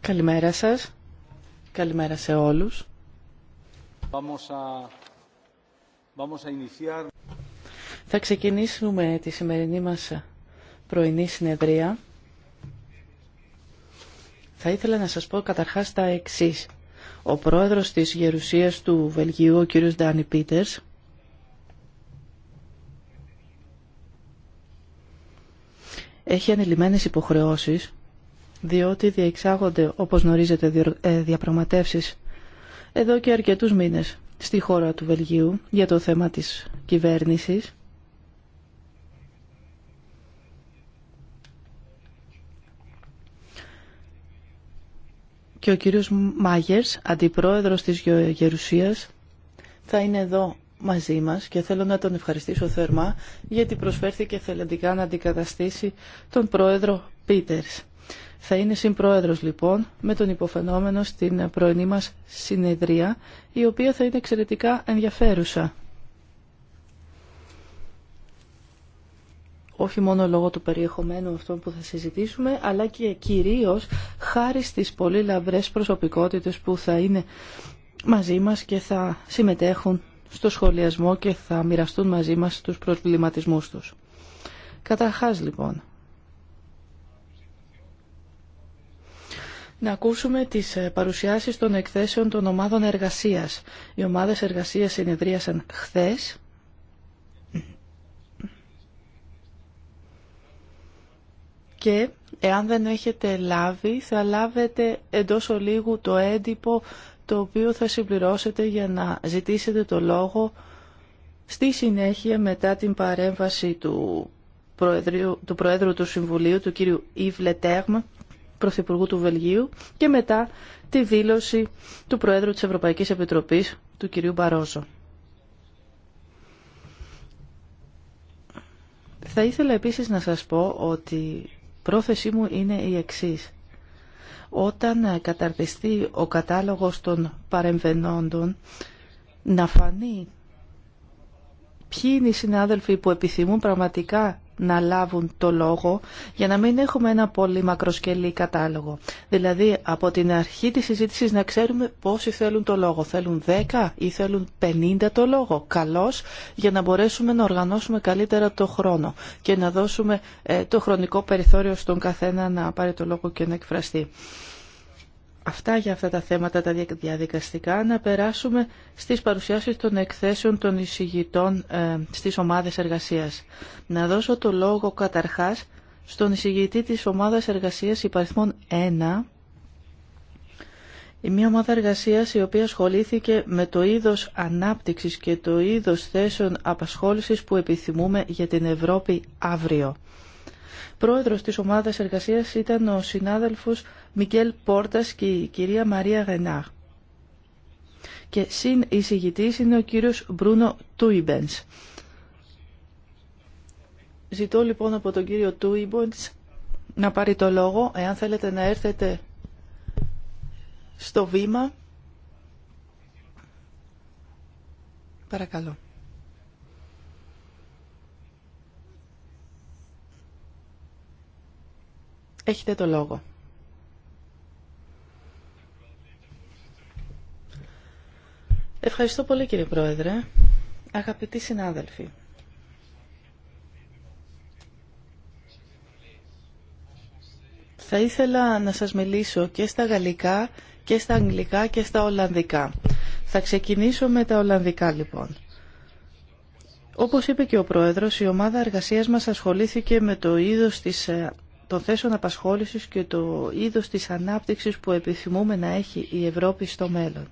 Καλημέρα σας. Καλημέρα σε όλους. Θα ξεκινήσουμε τη σημερινή μας πρωινή συνεδρία. Θα ήθελα να σας πω καταρχάς τα εξής. Ο πρόεδρος της Γερουσίας του Βελγίου, ο κύριος Ντάνι Πίτερς, έχει ανελημμένες υποχρεώσεις διότι διεξάγονται, όπως γνωρίζετε, ε, διαπραγματεύσεις εδώ και αρκετούς μήνες στη χώρα του Βελγίου για το θέμα της κυβέρνησης. Και ο κύριος Μάγερς, αντιπρόεδρος της Γερουσίας, θα είναι εδώ μαζί μας και θέλω να τον ευχαριστήσω θερμά γιατί προσφέρθηκε θελαντικά να αντικαταστήσει τον πρόεδρο Πίτερς. Θα είναι συμπρόεδρος λοιπόν με τον υποφαινόμενο στην πρωινή μας συνεδρία, η οποία θα είναι εξαιρετικά ενδιαφέρουσα. όχι μόνο λόγω του περιεχομένου αυτών που θα συζητήσουμε, αλλά και κυρίως χάρη στις πολύ λαμπρές προσωπικότητες που θα είναι μαζί μας και θα συμμετέχουν στο σχολιασμό και θα μοιραστούν μαζί μας τους προβληματισμούς τους. Καταρχάς λοιπόν, να ακούσουμε τις ε, παρουσιάσεις των εκθέσεων των ομάδων εργασίας. Οι ομάδες εργασίας συνεδρίασαν χθες. Και εάν δεν έχετε λάβει, θα λάβετε εντός ολίγου το έντυπο το οποίο θα συμπληρώσετε για να ζητήσετε το λόγο στη συνέχεια μετά την παρέμβαση του Προέδρου του, Προέδρου του Συμβουλίου, του κύριου Ιβ Πρωθυπουργού του Βελγίου και μετά τη δήλωση του Προέδρου της Ευρωπαϊκής Επιτροπής, του κυρίου Μπαρόζο. Θα ήθελα επίσης να σας πω ότι πρόθεσή μου είναι η εξής. Όταν καταρτιστεί ο κατάλογος των παρεμβενόντων, να φανεί ποιοι είναι οι συνάδελφοι που επιθυμούν πραγματικά να λάβουν το λόγο για να μην έχουμε ένα πολύ μακροσκελή κατάλογο. Δηλαδή από την αρχή της συζήτησης να ξέρουμε πόσοι θέλουν το λόγο. Θέλουν 10 ή θέλουν 50 το λόγο. Καλώς για να μπορέσουμε να οργανώσουμε καλύτερα το χρόνο και να δώσουμε ε, το χρονικό περιθώριο στον καθένα να πάρει το λόγο και να εκφραστεί. Αυτά για αυτά τα θέματα τα διαδικαστικά. Να περάσουμε στις παρουσιάσεις των εκθέσεων των εισηγητών ε, στις ομάδες εργασίας. Να δώσω το λόγο καταρχάς στον εισηγητή της ομάδας εργασίας υπαριθμών 1, μια ομάδα εργασίας η οποία ασχολήθηκε με το είδος ανάπτυξης και το είδος θέσεων απασχόλησης που επιθυμούμε για την Ευρώπη αύριο. Πρόεδρος της ομάδας εργασίας ήταν ο συνάδελφος Μικέλ Πόρτας και η κυρία Μαρία Γενάρ. Και συν εισηγητής είναι ο κύριος Μπρούνο Τούιμπενς. Ζητώ λοιπόν από τον κύριο Τούιμπενς να πάρει το λόγο, εάν θέλετε να έρθετε στο βήμα. Παρακαλώ. Έχετε το λόγο. Ευχαριστώ πολύ κύριε Πρόεδρε. Αγαπητοί συνάδελφοι. Θα ήθελα να σας μιλήσω και στα γαλλικά και στα αγγλικά και στα ολλανδικά. Θα ξεκινήσω με τα ολλανδικά λοιπόν. Όπως είπε και ο Πρόεδρος, η ομάδα εργασίας μας ασχολήθηκε με το είδος της, ε, των θέσεων απασχόλησης και το είδος της ανάπτυξης που επιθυμούμε να έχει η Ευρώπη στο μέλλον.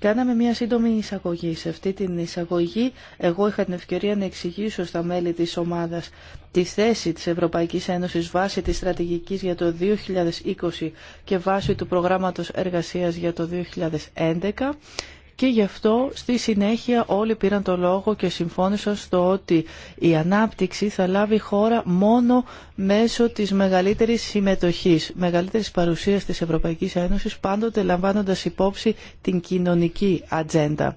Κάναμε μια σύντομη εισαγωγή. Σε αυτή την εισαγωγή εγώ είχα την ευκαιρία να εξηγήσω στα μέλη της ομάδας τη θέση της Ευρωπαϊκής Ένωσης βάσει της στρατηγικής για το 2020 και βάσει του προγράμματος εργασίας για το 2011 και γι' αυτό στη συνέχεια όλοι πήραν το λόγο και συμφώνησαν στο ότι η ανάπτυξη θα λάβει χώρα μόνο μέσω της μεγαλύτερης συμμετοχής, μεγαλύτερης παρουσίας της Ευρωπαϊκής Ένωσης, πάντοτε λαμβάνοντας υπόψη την κοινωνική ατζέντα.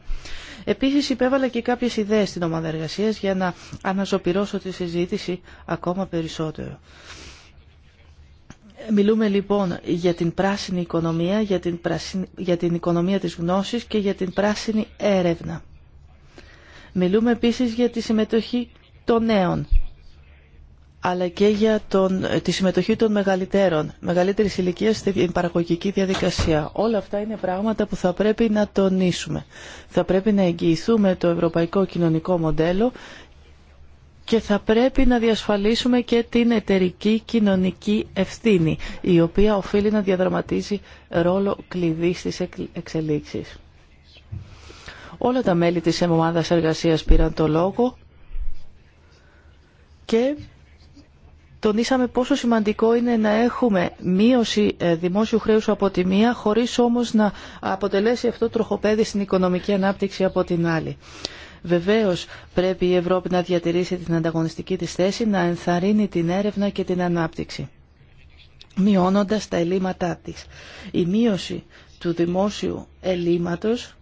Επίσης υπέβαλα και κάποιες ιδέες στην ομάδα εργασίας για να αναζωπυρώσω τη συζήτηση ακόμα περισσότερο. Μιλούμε λοιπόν για την πράσινη οικονομία, για την, για την οικονομία της γνώσης και για την πράσινη έρευνα. Μιλούμε επίσης για τη συμμετοχή των νέων, αλλά και για τον, τη συμμετοχή των μεγαλύτερων, μεγαλύτερης ηλικίας στην παραγωγική διαδικασία. Όλα αυτά είναι πράγματα που θα πρέπει να τονίσουμε. Θα πρέπει να εγγυηθούμε το ευρωπαϊκό κοινωνικό μοντέλο και θα πρέπει να διασφαλίσουμε και την εταιρική κοινωνική ευθύνη, η οποία οφείλει να διαδραματίζει ρόλο κλειδί στις εξελίξεις. Όλα τα μέλη της ομάδας εργασίας πήραν το λόγο και τονίσαμε πόσο σημαντικό είναι να έχουμε μείωση ε, δημόσιου χρέους από τη μία, χωρίς όμως να αποτελέσει αυτό τροχοπέδι στην οικονομική ανάπτυξη από την άλλη. Βεβαίως πρέπει η Ευρώπη να διατηρήσει την ανταγωνιστική της θέση, να ενθαρρύνει την έρευνα και την ανάπτυξη, μειώνοντας τα ελλείμματά της. Η μείωση του δημόσιου ελλείμματος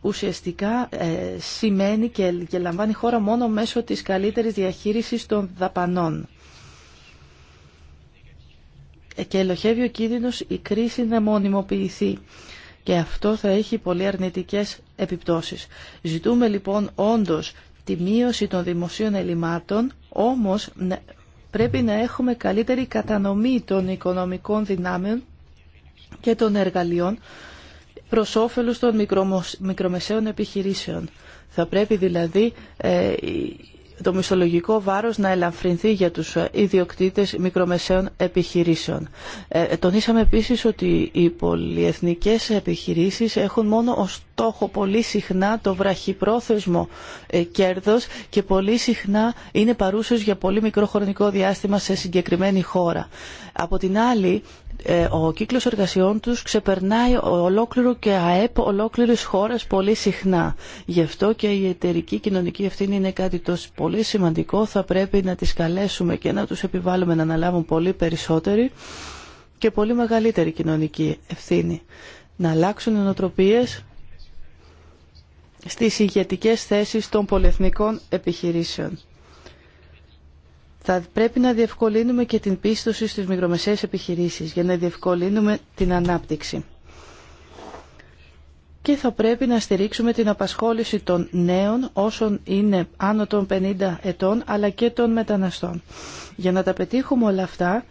ουσιαστικά ε, σημαίνει και, και λαμβάνει χώρα μόνο μέσω της καλύτερης διαχείρισης των δαπανών. Ε, και ελοχεύει ο κίνδυνος η κρίση να μονιμοποιηθεί. Και αυτό θα έχει πολύ αρνητικές επιπτώσεις. Ζητούμε λοιπόν όντως τη μείωση των δημοσίων ελλημάτων, όμως πρέπει να έχουμε καλύτερη κατανομή των οικονομικών δυνάμεων και των εργαλείων προς όφελος των μικρομεσαίων επιχειρήσεων. Θα πρέπει δηλαδή ε, το μισθολογικό βάρος να ελαφρυνθεί για τους ε, ιδιοκτήτες μικρομεσαίων επιχειρήσεων. Ε, ε, τονίσαμε επίσης ότι οι πολυεθνικές επιχειρήσεις έχουν μόνο ως στόχο πολύ συχνά το βραχυπρόθεσμο κέρδος και πολύ συχνά είναι παρούσες για πολύ μικρό χρονικό διάστημα σε συγκεκριμένη χώρα. Από την άλλη, ε, ο κύκλος εργασιών τους ξεπερνάει ολόκληρο και ΑΕΠ ολόκληρης χώρας πολύ συχνά. Γι' αυτό και η εταιρική κοινωνική ευθύνη είναι κάτι τόσο πολύ σημαντικό. Θα πρέπει να τις καλέσουμε και να τους επιβάλλουμε να αναλάβουν πολύ περισσότερη και πολύ μεγαλύτερη κοινωνική ευθύνη. Να αλλάξουν οι νοοτροπίες στις ηγετικές θέσεις των πολυεθνικών επιχειρήσεων θα πρέπει να διευκολύνουμε και την πίστοση στις μικρομεσαίες επιχειρήσεις για να διευκολύνουμε την ανάπτυξη. Και θα πρέπει να στηρίξουμε την απασχόληση των νέων όσων είναι άνω των 50 ετών αλλά και των μεταναστών. Για να τα πετύχουμε όλα αυτά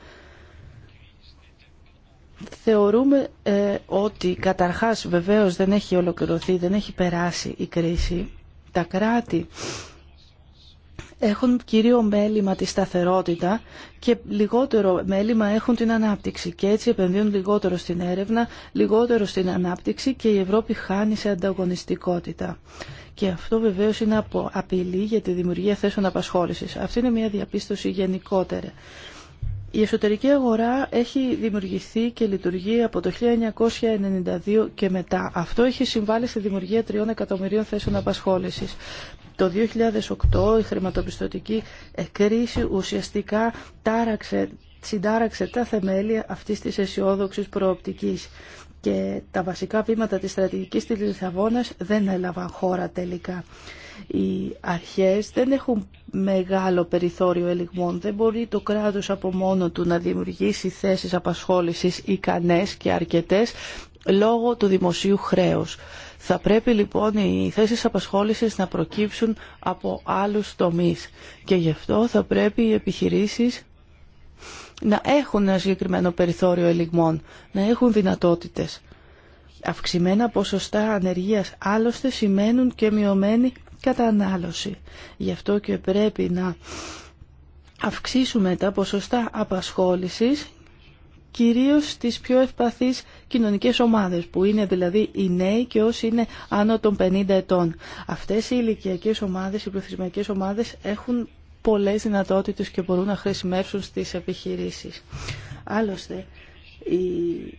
θεωρούμε ε, ότι καταρχάς βεβαίως δεν έχει ολοκληρωθεί, δεν έχει περάσει η κρίση. Τα κράτη έχουν κύριο μέλημα τη σταθερότητα και λιγότερο μέλημα έχουν την ανάπτυξη. Και έτσι επενδύουν λιγότερο στην έρευνα, λιγότερο στην ανάπτυξη και η Ευρώπη χάνει σε ανταγωνιστικότητα. Και αυτό βεβαίω είναι από απειλή για τη δημιουργία θέσεων απασχόληση. Αυτή είναι μια διαπίστωση γενικότερα. Η εσωτερική αγορά έχει δημιουργηθεί και λειτουργεί από το 1992 και μετά. Αυτό έχει συμβάλει στη δημιουργία τριών εκατομμυρίων θέσεων απασχόλησης. Το 2008 η χρηματοπιστωτική κρίση ουσιαστικά τάραξε, συντάραξε τα θεμέλια αυτής της αισιόδοξη προοπτικής και τα βασικά βήματα της στρατηγικής της Λισαβόνας δεν έλαβαν χώρα τελικά. Οι αρχές δεν έχουν μεγάλο περιθώριο ελιγμών. Δεν μπορεί το κράτος από μόνο του να δημιουργήσει θέσεις απασχόλησης ικανές και αρκετές λόγω του δημοσίου χρέους. Θα πρέπει λοιπόν οι θέσεις απασχόλησης να προκύψουν από άλλους τομείς και γι' αυτό θα πρέπει οι επιχειρήσεις να έχουν ένα συγκεκριμένο περιθώριο ελιγμών, να έχουν δυνατότητες. Αυξημένα ποσοστά ανεργίας άλλωστε σημαίνουν και μειωμένη κατανάλωση. Γι' αυτό και πρέπει να αυξήσουμε τα ποσοστά απασχόλησης κυρίως στις πιο ευπαθείς κοινωνικές ομάδες, που είναι δηλαδή οι νέοι και όσοι είναι άνω των 50 ετών. Αυτές οι ηλικιακέ ομάδες, οι πληθυσμιακές ομάδες έχουν πολλές δυνατότητες και μπορούν να χρησιμεύσουν στις επιχειρήσεις. Άλλωστε, η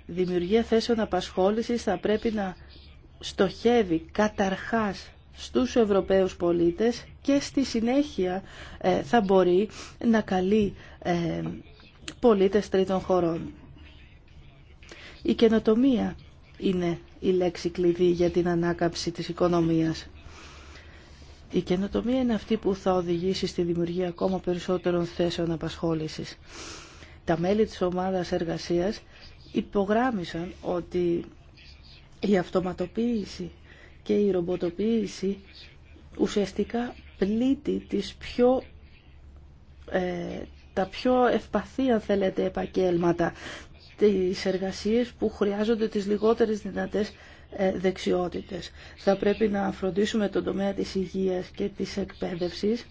δημιουργία θέσεων απασχόλησης θα πρέπει να στοχεύει καταρχάς στους Ευρωπαίους πολίτες και στη συνέχεια ε, θα μπορεί να καλεί ε, πολίτες τρίτων χωρών. Η καινοτομία είναι η λέξη κλειδί για την ανάκαμψη της οικονομίας. Η καινοτομία είναι αυτή που θα οδηγήσει στη δημιουργία ακόμα περισσότερων θέσεων απασχόλησης. Τα μέλη της ομάδας εργασίας υπογράμμισαν ότι η αυτοματοποίηση και η ρομποτοποίηση ουσιαστικά πλήττει τις πιο, ε, τα πιο ευπαθή, αν θέλετε, επαγγέλματα, τις εργασίες που χρειάζονται τις λιγότερες δυνατές ε, δεξιότητες. Θα πρέπει να φροντίσουμε τον τομέα της υγείας και της εκπαίδευσης.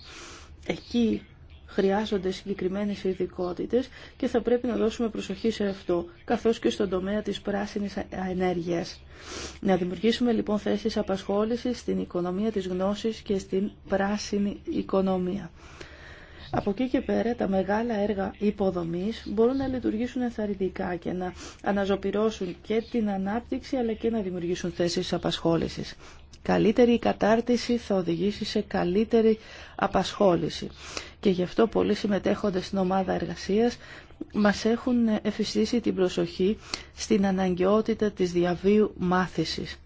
Εκεί χρειάζονται συγκεκριμένες ειδικότητε και θα πρέπει να δώσουμε προσοχή σε αυτό, καθώς και στον τομέα της πράσινης ε, ενέργειας. Να δημιουργήσουμε λοιπόν θέσεις απασχόλησης στην οικονομία της γνώσης και στην πράσινη οικονομία. Από εκεί και πέρα τα μεγάλα έργα υποδομής μπορούν να λειτουργήσουν ενθαρρυντικά και να αναζωπυρώσουν και την ανάπτυξη αλλά και να δημιουργήσουν θέσεις απασχόλησης. Καλύτερη κατάρτιση θα οδηγήσει σε καλύτερη απασχόληση και γι' αυτό πολλοί συμμετέχοντες στην ομάδα εργασίας μας έχουν εφιστήσει την προσοχή στην αναγκαιότητα της διαβίου μάθησης.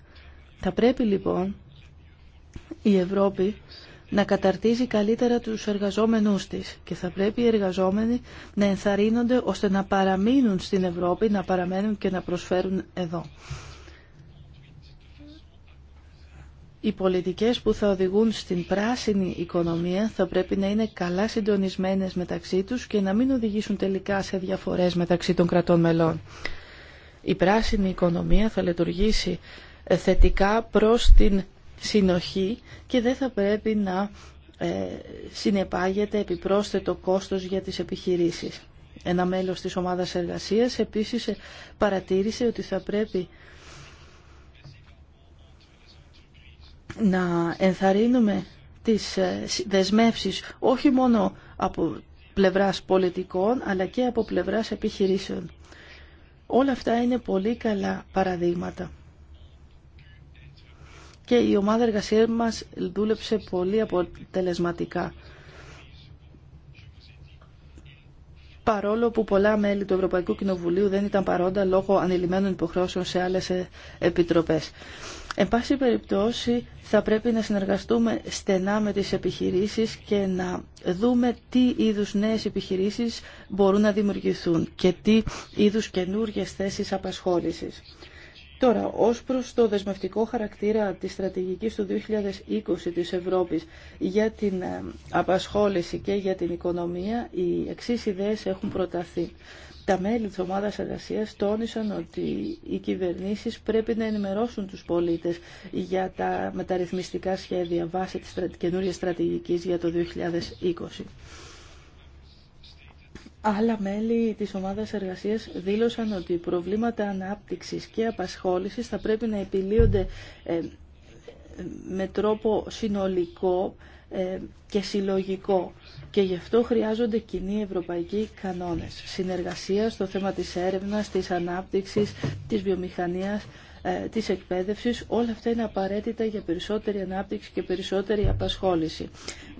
Θα πρέπει λοιπόν η Ευρώπη να καταρτίζει καλύτερα τους εργαζόμενούς της και θα πρέπει οι εργαζόμενοι να ενθαρρύνονται ώστε να παραμείνουν στην Ευρώπη, να παραμένουν και να προσφέρουν εδώ. Οι πολιτικές που θα οδηγούν στην πράσινη οικονομία θα πρέπει να είναι καλά συντονισμένες μεταξύ τους και να μην οδηγήσουν τελικά σε διαφορές μεταξύ των κρατών μελών. Η πράσινη οικονομία θα λειτουργήσει ε, θετικά προς την συνοχή και δεν θα πρέπει να ε, συνεπάγεται επιπρόσθετο κόστος για τις επιχειρήσεις. Ένα μέλος της ομάδας εργασίας επίσης ε, παρατήρησε ότι θα πρέπει να ενθαρρύνουμε τις ε, δεσμεύσεις όχι μόνο από πλευράς πολιτικών αλλά και από πλευράς επιχειρήσεων. Όλα αυτά είναι πολύ καλά παραδείγματα και η ομάδα εργασίας μας δούλεψε πολύ αποτελεσματικά. παρόλο που πολλά μέλη του Ευρωπαϊκού Κοινοβουλίου δεν ήταν παρόντα λόγω ανηλυμένων υποχρεώσεων σε άλλες ε, επιτροπές. Εν πάση περιπτώσει θα πρέπει να συνεργαστούμε στενά με τις επιχειρήσεις και να δούμε τι είδους νέες επιχειρήσεις μπορούν να δημιουργηθούν και τι είδους καινούργιες θέσεις απασχόλησης. Τώρα, ως προς το δεσμευτικό χαρακτήρα της στρατηγικής του 2020 της Ευρώπης για την ε, απασχόληση και για την οικονομία, οι εξή ιδέες έχουν προταθεί. Τα μέλη της ομάδας εργασίας τόνισαν ότι οι κυβερνήσεις πρέπει να ενημερώσουν τους πολίτες για τα μεταρρυθμιστικά σχέδια βάσει της καινούργιας στρατηγικής για το 2020. Άλλα μέλη της ομάδας εργασίας δήλωσαν ότι προβλήματα ανάπτυξης και απασχόλησης θα πρέπει να επιλύονται ε, με τρόπο συνολικό ε, και συλλογικό και γι' αυτό χρειάζονται κοινοί ευρωπαϊκοί κανόνες. Συνεργασία στο θέμα της έρευνας, της ανάπτυξης, της βιομηχανίας, ε, της εκπαίδευσης. Όλα αυτά είναι απαραίτητα για περισσότερη ανάπτυξη και περισσότερη απασχόληση.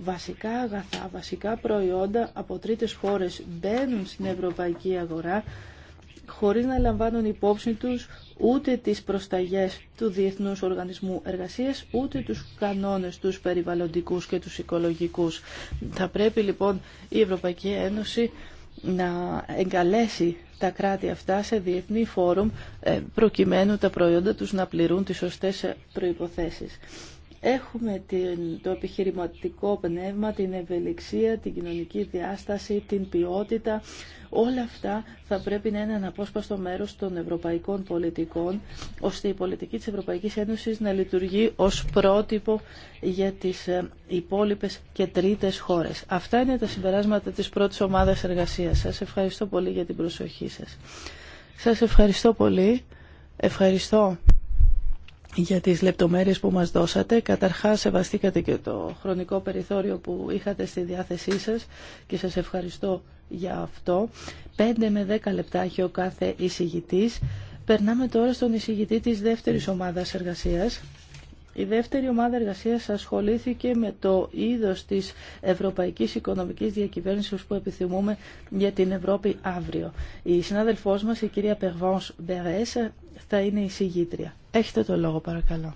Βασικά αγαθά, βασικά προϊόντα από τρίτες χώρες μπαίνουν στην ευρωπαϊκή αγορά χωρίς να λαμβάνουν υπόψη τους ούτε τις προσταγές του Διεθνούς Οργανισμού Εργασίας, ούτε τους κανόνες τους περιβαλλοντικούς και τους οικολογικούς. Θα πρέπει λοιπόν η Ευρωπαϊκή Ένωση να εγκαλέσει τα κράτη αυτά σε διεθνή φόρουμ ε, προκειμένου τα προϊόντα τους να πληρούν τις σωστές προϋποθέσεις. Έχουμε την, το επιχειρηματικό πνεύμα, την ευελιξία, την κοινωνική διάσταση, την ποιότητα. Όλα αυτά θα πρέπει να είναι ένα απόσπαστο μέρος των ευρωπαϊκών πολιτικών, ώστε η πολιτική της Ευρωπαϊκής Ένωσης να λειτουργεί ως πρότυπο για τις ε, υπόλοιπες και τρίτες χώρες. Αυτά είναι τα συμπεράσματα της πρώτης ομάδας εργασίας. Σας ευχαριστώ πολύ για την προσοχή σας. Σας ευχαριστώ πολύ. Ευχαριστώ για τις λεπτομέρειες που μας δώσατε. Καταρχάς, σεβαστήκατε και το χρονικό περιθώριο που είχατε στη διάθεσή σας και σας ευχαριστώ για αυτό. 5 με 10 λεπτά έχει ο κάθε εισηγητής. Περνάμε τώρα στον εισηγητή της δεύτερης ομάδας εργασίας. Η δεύτερη ομάδα εργασίας ασχολήθηκε με το είδος της ευρωπαϊκής οικονομικής διακυβέρνησης που επιθυμούμε για την Ευρώπη αύριο. Η συνάδελφός μας, η κυρία Περβάνς θα είναι η συγγήτρια. Έχετε το λόγο παρακαλώ.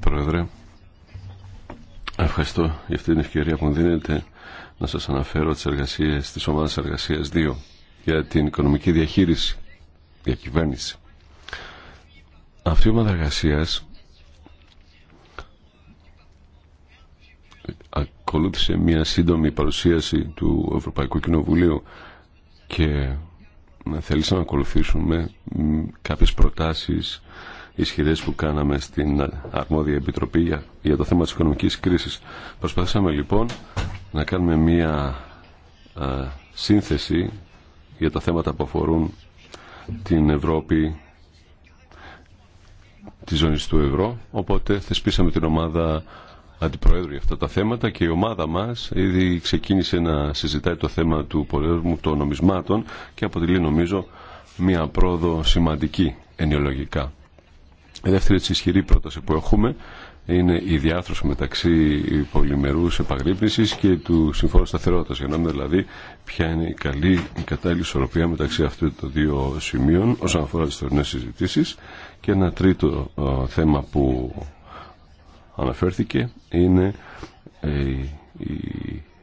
Πρόεδρε, ευχαριστώ για αυτή την ευκαιρία που μου δίνετε να σας αναφέρω τις εργασίες της ομάδας εργασίας 2 για την οικονομική διαχείριση, διακυβέρνηση. Αυτή η ομάδα εργασίας ακολούθησε μια σύντομη παρουσίαση του Ευρωπαϊκού Κοινοβουλίου και θέλησα να ακολουθήσουμε κάποιες προτάσεις ισχυρές που κάναμε στην αρμόδια επιτροπή για, το θέμα της οικονομικής κρίσης. Προσπαθήσαμε λοιπόν να κάνουμε μια σύνθεση για τα θέματα που αφορούν την Ευρώπη τη ζώνη του ευρώ, οπότε θεσπίσαμε την ομάδα Αντιπροέδρου για αυτά τα θέματα και η ομάδα μας ήδη ξεκίνησε να συζητάει το θέμα του πολέμου των νομισμάτων και αποτελεί νομίζω μια πρόοδο σημαντική ενοιολογικά. Η δεύτερη ισχυρή πρόταση που έχουμε είναι η διάθρωση μεταξύ πολυμερού επαγρύπνηση και του συμφόρου Σταθερότητα. Για να μην δηλαδή ποια είναι η καλή, η κατάλληλη ισορροπία μεταξύ αυτών των δύο σημείων όσον αφορά τι τωρινέ συζητήσει. Και ένα τρίτο θέμα που αναφέρθηκε είναι ε, η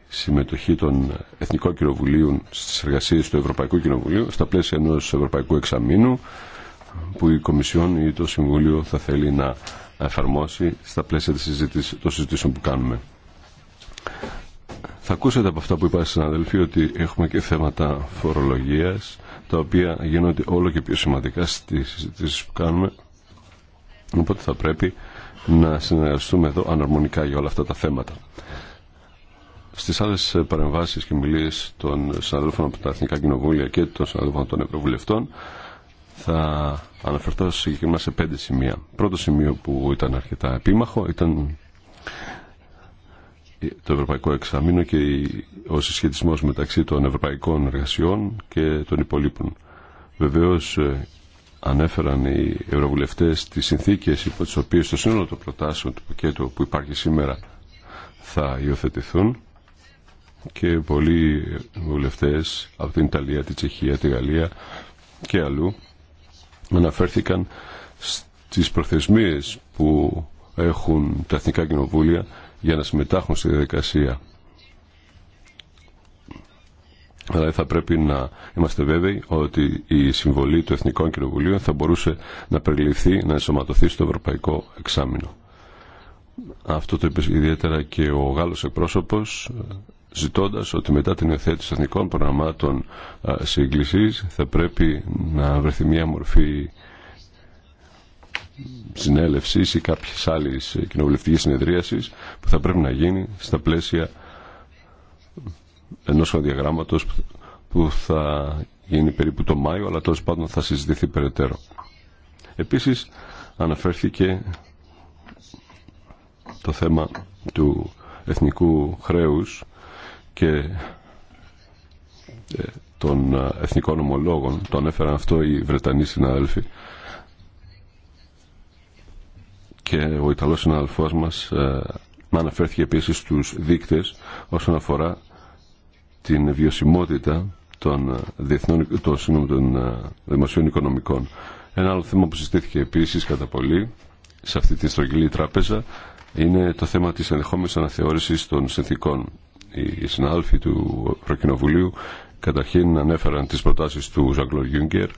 συμμετοχή των Εθνικών Κοινοβουλίων στις εργασίες του Ευρωπαϊκού Κοινοβουλίου στα πλαίσια ενός Ευρωπαϊκού Εξαμήνου που η Κομισιόν ή το Συμβούλιο θα θέλει να εφαρμόσει στα πλαίσια της των συζητήσεων που κάνουμε. Θα ακούσετε από αυτά που είπα συναδελφοί ότι έχουμε και θέματα φορολογίας τα οποία γίνονται όλο και πιο σημαντικά στις συζητήσεις που κάνουμε οπότε θα πρέπει να συνεργαστούμε εδώ αναρμονικά για όλα αυτά τα θέματα. Στι άλλε παρεμβάσει και μιλίε των συναδέλφων από τα Εθνικά Κοινοβούλια και των συναδέλφων των Ευρωβουλευτών θα αναφερθώ συγκεκριμένα σε πέντε σημεία. Πρώτο σημείο που ήταν αρκετά επίμαχο ήταν το Ευρωπαϊκό Εξαμήνο και ο συσχετισμός μεταξύ των ευρωπαϊκών εργασιών και των υπολείπων. Βεβαίως ανέφεραν οι ευρωβουλευτές τις συνθήκες υπό τις οποίες το σύνολο των προτάσεων του πακέτου που υπάρχει σήμερα θα υιοθετηθούν και πολλοί βουλευτές από την Ιταλία, τη Τσεχία, τη Γαλλία και αλλού αναφέρθηκαν στις προθεσμίες που έχουν τα εθνικά κοινοβούλια για να συμμετάχουν στη διαδικασία αλλά θα πρέπει να είμαστε βέβαιοι ότι η συμβολή του Εθνικών Κοινοβουλίων θα μπορούσε να περιληφθεί, να ενσωματωθεί στο Ευρωπαϊκό Εξάμεινο. Αυτό το είπε ιδιαίτερα και ο Γάλλος εκπρόσωπος, ζητώντας ότι μετά την υιοθέτηση εθνικών προγραμμάτων σύγκλησης θα πρέπει να βρεθεί μια μορφή συνέλευσης ή κάποιες άλλες κοινοβουλευτικής συνεδρίασης που θα πρέπει να γίνει στα πλαίσια Ενό διαγράμματος που θα γίνει περίπου το Μάιο, αλλά τέλο πάντων θα συζητηθεί περαιτέρω. Επίσης αναφέρθηκε το θέμα του εθνικού χρέους και ε, των ε, εθνικών ομολόγων. Το ανέφεραν αυτό οι Βρετανοί συνάδελφοι. Και ο Ιταλός συνάδελφός μας ε, αναφέρθηκε επίσης στους δείκτες όσον αφορά την βιωσιμότητα των, ε, διεθνών, το, των ε, δημοσίων οικονομικών. Ένα άλλο θέμα που συστήθηκε επίσης κατά πολύ σε αυτή τη στρογγυλή τράπεζα είναι το θέμα της ενδεχόμενης αναθεώρησης των συνθήκων. Οι συνάδελφοι του Προκοινοβουλίου καταρχήν ανέφεραν τις προτάσεις του Ζαγκλόρ Γιούγκερ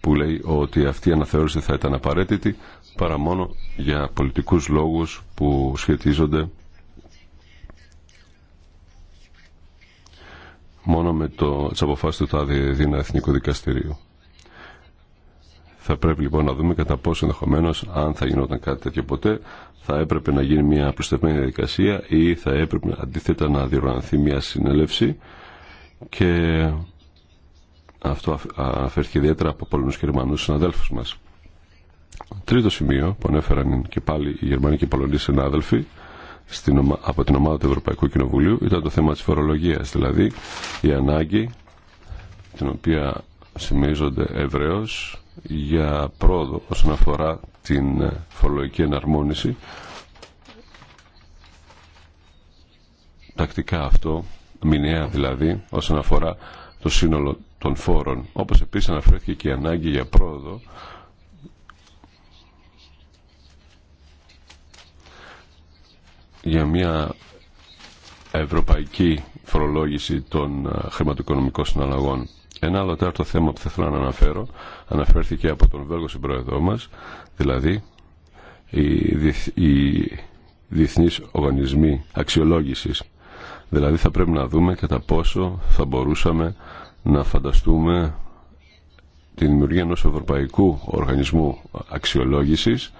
που λέει ότι αυτή η αναθεώρηση θα ήταν απαραίτητη παρά μόνο για πολιτικούς λόγους που σχετίζονται μόνο με το, τις αποφάσεις του ΤΑΔΙ Δίνα Εθνικού Δικαστηρίου. Θα πρέπει λοιπόν να δούμε κατά πόσο ενδεχομένω, αν θα γινόταν κάτι τέτοιο ποτέ, θα έπρεπε να γίνει μια προστευμένη διαδικασία ή θα έπρεπε αντίθετα να διοργανωθεί μια συνέλευση και αυτό αφαιρθεί ιδιαίτερα από πολλού Γερμανού συναδέλφου μας. Τρίτο σημείο που ανέφεραν και πάλι οι Γερμανοί και οι Πολωνοί συνάδελφοι στην, από την ομάδα του Ευρωπαϊκού Κοινοβουλίου ήταν το θέμα της φορολογίας, δηλαδή η ανάγκη την οποία σημείζονται ευρέως για πρόοδο όσον αφορά την ε, φορολογική εναρμόνιση. Τακτικά αυτό, μηνιαία δηλαδή, όσον αφορά το σύνολο των φόρων. Όπως επίσης αναφέρθηκε και η ανάγκη για πρόοδο για μια ευρωπαϊκή φορολόγηση των ε, χρηματοοικονομικών συναλλαγών. Ένα άλλο τέταρτο θέμα που θα ήθελα να αναφέρω αναφέρθηκε από τον Βέλγο συμπρόεδρό μας, δηλαδή οι διεθνεί οργανισμοί αξιολόγηση, Δηλαδή θα πρέπει να δούμε κατά πόσο θα μπορούσαμε να φανταστούμε τη δημιουργία ενός ευρωπαϊκού οργανισμού αξιολόγησης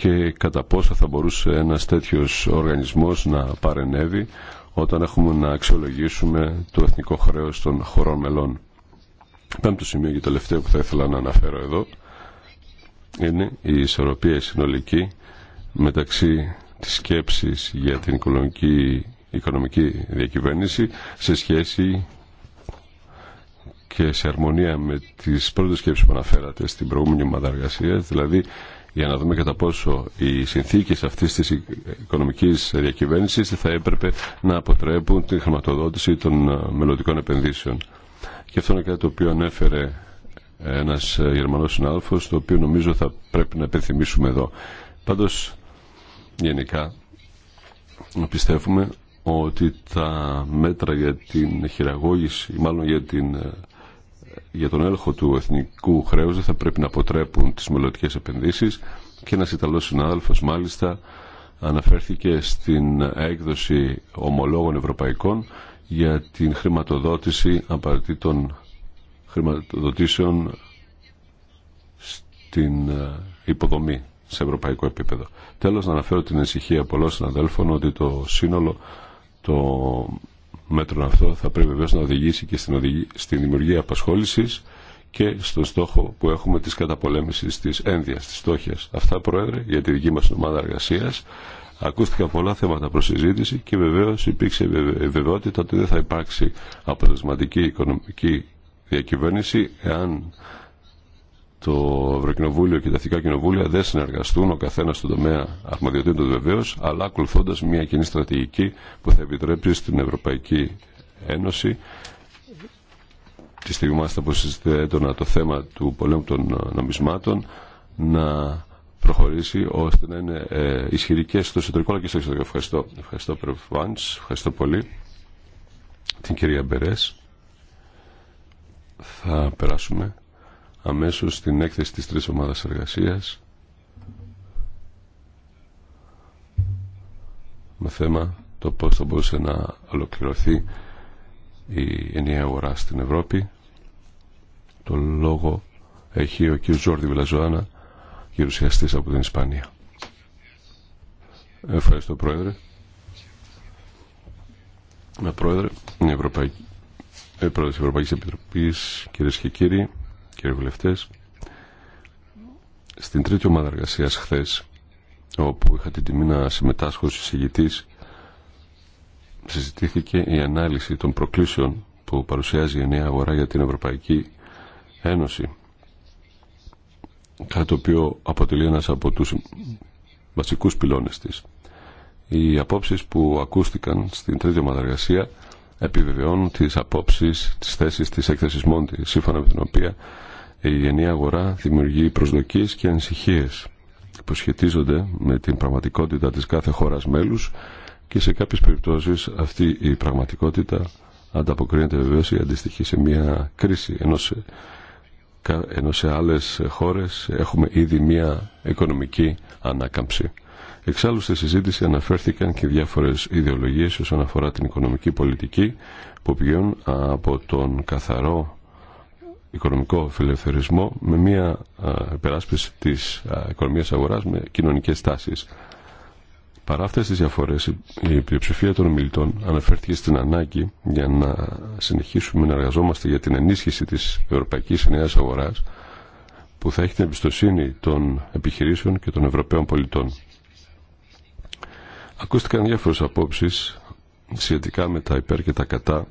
και κατά πόσο θα μπορούσε ένας τέτοιος οργανισμός να παρενέβει όταν έχουμε να αξιολογήσουμε το εθνικό χρέος των χωρών μελών. Πέμπτο σημείο και τελευταίο που θα ήθελα να αναφέρω εδώ είναι η ισορροπία συνολική μεταξύ της σκέψης για την οικονομική, οικονομική διακυβέρνηση σε σχέση και σε αρμονία με τις πρώτες σκέψεις που αναφέρατε στην προηγούμενη ομάδα δηλαδή για να δούμε κατά πόσο οι συνθήκε αυτής της οικονομικής διακυβέρνηση θα έπρεπε να αποτρέπουν την χρηματοδότηση των ε, μελλοντικών επενδύσεων. Και αυτό είναι κάτι το οποίο ανέφερε ένας ε, Γερμανός συνάδελφο, το οποίο νομίζω θα πρέπει να επενθυμίσουμε εδώ. Πάντως, γενικά, πιστεύουμε ότι τα μέτρα για την χειραγώγηση, μάλλον για την ε, για τον έλεγχο του εθνικού χρέους δεν θα πρέπει να αποτρέπουν τις μελλοντικέ επενδύσεις και ένας Ιταλός συνάδελφος μάλιστα αναφέρθηκε στην έκδοση ομολόγων ευρωπαϊκών για την χρηματοδότηση απαραίτητων χρηματοδοτήσεων στην ε, υποδομή σε ευρωπαϊκό επίπεδο. Τέλος να αναφέρω την ησυχία πολλών συναδέλφων ότι το σύνολο το μέτρων αυτό θα πρέπει βεβαίως να οδηγήσει και στην, στην δημιουργία απασχόλησης και στον στόχο που έχουμε τη καταπολέμησης της ένδυα, τη στόχια. Αυτά, Πρόεδρε, για τη δική μα ομάδα εργασία. Ακούστηκαν πολλά θέματα προς συζήτηση και βεβαίω υπήρξε βεβαιότητα ότι δεν θα υπάρξει αποτελεσματική οικονομική διακυβέρνηση εάν το Ευρωκοινοβούλιο και τα Εθνικά Κοινοβούλια δεν συνεργαστούν ο καθένα στον τομέα αρμοδιοτήτων βεβαίω, αλλά ακολουθώντα μια κοινή στρατηγική που θα επιτρέψει στην Ευρωπαϊκή Ένωση τη στιγμή μάλιστα που συζητείται το θέμα του πολέμου των νομισμάτων να προχωρήσει ώστε να είναι ε, ισχυρή και στο εσωτερικό αλλά και στο εξωτερικό. Ευχαριστώ. Ευχαριστώ, Πρεβάνς. Ευχαριστώ πολύ την κυρία Μπερές. Θα περάσουμε αμέσως στην έκθεση της τρεις ομάδας εργασίας με θέμα το πώς θα μπορούσε να ολοκληρωθεί η ενιαία αγορά στην Ευρώπη. Το λόγο έχει ο κ. Ζόρδι Βλαζοάνα γερουσιαστής από την Ισπανία. Ευχαριστώ Πρόεδρε. Με Πρόεδρε, η Ευρωπαϊκή, ε, Πρόεδρος της Ευρωπαϊκής Επιτροπής, κυρίες και κύριοι, κύριοι Στην τρίτη ομάδα εργασία χθε, όπου είχα την τιμή να συμμετάσχω ως εισηγητής, συζητήθηκε η ανάλυση των προκλήσεων που παρουσιάζει η νέα αγορά για την Ευρωπαϊκή Ένωση. Κάτι το οποίο αποτελεί ένας από τους βασικούς πυλώνες της. Οι απόψεις που ακούστηκαν στην τρίτη ομάδα εργασία επιβεβαιώνουν τις απόψεις, τις θέσεις της έκθεσης Μόντι, σύμφωνα με την οποία η γενή αγορά δημιουργεί προσδοκίες και ανησυχίες που σχετίζονται με την πραγματικότητα της κάθε χώρας μέλους και σε κάποιες περιπτώσεις αυτή η πραγματικότητα ανταποκρίνεται βεβαίως ή αντιστοιχεί σε μια κρίση ενώ σε, ενώ σε άλλες χώρες έχουμε ήδη μια οικονομική ανάκαμψη. Εξάλλου στη συζήτηση αναφέρθηκαν και διάφορες ιδεολογίες όσον αφορά την οικονομική πολιτική που πηγαίνουν από τον καθαρό οικονομικό φιλελευθερισμό με μια υπεράσπιση της οικονομίας αγοράς με κοινωνικές τάσεις. Παρά αυτές τις διαφορές, η πλειοψηφία των ομιλητών αναφέρθηκε στην ανάγκη για να συνεχίσουμε να εργαζόμαστε για την ενίσχυση της ευρωπαϊκής νέας αγοράς που θα έχει την εμπιστοσύνη των επιχειρήσεων και των Ευρωπαίων πολιτών. Ακούστηκαν διάφορε απόψεις σχετικά με τα υπέρ και τα κατά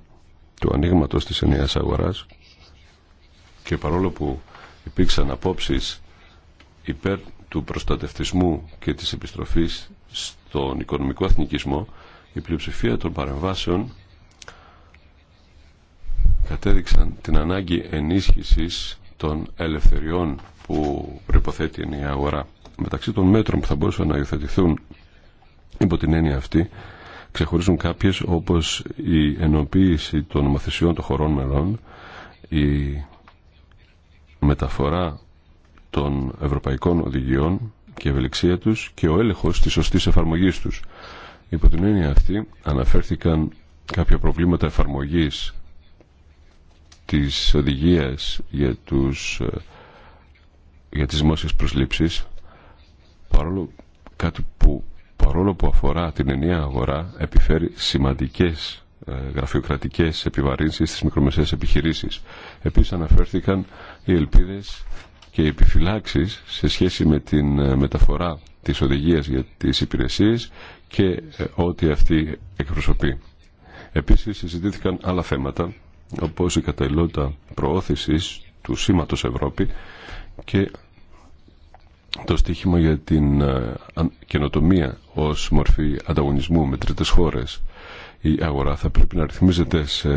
του ανοίγματο της ενιαίας αγορά και παρόλο που υπήρξαν απόψεις υπέρ του προστατευτισμού και της επιστροφής στον οικονομικό αθνικισμό η πλειοψηφία των παρεμβάσεων κατέδειξαν την ανάγκη ενίσχυσης των ελευθεριών που προϋποθέτει η αγορά. Μεταξύ των μέτρων που θα μπορούσαν να υιοθετηθούν υπό την έννοια αυτή ξεχωρίζουν κάποιες όπως η ενοποίηση των νομοθεσιών των χωρών μελών η μεταφορά των ευρωπαϊκών οδηγιών και ευελιξία τους και ο έλεγχος της σωστής εφαρμογής τους. Υπό την έννοια αυτή αναφέρθηκαν κάποια προβλήματα εφαρμογής της οδηγίας για, τους, ε, για τις δημόσιες προσλήψεις παρόλο, κάτι που παρόλο που αφορά την ενιαία αγορά επιφέρει σημαντικές ε, γραφειοκρατικές επιβαρύνσεις στις μικρομεσαίες επιχειρήσεις. Επίσης αναφέρθηκαν οι ελπίδες και οι επιφυλάξεις σε σχέση με την ε, μεταφορά της οδηγίας για τις υπηρεσίες και ε, ό,τι αυτή εκπροσωπεί. Επίσης συζητήθηκαν άλλα θέματα όπως η καταλληλότητα προώθησης του σήματος Ευρώπη και το στοίχημα για την ε, καινοτομία ως μορφή ανταγωνισμού με τρίτες χώρες. Η αγορά θα πρέπει να ρυθμίζεται σε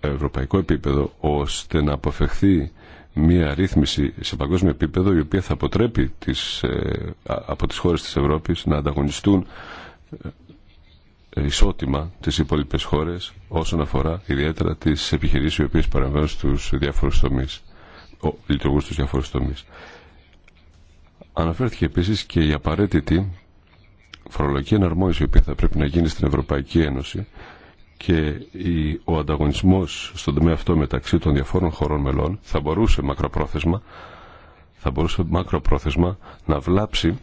ευρωπαϊκό επίπεδο ώστε να αποφευχθεί μια ρύθμιση σε παγκόσμιο επίπεδο η οποία θα αποτρέπει τις, ε, από τις χώρες της Ευρώπης να ανταγωνιστούν ε, ισότιμα τις υπόλοιπες χώρες όσον αφορά ιδιαίτερα τις επιχειρήσεις οι οποίες τους στους διάφορους τομείς, ο, λειτουργούν στους διάφορους τομείς. Αναφέρθηκε επίσης και η απαραίτητη φορολογική εναρμόνιση η οποία θα πρέπει να γίνει στην Ευρωπαϊκή Ένωση και ο ανταγωνισμός στον τομέα αυτό μεταξύ των διαφόρων χωρών μελών θα μπορούσε μακροπρόθεσμα, θα μπορούσε μακροπρόθεσμα να βλάψει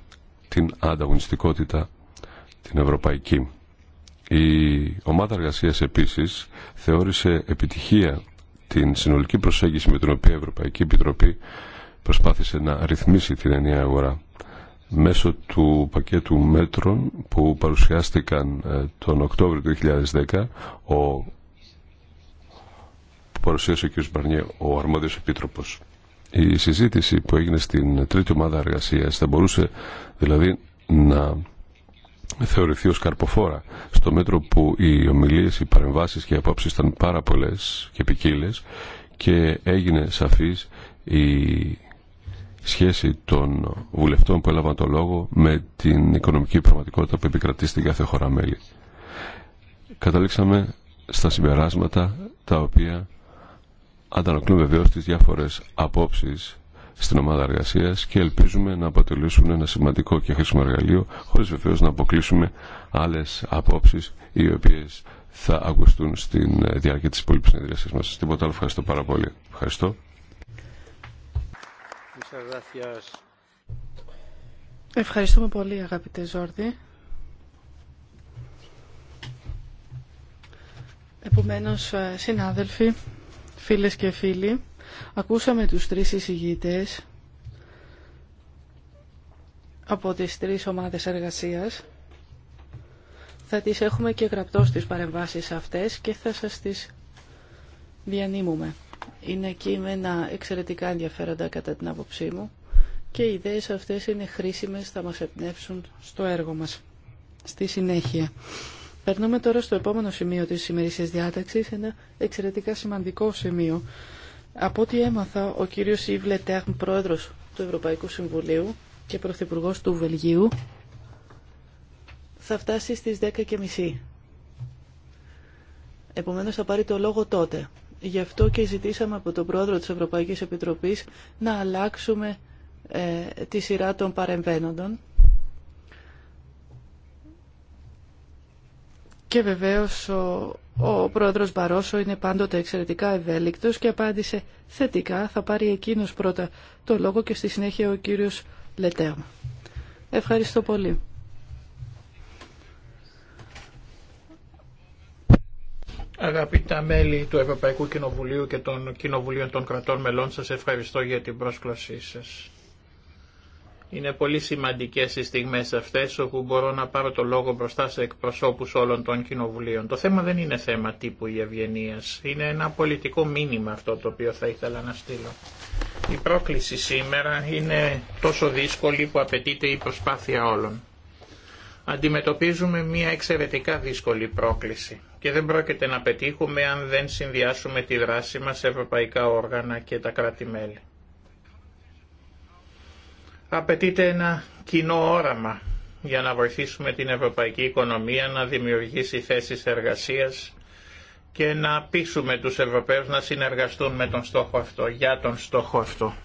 την ανταγωνιστικότητα την ευρωπαϊκή. Η ομάδα εργασίας επίσης θεώρησε επιτυχία την συνολική προσέγγιση με την οποία η Ευρωπαϊκή Επιτροπή προσπάθησε να ρυθμίσει την ενιαία αγορά μέσω του πακέτου μέτρων που παρουσιάστηκαν ε, τον Οκτώβριο του 2010 ο που παρουσίασε ο κ. Μπαρνιέ, ο αρμόδιος επίτροπος. Η συζήτηση που έγινε στην τρίτη ομάδα εργασίας θα μπορούσε δηλαδή να θεωρηθεί ως καρποφόρα στο μέτρο που οι ομιλίες, οι παρεμβάσεις και οι απόψεις ήταν πάρα πολλές και ποικίλε και έγινε σαφής η σχέση των βουλευτών που έλαβαν το λόγο με την οικονομική πραγματικότητα που επικρατεί στην κάθε χώρα μέλη. Καταλήξαμε στα συμπεράσματα τα οποία αντανακλούν βεβαίω τι διαφορέ απόψει στην ομάδα εργασία και ελπίζουμε να αποτελούσουν ένα σημαντικό και χρήσιμο εργαλείο, χωρί βεβαίω να αποκλείσουμε άλλε απόψει οι οποίε θα ακουστούν στην διάρκεια τη υπόλοιπη συνεδρίασή μα. Τίποτα άλλο, ευχαριστώ πάρα πολύ. Ευχαριστώ. Ευχαριστούμε πολύ αγαπητέ Ζόρδη. Επομένως, ε, συνάδελφοι, φίλες και φίλοι, ακούσαμε τους τρεις εισηγητές από τις τρεις ομάδες εργασίας. Θα τις έχουμε και γραπτό στις παρεμβάσεις αυτές και θα σας τις διανύμουμε. Είναι κείμενα εξαιρετικά ενδιαφέροντα κατά την άποψή μου και οι ιδέες αυτές είναι χρήσιμες, θα μας εμπνεύσουν στο έργο μας. Στη συνέχεια. Περνούμε τώρα στο επόμενο σημείο της σημερινής διάταξης, ένα εξαιρετικά σημαντικό σημείο. Από ό,τι έμαθα, ο κύριος Ιβλε Τέχν, πρόεδρος του Ευρωπαϊκού Συμβουλίου και πρωθυπουργός του Βελγίου, θα φτάσει στις 10.30. Επομένως θα πάρει το λόγο τότε. Γι' αυτό και ζητήσαμε από τον πρόεδρο της Ευρωπαϊκής Επιτροπής να αλλάξουμε ε, τη σειρά των παρεμβαίνοντων. Και βεβαίως ο, ο πρόεδρος Μπαρόσο είναι πάντοτε εξαιρετικά ευέλικτος και απάντησε θετικά. Θα πάρει εκείνος πρώτα το λόγο και στη συνέχεια ο κύριος Λετέο. Ευχαριστώ πολύ. Αγαπητά μέλη του Ευρωπαϊκού Κοινοβουλίου και των Κοινοβουλίων των Κρατών Μελών, σας ευχαριστώ για την πρόσκλησή σας. Είναι πολύ σημαντικές οι στιγμές αυτές όπου μπορώ να πάρω το λόγο μπροστά σε εκπροσώπους όλων των κοινοβουλίων. Το θέμα δεν είναι θέμα τύπου η ευγενία. Είναι ένα πολιτικό μήνυμα αυτό το οποίο θα ήθελα να στείλω. Η πρόκληση σήμερα είναι τόσο δύσκολη που απαιτείται η προσπάθεια όλων. Αντιμετωπίζουμε μια εξαιρετικά δύσκολη πρόκληση και δεν πρόκειται να πετύχουμε αν δεν συνδυάσουμε τη δράση μας σε ευρωπαϊκά όργανα και τα κράτη-μέλη. Απαιτείται ένα κοινό όραμα για να βοηθήσουμε την ευρωπαϊκή οικονομία να δημιουργήσει θέσεις εργασίας και να πείσουμε τους Ευρωπαίους να συνεργαστούν με τον στόχο αυτό, για τον στόχο αυτό.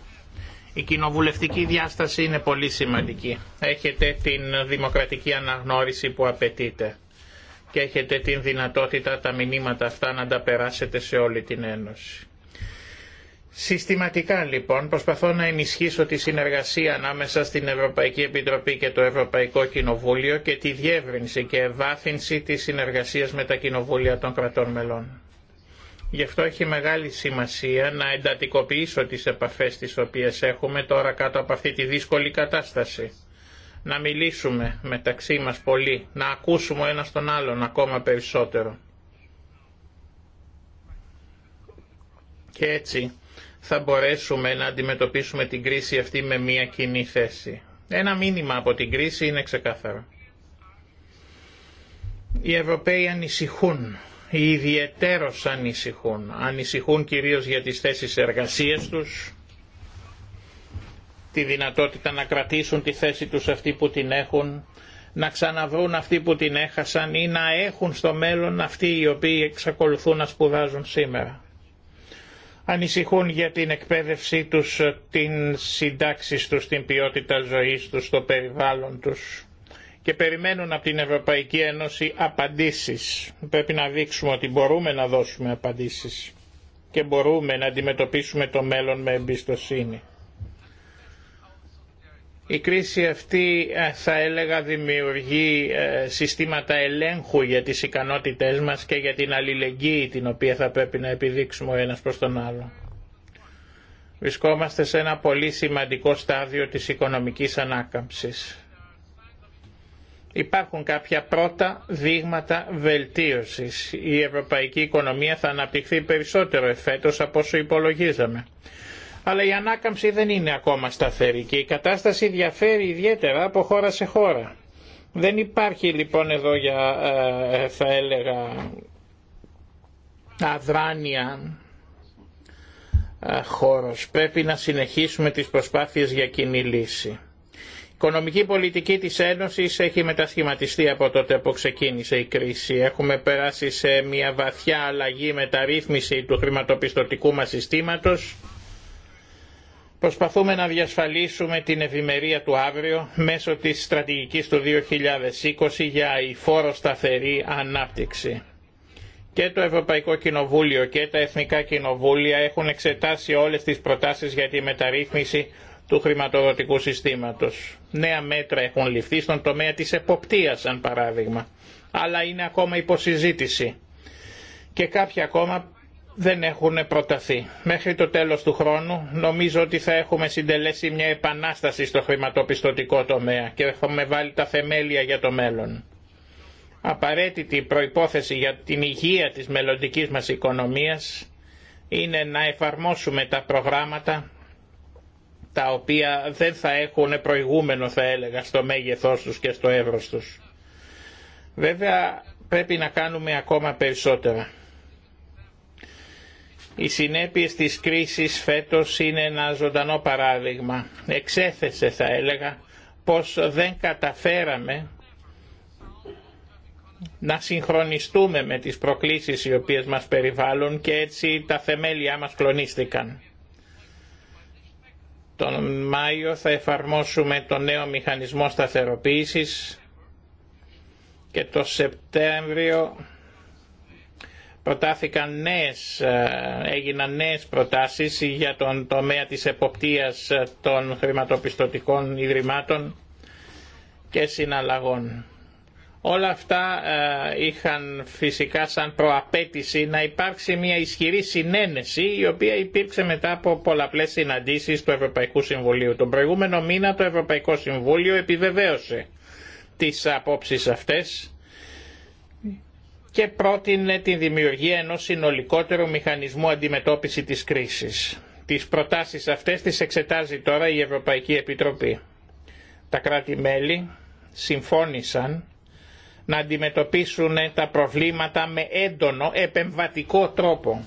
Η κοινοβουλευτική διάσταση είναι πολύ σημαντική. Έχετε την δημοκρατική αναγνώριση που απαιτείται και έχετε την δυνατότητα τα μηνύματα αυτά να τα περάσετε σε όλη την Ένωση. Συστηματικά λοιπόν προσπαθώ να ενισχύσω τη συνεργασία ανάμεσα στην Ευρωπαϊκή Επιτροπή και το Ευρωπαϊκό Κοινοβούλιο και τη διεύρυνση και ευάθυνση της συνεργασίας με τα κοινοβούλια των κρατών μελών. Γι' αυτό έχει μεγάλη σημασία να εντατικοποιήσω τις επαφές τις οποίες έχουμε τώρα κάτω από αυτή τη δύσκολη κατάσταση να μιλήσουμε μεταξύ μας πολύ, να ακούσουμε ένα τον άλλον ακόμα περισσότερο. Και έτσι θα μπορέσουμε να αντιμετωπίσουμε την κρίση αυτή με μια κοινή θέση. Ένα μήνυμα από την κρίση είναι ξεκάθαρο. Οι Ευρωπαίοι ανησυχούν, οι ιδιαιτέρως ανησυχούν. Ανησυχούν κυρίως για τις θέσεις εργασίας τους, τη δυνατότητα να κρατήσουν τη θέση τους αυτοί που την έχουν, να ξαναβρούν αυτοί που την έχασαν ή να έχουν στο μέλλον αυτοί οι οποίοι εξακολουθούν να σπουδάζουν σήμερα. Ανησυχούν για την εκπαίδευσή τους, την συντάξη τους, την ποιότητα ζωής τους, το περιβάλλον τους και περιμένουν από την Ευρωπαϊκή Ένωση απαντήσεις. Πρέπει να δείξουμε ότι μπορούμε να δώσουμε απαντήσεις και μπορούμε να αντιμετωπίσουμε το μέλλον με εμπιστοσύνη. Η κρίση αυτή ε, θα έλεγα δημιουργεί ε, συστήματα ελέγχου για τις ικανότητές μας και για την αλληλεγγύη την οποία θα πρέπει να επιδείξουμε ο ένας προς τον άλλο. Βρισκόμαστε σε ένα πολύ σημαντικό στάδιο της οικονομικής ανάκαμψης. Υπάρχουν κάποια πρώτα δείγματα βελτίωσης. Η ευρωπαϊκή οικονομία θα αναπτυχθεί περισσότερο εφέτος από όσο υπολογίζαμε αλλά η ανάκαμψη δεν είναι ακόμα σταθερή και η κατάσταση διαφέρει ιδιαίτερα από χώρα σε χώρα. Δεν υπάρχει λοιπόν εδώ για ε, θα έλεγα αδράνεια ε, χώρος. Πρέπει να συνεχίσουμε τις προσπάθειες για κοινή λύση. Η οικονομική πολιτική της Ένωσης έχει μετασχηματιστεί από τότε που ξεκίνησε η κρίση. Έχουμε περάσει σε μια βαθιά αλλαγή μεταρρύθμιση του χρηματοπιστωτικού μας συστήματος Προσπαθούμε να διασφαλίσουμε την ευημερία του αύριο μέσω της στρατηγικής του 2020 για φόρο σταθερή ανάπτυξη. Και το Ευρωπαϊκό Κοινοβούλιο και τα Εθνικά Κοινοβούλια έχουν εξετάσει όλες τις προτάσεις για τη μεταρρύθμιση του χρηματοδοτικού συστήματος. Νέα μέτρα έχουν ληφθεί στον τομέα της εποπτείας, σαν παράδειγμα. Αλλά είναι ακόμα υποσυζήτηση. Και κάποια ακόμα δεν έχουν προταθεί. Μέχρι το τέλος του χρόνου νομίζω ότι θα έχουμε συντελέσει μια επανάσταση στο χρηματοπιστωτικό τομέα και έχουμε βάλει τα θεμέλια για το μέλλον. Απαραίτητη προϋπόθεση για την υγεία της μελλοντικής μας οικονομίας είναι να εφαρμόσουμε τα προγράμματα τα οποία δεν θα έχουν προηγούμενο θα έλεγα στο μέγεθός τους και στο εύρος τους. Βέβαια πρέπει να κάνουμε ακόμα περισσότερα οι συνέπειε της κρίση φέτο είναι ένα ζωντανό παράδειγμα. Εξέθεσε θα έλεγα πως δεν καταφέραμε να συγχρονιστούμε με τις προκλήσεις οι οποίες μας περιβάλλουν και έτσι τα θεμέλια μας κλονίστηκαν. Τον Μάιο θα εφαρμόσουμε το νέο μηχανισμό σταθεροποίησης και το Σεπτέμβριο προτάθηκαν νέες, ε, έγιναν νέες προτάσεις για τον τομέα της εποπτείας ε, των χρηματοπιστωτικών ιδρυμάτων και συναλλαγών. Όλα αυτά ε, είχαν φυσικά σαν προαπέτηση να υπάρξει μια ισχυρή συνένεση η οποία υπήρξε μετά από πολλαπλές συναντήσεις του Ευρωπαϊκού Συμβουλίου. Τον προηγούμενο μήνα το Ευρωπαϊκό Συμβούλιο επιβεβαίωσε τις απόψεις αυτές και πρότεινε την δημιουργία ενός συνολικότερου μηχανισμού αντιμετώπιση της κρίσης. Τις προτάσεις αυτές τις εξετάζει τώρα η Ευρωπαϊκή Επιτροπή. Τα κράτη-μέλη συμφώνησαν να αντιμετωπίσουν τα προβλήματα με έντονο επεμβατικό τρόπο.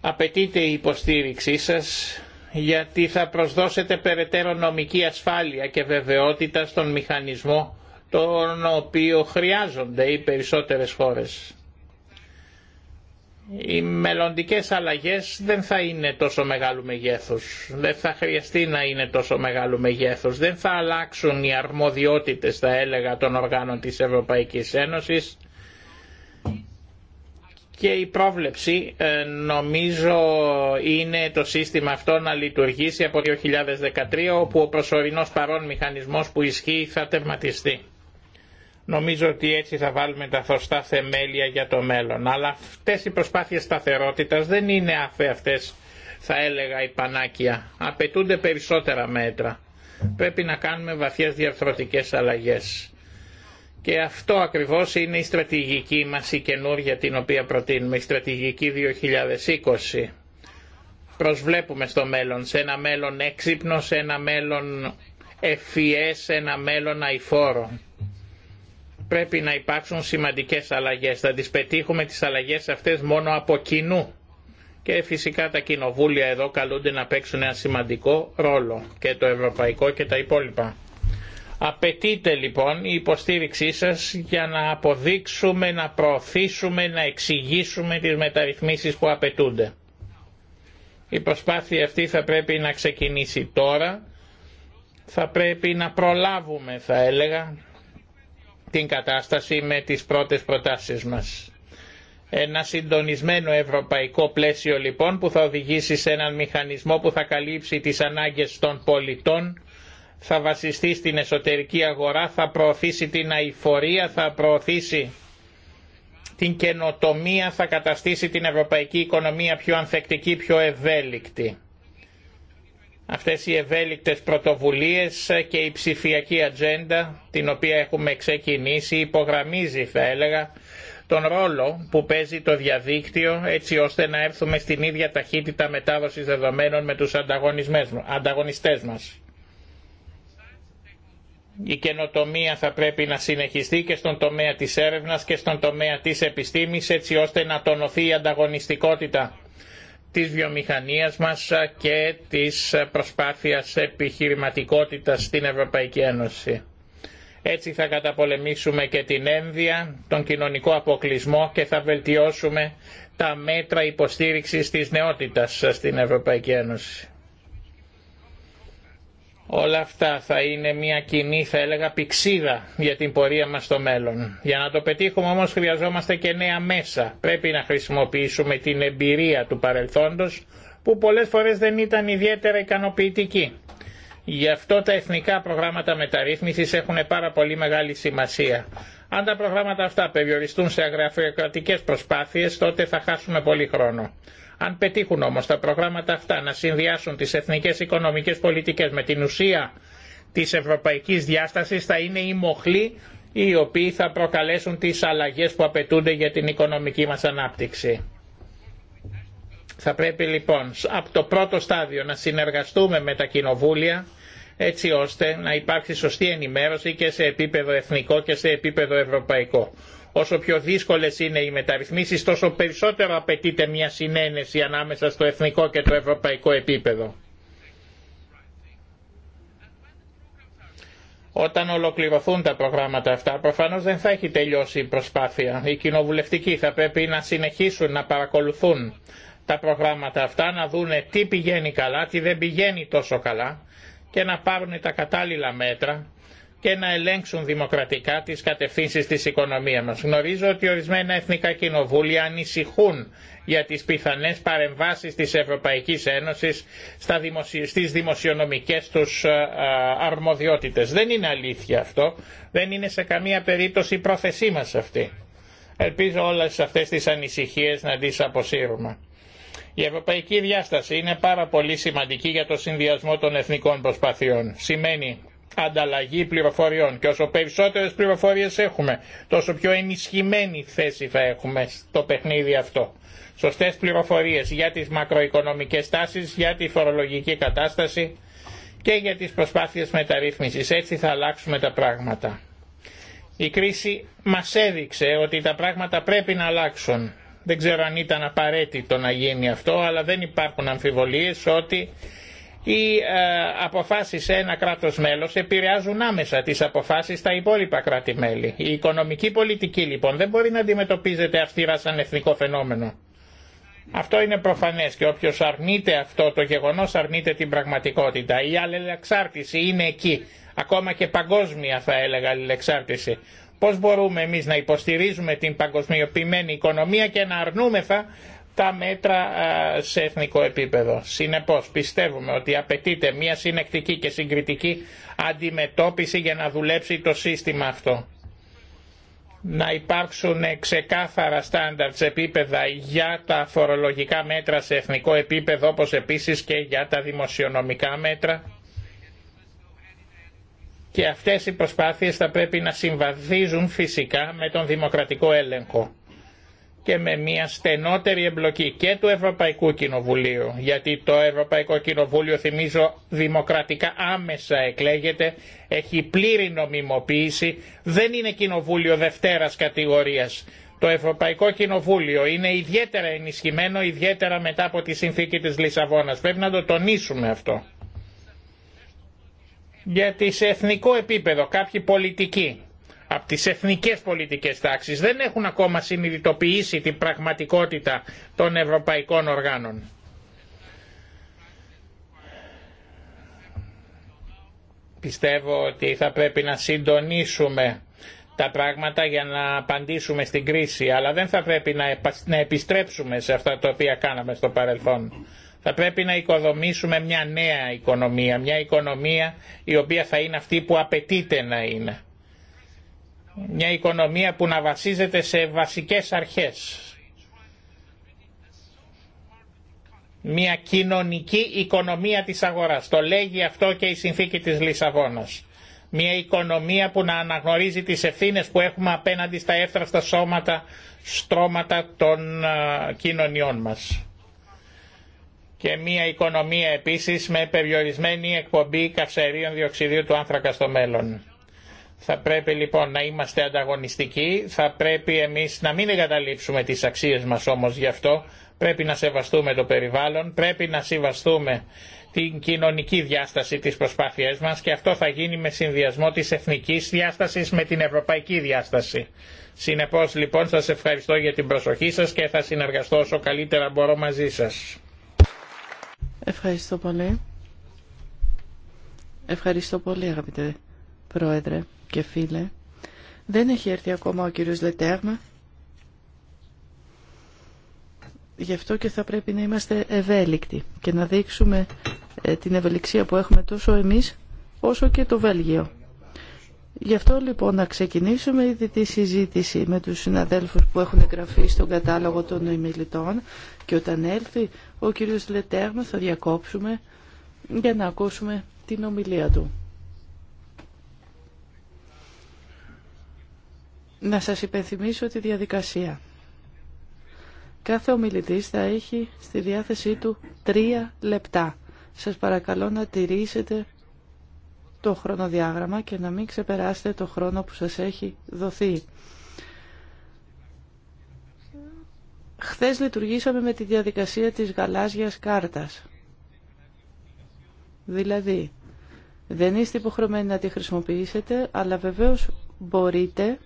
Απαιτείται η υποστήριξή σας γιατί θα προσδώσετε περαιτέρω νομική ασφάλεια και βεβαιότητα στον μηχανισμό τον οποίο χρειάζονται οι περισσότερες χώρες. Οι μελλοντικές αλλαγές δεν θα είναι τόσο μεγάλου μεγέθους, δεν θα χρειαστεί να είναι τόσο μεγάλου μεγέθους, δεν θα αλλάξουν οι αρμοδιότητες, θα έλεγα, των οργάνων της Ευρωπαϊκής Ένωσης και η πρόβλεψη ε, νομίζω είναι το σύστημα αυτό να λειτουργήσει από 2013 όπου ο προσωρινός παρόν μηχανισμός που ισχύει θα τερματιστεί. Νομίζω ότι έτσι θα βάλουμε τα θωστά θεμέλια για το μέλλον. Αλλά αυτές οι προσπάθειες σταθερότητας δεν είναι αφέ αυτές, θα έλεγα, η πανάκια. Απαιτούνται περισσότερα μέτρα. Πρέπει να κάνουμε βαθιές διαρθρωτικές αλλαγές. Και αυτό ακριβώς είναι η στρατηγική μας η καινούργια την οποία προτείνουμε, η στρατηγική 2020. Προσβλέπουμε στο μέλλον, σε ένα μέλλον έξυπνο, σε ένα μέλλον ευφυές, σε ένα μέλλον αηφόρο πρέπει να υπάρξουν σημαντικές αλλαγές. Θα τις πετύχουμε τις αλλαγές αυτές μόνο από κοινού. Και φυσικά τα κοινοβούλια εδώ καλούνται να παίξουν ένα σημαντικό ρόλο και το ευρωπαϊκό και τα υπόλοιπα. Απαιτείται λοιπόν η υποστήριξή σας για να αποδείξουμε, να προωθήσουμε, να εξηγήσουμε τις μεταρρυθμίσεις που απαιτούνται. Η προσπάθεια αυτή θα πρέπει να ξεκινήσει τώρα, θα πρέπει να προλάβουμε θα έλεγα την κατάσταση με τις πρώτες προτάσεις μας. Ένα συντονισμένο ευρωπαϊκό πλαίσιο λοιπόν που θα οδηγήσει σε έναν μηχανισμό που θα καλύψει τις ανάγκες των πολιτών, θα βασιστεί στην εσωτερική αγορά, θα προωθήσει την αηφορία, θα προωθήσει την καινοτομία, θα καταστήσει την ευρωπαϊκή οικονομία πιο ανθεκτική, πιο ευέλικτη Αυτές οι ευέλικτες πρωτοβουλίες και η ψηφιακή ατζέντα την οποία έχουμε ξεκινήσει υπογραμμίζει θα έλεγα τον ρόλο που παίζει το διαδίκτυο έτσι ώστε να έρθουμε στην ίδια ταχύτητα μετάδοσης δεδομένων με τους ανταγωνιστές μας. Η καινοτομία θα πρέπει να συνεχιστεί και στον τομέα της έρευνας και στον τομέα της επιστήμης έτσι ώστε να τονωθεί η ανταγωνιστικότητα της βιομηχανίας μας και της προσπάθειας επιχειρηματικότητας στην Ευρωπαϊκή Ένωση. Έτσι θα καταπολεμήσουμε και την ένδια, τον κοινωνικό αποκλεισμό και θα βελτιώσουμε τα μέτρα υποστήριξης της νεότητας στην Ευρωπαϊκή Ένωση. Όλα αυτά θα είναι μια κοινή, θα έλεγα, πηξίδα για την πορεία μας στο μέλλον. Για να το πετύχουμε όμως χρειαζόμαστε και νέα μέσα. Πρέπει να χρησιμοποιήσουμε την εμπειρία του παρελθόντος που πολλές φορές δεν ήταν ιδιαίτερα ικανοποιητική. Γι' αυτό τα εθνικά προγράμματα μεταρρύθμισης έχουν πάρα πολύ μεγάλη σημασία. Αν τα προγράμματα αυτά περιοριστούν σε αγραφειοκρατικές προσπάθειες τότε θα χάσουμε πολύ χρόνο. Αν πετύχουν όμως τα προγράμματα αυτά να συνδυάσουν τις εθνικές οικονομικές πολιτικές με την ουσία της ευρωπαϊκής διάστασης θα είναι οι μοχλοί οι οποίοι θα προκαλέσουν τις αλλαγές που απαιτούνται για την οικονομική μας ανάπτυξη. Θα πρέπει λοιπόν από το πρώτο στάδιο να συνεργαστούμε με τα κοινοβούλια έτσι ώστε να υπάρξει σωστή ενημέρωση και σε επίπεδο εθνικό και σε επίπεδο ευρωπαϊκό. Όσο πιο δύσκολες είναι οι μεταρρυθμίσεις, τόσο περισσότερο απαιτείται μια συνένεση ανάμεσα στο εθνικό και το ευρωπαϊκό επίπεδο. Όταν ολοκληρωθούν τα προγράμματα αυτά, προφανώς δεν θα έχει τελειώσει η προσπάθεια. Οι κοινοβουλευτικοί θα πρέπει να συνεχίσουν να παρακολουθούν τα προγράμματα αυτά, να δούνε τι πηγαίνει καλά, τι δεν πηγαίνει τόσο καλά και να πάρουν τα κατάλληλα μέτρα και να ελέγξουν δημοκρατικά τις κατευθύνσεις της οικονομίας μας. Γνωρίζω ότι ορισμένα εθνικά κοινοβούλια ανησυχούν για τις πιθανές παρεμβάσεις της Ευρωπαϊκής Ένωσης στα δημοσιονομικέ στις δημοσιονομικές τους ε, ε, αρμοδιότητες. Δεν είναι αλήθεια αυτό. Δεν είναι σε καμία περίπτωση η πρόθεσή μας αυτή. Ελπίζω όλες αυτές τις ανησυχίες να τις αποσύρουμε. Η ευρωπαϊκή διάσταση είναι πάρα πολύ σημαντική για το συνδυασμό των εθνικών προσπαθειών. Σημαίνει ανταλλαγή πληροφοριών και όσο περισσότερες πληροφορίε έχουμε τόσο πιο ενισχυμένη θέση θα έχουμε στο παιχνίδι αυτό. Σωστές πληροφορίε για τις μακροοικονομικές τάσεις, για τη φορολογική κατάσταση και για τις προσπάθειες μεταρρύθμισης. Έτσι θα αλλάξουμε τα πράγματα. Η κρίση μας έδειξε ότι τα πράγματα πρέπει να αλλάξουν. Δεν ξέρω αν ήταν απαραίτητο να γίνει αυτό, αλλά δεν υπάρχουν αμφιβολίες ότι οι ε, αποφάσεις σε ένα κράτος μέλος επηρεάζουν άμεσα τις αποφάσεις στα υπόλοιπα κράτη-μέλη. Η οικονομική πολιτική λοιπόν δεν μπορεί να αντιμετωπίζεται αυστηρά σαν εθνικό φαινόμενο. Αυτό είναι προφανές και όποιος αρνείται αυτό το γεγονός αρνείται την πραγματικότητα. Η αλληλεξάρτηση είναι εκεί, ακόμα και παγκόσμια θα έλεγα αλληλεξάρτηση. Πώς μπορούμε εμείς να υποστηρίζουμε την παγκοσμιοποιημένη οικονομία και να αρνούμεθα τα μέτρα σε εθνικό επίπεδο. Συνεπώς πιστεύουμε ότι απαιτείται μια συνεκτική και συγκριτική αντιμετώπιση για να δουλέψει το σύστημα αυτό. Να υπάρξουν ξεκάθαρα στάνταρτς επίπεδα για τα φορολογικά μέτρα σε εθνικό επίπεδο όπως επίσης και για τα δημοσιονομικά μέτρα και αυτές οι προσπάθειες θα πρέπει να συμβαδίζουν φυσικά με τον δημοκρατικό έλεγχο και με μια στενότερη εμπλοκή και του Ευρωπαϊκού Κοινοβουλίου, γιατί το Ευρωπαϊκό Κοινοβούλιο, θυμίζω, δημοκρατικά άμεσα εκλέγεται, έχει πλήρη νομιμοποίηση, δεν είναι κοινοβούλιο δευτέρας κατηγορίας. Το Ευρωπαϊκό Κοινοβούλιο είναι ιδιαίτερα ενισχυμένο, ιδιαίτερα μετά από τη συνθήκη της Λισαβόνας. Πρέπει να το τονίσουμε αυτό. Γιατί σε εθνικό επίπεδο κάποιοι πολιτικοί από τις εθνικές πολιτικές τάξεις δεν έχουν ακόμα συνειδητοποιήσει την πραγματικότητα των ευρωπαϊκών οργάνων. Πιστεύω ότι θα πρέπει να συντονίσουμε τα πράγματα για να απαντήσουμε στην κρίση, αλλά δεν θα πρέπει να επιστρέψουμε σε αυτά τα οποία κάναμε στο παρελθόν. Θα πρέπει να οικοδομήσουμε μια νέα οικονομία, μια οικονομία η οποία θα είναι αυτή που απαιτείται να είναι μια οικονομία που να βασίζεται σε βασικές αρχές. Μια κοινωνική οικονομία της αγοράς. Το λέγει αυτό και η συνθήκη της Λισαβόνας. Μια οικονομία που να αναγνωρίζει τις ευθύνες που έχουμε απέναντι στα έφτραστα σώματα, στρώματα των κοινωνιών μας. Και μια οικονομία επίσης με περιορισμένη εκπομπή καυσαερίων διοξιδίου του άνθρακα στο μέλλον. Θα πρέπει λοιπόν να είμαστε ανταγωνιστικοί, θα πρέπει εμείς να μην εγκαταλείψουμε τις αξίες μας όμως γι' αυτό, πρέπει να σεβαστούμε το περιβάλλον, πρέπει να σεβαστούμε την κοινωνική διάσταση της προσπάθειας μας και αυτό θα γίνει με συνδυασμό της εθνικής διάστασης με την ευρωπαϊκή διάσταση. Συνεπώς λοιπόν σας ευχαριστώ για την προσοχή σας και θα συνεργαστώ όσο καλύτερα μπορώ μαζί σας. Ευχαριστώ πολύ. Ευχαριστώ πολύ αγαπητέ Πρόεδρε και φίλε. Δεν έχει έρθει ακόμα ο κύριος Λετέρμα. Γι' αυτό και θα πρέπει να είμαστε ευέλικτοι και να δείξουμε ε, την ευελιξία που έχουμε τόσο εμείς όσο και το Βέλγιο. Γι' αυτό λοιπόν να ξεκινήσουμε ήδη τη συζήτηση με τους συναδέλφους που έχουν εγγραφεί στον κατάλογο των ημιλητών και όταν έλθει ο κύριος Λετέρμα θα διακόψουμε για να ακούσουμε την ομιλία του. Να σας υπενθυμίσω τη διαδικασία. Κάθε ομιλητής θα έχει στη διάθεσή του τρία λεπτά. Σας παρακαλώ να τηρήσετε το χρονοδιάγραμμα και να μην ξεπεράσετε το χρόνο που σας έχει δοθεί. Χθες λειτουργήσαμε με τη διαδικασία της γαλάζιας κάρτας. Δηλαδή, δεν είστε υποχρεωμένοι να τη χρησιμοποιήσετε, αλλά βεβαίως μπορείτε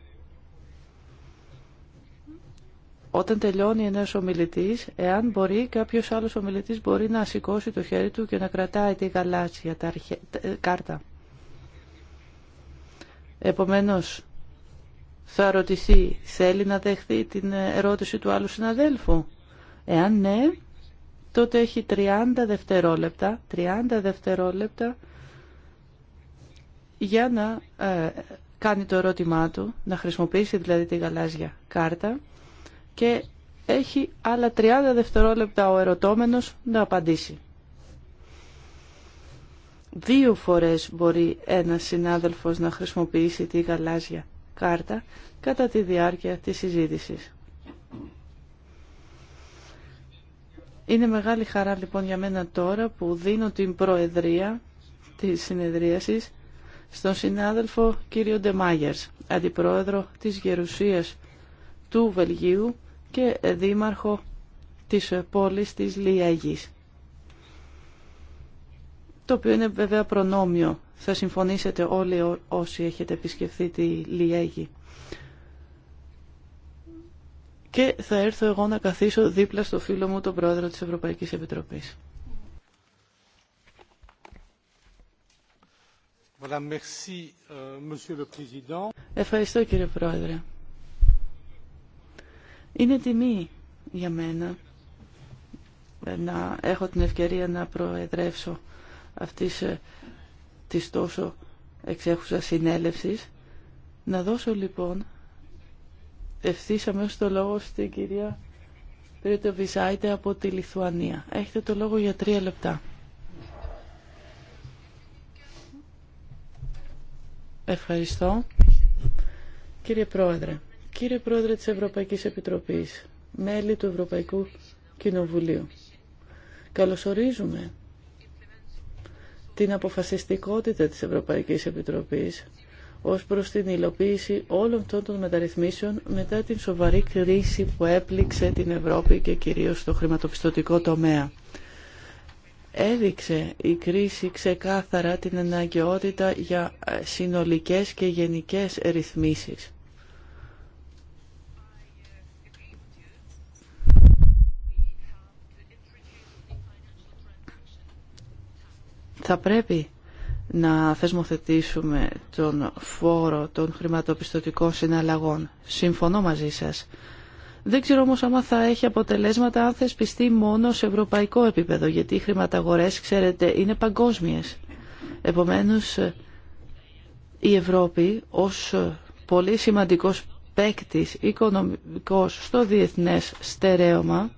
Όταν τελειώνει ένας ομιλητής, εάν μπορεί, κάποιος άλλος ομιλητής μπορεί να σηκώσει το χέρι του και να κρατάει τη γαλάζια τα ε, κάρτα. Επομένως, θα ρωτηθεί, θέλει να δεχθεί την ε, ερώτηση του άλλου συναδέλφου. Εάν ναι, τότε έχει 30 δευτερόλεπτα, 30 δευτερόλεπτα για να ε, κάνει το ερώτημά του, να χρησιμοποιήσει δηλαδή τη γαλάζια κάρτα και έχει άλλα 30 δευτερόλεπτα ο ερωτώμενος να απαντήσει. Δύο φορές μπορεί ένας συνάδελφος να χρησιμοποιήσει τη γαλάζια κάρτα κατά τη διάρκεια της συζήτησης. Είναι μεγάλη χαρά λοιπόν για μένα τώρα που δίνω την προεδρία της συνεδρίασης στον συνάδελφο κύριο Ντεμάγερς, αντιπρόεδρο της Γερουσίας του Βελγίου και δήμαρχο της πόλης της Λιέγης. Το οποίο είναι βέβαια προνόμιο. Θα συμφωνήσετε όλοι όσοι έχετε επισκεφθεί τη Λιέγη. Και θα έρθω εγώ να καθίσω δίπλα στο φίλο μου τον πρόεδρο της Ευρωπαϊκής Επιτροπής. Euh, Ευχαριστώ κύριε Πρόεδρε. Είναι τιμή για μένα να έχω την ευκαιρία να προεδρεύσω αυτής ε, της τόσο εξέχουσα συνέλευσης. Να δώσω λοιπόν ευθύς αμέσως το λόγο στην κυρία το Βίσαιτε από τη Λιθουανία. Έχετε το λόγο για τρία λεπτά. Ευχαριστώ. Κύριε Πρόεδρε, Κύριε Πρόεδρε της Ευρωπαϊκής Επιτροπής, μέλη του Ευρωπαϊκού Κοινοβουλίου, καλωσορίζουμε την αποφασιστικότητα της Ευρωπαϊκής Επιτροπής ως προς την υλοποίηση όλων αυτών των μεταρρυθμίσεων μετά την σοβαρή κρίση που έπληξε την Ευρώπη και κυρίως το χρηματοπιστωτικό τομέα. Έδειξε η κρίση ξεκάθαρα την αναγκαιότητα για συνολικές και γενικές ρυθμίσεις Θα πρέπει να θεσμοθετήσουμε τον φόρο των χρηματοπιστωτικών συναλλαγών. Συμφωνώ μαζί σας. Δεν ξέρω όμως άμα θα έχει αποτελέσματα αν θεσπιστεί μόνο σε ευρωπαϊκό επίπεδο, γιατί οι χρηματαγορές, ξέρετε, είναι παγκόσμιες. Επομένως, η Ευρώπη ως πολύ σημαντικός παίκτη οικονομικός στο διεθνές στερέωμα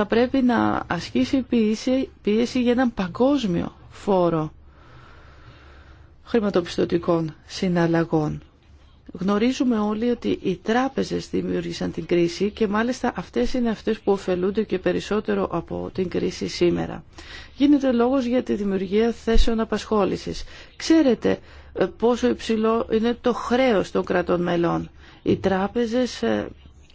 θα πρέπει να ασκήσει πίεση, πίεση για έναν παγκόσμιο φόρο χρηματοπιστωτικών συναλλαγών. Γνωρίζουμε όλοι ότι οι τράπεζες δημιούργησαν την κρίση και μάλιστα αυτές είναι αυτές που ωφελούνται και περισσότερο από την κρίση σήμερα. Γίνεται λόγος για τη δημιουργία θέσεων απασχόλησης. Ξέρετε ε, πόσο υψηλό είναι το χρέος των κρατών μελών. Οι τράπεζες ε,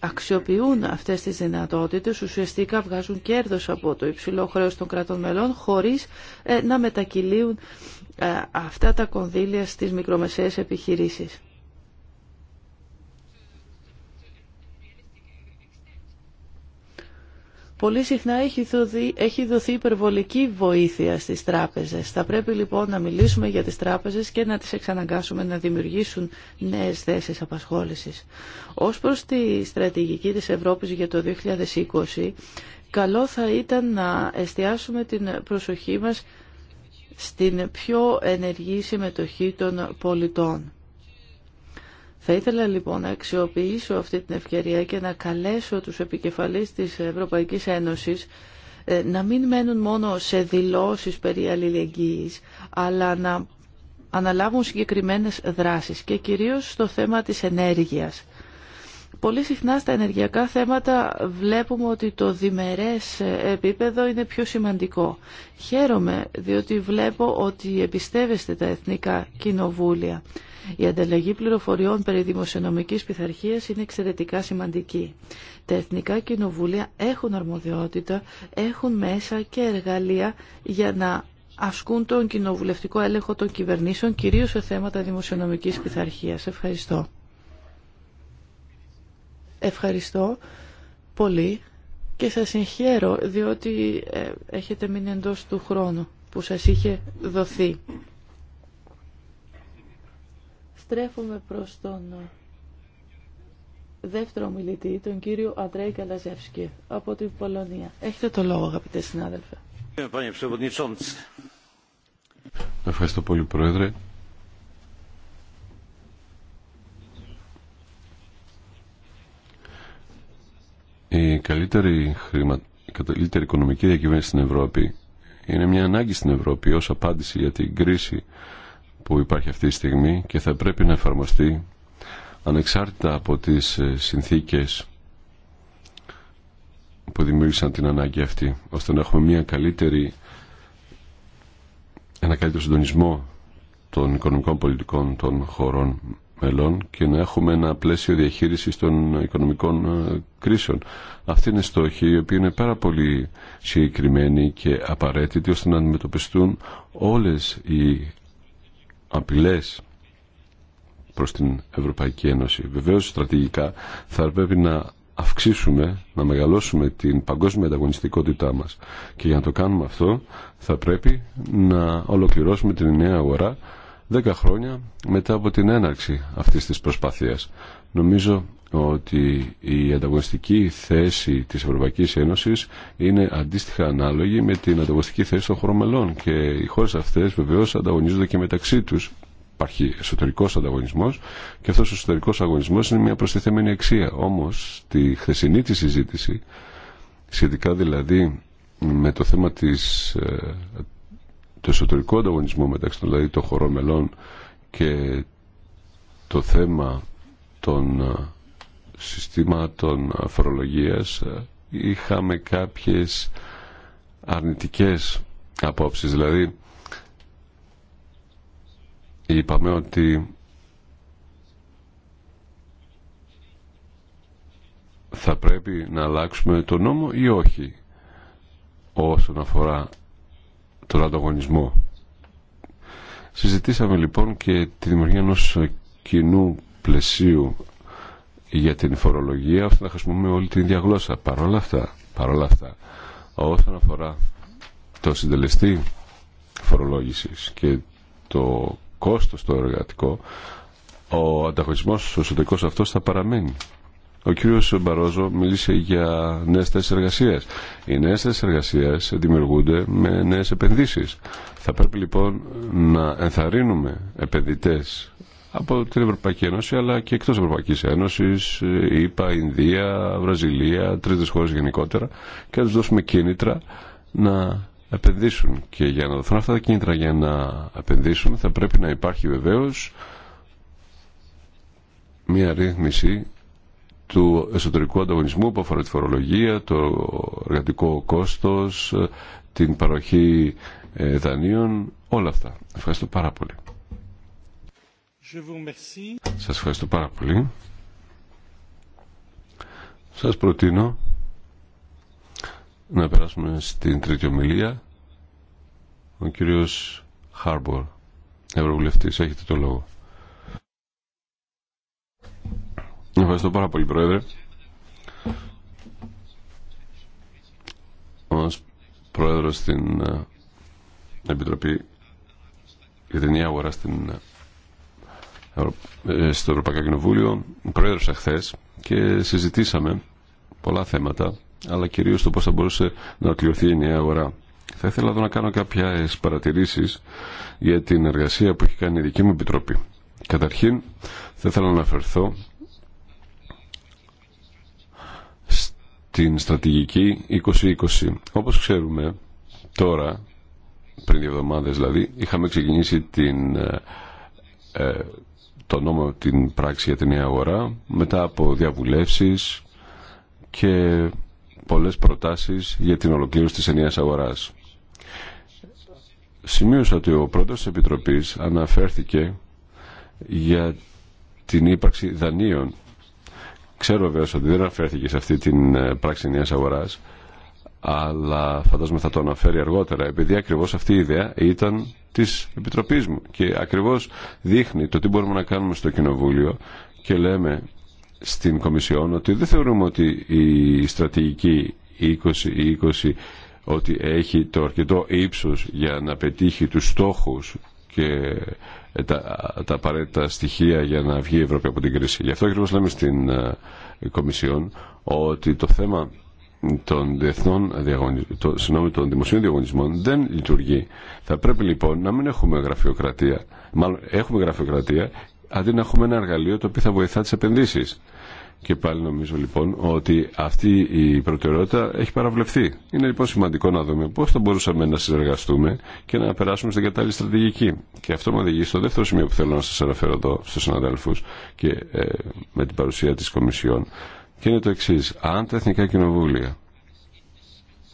αξιοποιούν αυτές τις δυνατότητες, ουσιαστικά βγάζουν κέρδος από το υψηλό χρέος των κρατών μελών, χωρίς ε, να μετακυλίουν ε, αυτά τα κονδύλια στις μικρομεσαίες επιχειρήσεις. Πολύ συχνά έχει δοθεί, έχει δοθεί υπερβολική βοήθεια στις τράπεζες. Θα πρέπει λοιπόν να μιλήσουμε για τις τράπεζες και να τις εξαναγκάσουμε να δημιουργήσουν νέες θέσεις απασχόλησης. Ως προς τη στρατηγική της Ευρώπης για το 2020, καλό θα ήταν να εστιάσουμε την προσοχή μας στην πιο ενεργή συμμετοχή των πολιτών. Θα ήθελα λοιπόν να αξιοποιήσω αυτή την ευκαιρία και να καλέσω τους επικεφαλείς της Ευρωπαϊκής Ένωσης ε, να μην μένουν μόνο σε δηλώσεις περί αλληλεγγύης, αλλά να αναλάβουν συγκεκριμένες δράσεις και κυρίως στο θέμα της ενέργειας. Πολύ συχνά στα ενεργειακά θέματα βλέπουμε ότι το διμερές επίπεδο είναι πιο σημαντικό. Χαίρομαι διότι βλέπω ότι εμπιστεύεστε τα εθνικά κοινοβούλια. Η ανταλλαγή πληροφοριών περί δημοσιονομικής πειθαρχίας είναι εξαιρετικά σημαντική. Τα εθνικά κοινοβούλια έχουν αρμοδιότητα, έχουν μέσα και εργαλεία για να ασκούν τον κοινοβουλευτικό έλεγχο των κυβερνήσεων, κυρίως σε θέματα δημοσιονομικής πειθαρχίας. Ευχαριστώ. Ευχαριστώ πολύ και σας συγχαίρω διότι ε, έχετε μείνει εντός του χρόνου που σας είχε δοθεί στρέφουμε προς τον δεύτερο μιλητή, τον κύριο Αντρέη Καλαζεύσκη από την Πολωνία. Έχετε το λόγο, αγαπητέ συνάδελφε. Ευχαριστώ πολύ, Πρόεδρε. Η καλύτερη, χρημα... η καλύτερη οικονομική διακυβέρνηση στην Ευρώπη είναι μια ανάγκη στην Ευρώπη ως απάντηση για την κρίση που υπάρχει αυτή τη στιγμή και θα πρέπει να εφαρμοστεί ανεξάρτητα από τις ε, συνθήκες που δημιούργησαν την ανάγκη αυτή, ώστε να έχουμε μια καλύτερη, ένα καλύτερο συντονισμό των οικονομικών πολιτικών των χωρών μελών και να έχουμε ένα πλαίσιο διαχείρισης των οικονομικών ε, κρίσεων. Αυτή είναι στόχη η οποία είναι πάρα πολύ συγκεκριμένη και απαραίτητη ώστε να αντιμετωπιστούν όλες οι απειλές προς την Ευρωπαϊκή Ένωση. Βεβαίως στρατηγικά θα πρέπει να αυξήσουμε, να μεγαλώσουμε την παγκόσμια ανταγωνιστικότητά μας και για να το κάνουμε αυτό θα πρέπει να ολοκληρώσουμε την νέα αγορά 10 χρόνια μετά από την έναρξη αυτής της προσπάθειας. Νομίζω ότι η ανταγωνιστική θέση της Ευρωπαϊκής Ένωσης είναι αντίστοιχα ανάλογη με την ανταγωνιστική θέση των χωρών μελών και οι χώρες αυτές βεβαίως ανταγωνίζονται και μεταξύ τους υπάρχει εσωτερικό ανταγωνισμό και αυτό ο εσωτερικό αγωνισμό είναι μια προστιθέμενη αξία. Όμω, τη χθεσινή τη συζήτηση, σχετικά δηλαδή με το θέμα της, ε, του εσωτερικού ανταγωνισμού μεταξύ των, δηλαδή, χωρών μελών και το θέμα των ε, συστήματων φορολογίας ε, είχαμε κάποιες αρνητικές απόψεις. Δηλαδή είπαμε ότι θα πρέπει να αλλάξουμε τον νόμο ή όχι όσον αφορά τον ανταγωνισμό. Συζητήσαμε λοιπόν και τη δημιουργία ενός κοινού πλαισίου για την φορολογία ώστε να χρησιμοποιούμε όλη την ίδια γλώσσα. Παρόλα αυτά, παρόλα αυτά όσον αφορά το συντελεστή φορολόγησης και το κόστος το εργατικό, ο ανταγωνισμός ο αυτός θα παραμένει. Ο κύριος Μπαρόζο μίλησε για νέες θέσεις εργασίας. Οι νέες θέσεις εργασίας δημιουργούνται με νέες επενδύσεις. Θα πρέπει λοιπόν να ενθαρρύνουμε επενδυτές από την Ευρωπαϊκή Ένωση αλλά και εκτός Ευρωπαϊκής Ένωσης, ΙΠΑ, ε, Ινδία, Βραζιλία, τρίτες χώρες γενικότερα και να τους δώσουμε κίνητρα να επενδύσουν. Και για να δοθούν αυτά τα κίνητρα για να επενδύσουν θα πρέπει να υπάρχει βεβαίως μια ρύθμιση του εσωτερικού ανταγωνισμού που αφορά τη φορολογία, το εργατικό κόστος, ε, την παροχή ε, δανείων, όλα αυτά. Ευχαριστώ πάρα πολύ. Σας ευχαριστώ πάρα πολύ. Σας προτείνω να περάσουμε στην τρίτη ομιλία. Ο κύριος Χάρμπορ, Ευρωβουλευτής, έχετε το λόγο. Ευχαριστώ πάρα πολύ, Πρόεδρε. Ως Πρόεδρος στην ε, Επιτροπή για την Ιάγορα στην ε, στο Ευρωπαϊκό Κοινοβούλιο προέδρευσα χθε και συζητήσαμε πολλά θέματα αλλά κυρίως το πώς θα μπορούσε να οκληρωθεί η νέα αγορά. Θα ήθελα εδώ να κάνω κάποιες παρατηρήσεις για την εργασία που έχει κάνει η δική μου επιτροπή. Καταρχήν θα ήθελα να αναφερθώ στην στρατηγική 2020. Όπως ξέρουμε τώρα, πριν δύο εβδομάδες δηλαδή, είχαμε ξεκινήσει την ε, ε, το νόμο την πράξη για την νέα αγορά μετά από διαβουλεύσεις και πολλές προτάσεις για την ολοκλήρωση της ενιαίας αγοράς. Σημείωσα ότι ο πρώτος της Επιτροπής αναφέρθηκε για την ύπαρξη δανείων. Ξέρω βέβαια ότι δεν αναφέρθηκε σε αυτή την ε, πράξη νέας αγοράς, αλλά φαντάζομαι θα το αναφέρει αργότερα, επειδή ακριβώς αυτή η ιδέα ήταν της Επιτροπής μου και ακριβώς δείχνει το τι μπορούμε να κάνουμε στο Κοινοβούλιο και λέμε στην Κομισιόν ότι δεν θεωρούμε ότι η στρατηγική 2020 ότι έχει το αρκετό ύψος για να πετύχει τους στόχους και ε, τα, τα απαραίτητα στοιχεία για να βγει η Ευρώπη από την κρίση. Γι' αυτό ακριβώς λέμε στην ε, Κομισιόν ότι το θέμα των, διεθνών των δημοσίων διαγωνισμών δεν λειτουργεί. Θα πρέπει λοιπόν να μην έχουμε γραφειοκρατία. Μάλλον έχουμε γραφειοκρατία αντί να έχουμε ένα εργαλείο το οποίο θα βοηθά τι επενδύσει. Και πάλι νομίζω λοιπόν ότι αυτή η προτεραιότητα έχει παραβλεφθεί. Είναι λοιπόν σημαντικό να δούμε πώ θα μπορούσαμε να συνεργαστούμε και να περάσουμε στην κατάλληλη στρατηγική. Και αυτό με οδηγεί στο δεύτερο σημείο που θέλω να σα αναφέρω εδώ στου συναδέλφου και ε, με την παρουσία τη Κομισιόν και είναι το εξή. Αν τα εθνικά κοινοβούλια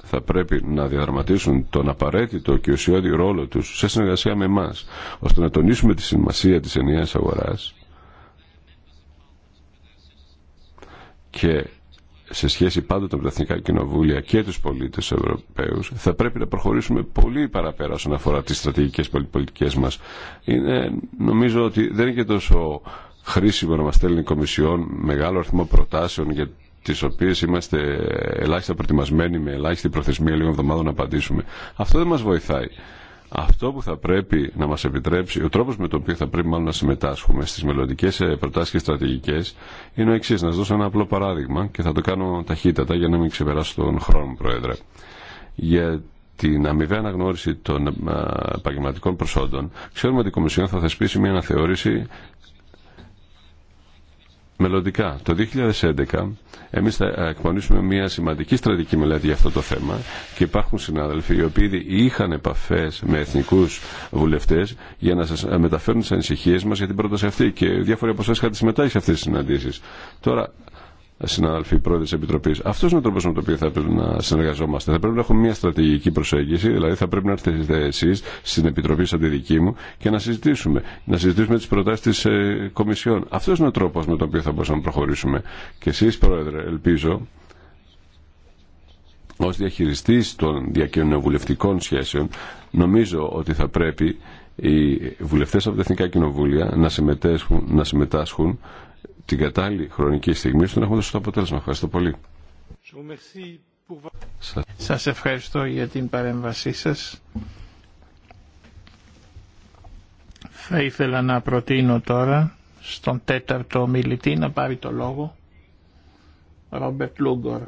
θα πρέπει να διαδραματίσουν τον απαραίτητο και ουσιώδη ρόλο τους σε συνεργασία με εμά, ώστε να τονίσουμε τη σημασία της ενιαίας αγοράς και σε σχέση πάντοτε με τα εθνικά κοινοβούλια και τους πολίτες Ευρωπαίους θα πρέπει να προχωρήσουμε πολύ παραπέρα όσον αφορά τις στρατηγικές πολιτικές μας. νομίζω ότι δεν είναι και τόσο χρήσιμο να μας στέλνει η Κομισιόν μεγάλο αριθμό προτάσεων για τις οποίες είμαστε ελάχιστα προετοιμασμένοι με ελάχιστη προθεσμία λίγων εβδομάδων να απαντήσουμε. Αυτό δεν μας βοηθάει. Αυτό που θα πρέπει να μας επιτρέψει, ο τρόπος με τον οποίο θα πρέπει μάλλον να συμμετάσχουμε στις μελλοντικέ ε, προτάσεις και στρατηγικές είναι ο εξή. Να σας δώσω ένα απλό παράδειγμα και θα το κάνω ταχύτατα για να μην ξεπεράσω τον χρόνο, Πρόεδρε. Για την αμοιβή αναγνώριση των ε, επαγγελματικών προσόντων, ξέρουμε ότι η Κομισιόν θα θεσπίσει μια αναθεώρηση Μελλοντικά, το 2011, εμείς θα εκπονήσουμε μια σημαντική στρατική μελέτη για αυτό το θέμα και υπάρχουν συνάδελφοι οι οποίοι ήδη είχαν επαφές με εθνικούς βουλευτές για να σας μεταφέρουν τις ανησυχίες μας για την πρόταση αυτή και διάφοροι από εσάς είχατε συμμετάσχει σε αυτές τις συναντήσεις. Τώρα, συναδελφοί πρόεδροι τη Επιτροπή. Αυτό είναι ο τρόπο με τον οποίο θα πρέπει να συνεργαζόμαστε. Θα πρέπει να έχουμε μια στρατηγική προσέγγιση, δηλαδή θα πρέπει να έρθετε εσεί στην Επιτροπή σαν τη δική μου και να συζητήσουμε. Να συζητήσουμε τι προτάσει τη ε, Κομισιόν. Αυτό είναι ο τρόπο με τον οποίο θα μπορούσαμε να προχωρήσουμε. Και εσεί, Πρόεδρε, ελπίζω ως διαχειριστής των διακοινοβουλευτικών σχέσεων νομίζω ότι θα πρέπει οι βουλευτές από τα Εθνικά Κοινοβούλια να συμμετάσχουν, να συμμετάσχουν την κατάλληλη χρονική στιγμή ώστε να έχουμε δώσει το αποτέλεσμα. Ευχαριστώ πολύ. Σας ευχαριστώ για την παρέμβασή σας. Θα ήθελα να προτείνω τώρα στον τέταρτο μιλητή να πάρει το λόγο. Ρόμπερτ Λούγκορ.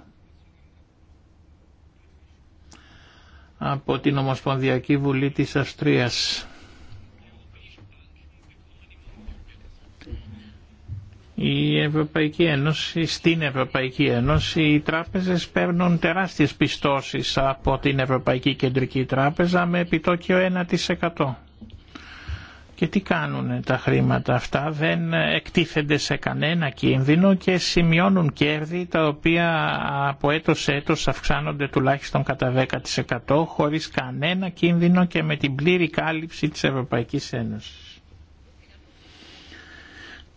Από την Ομοσπονδιακή Βουλή της Αυστρίας. Η Ευρωπαϊκή Ένωση, στην Ευρωπαϊκή Ένωση οι τράπεζες παίρνουν τεράστιες πιστώσεις από την Ευρωπαϊκή Κεντρική Τράπεζα με επιτόκιο 1%. Και τι κάνουν τα χρήματα αυτά, δεν εκτίθενται σε κανένα κίνδυνο και σημειώνουν κέρδη τα οποία από έτος σε έτος αυξάνονται τουλάχιστον κατά 10% χωρίς κανένα κίνδυνο και με την πλήρη κάλυψη της Ευρωπαϊκής Ένωσης.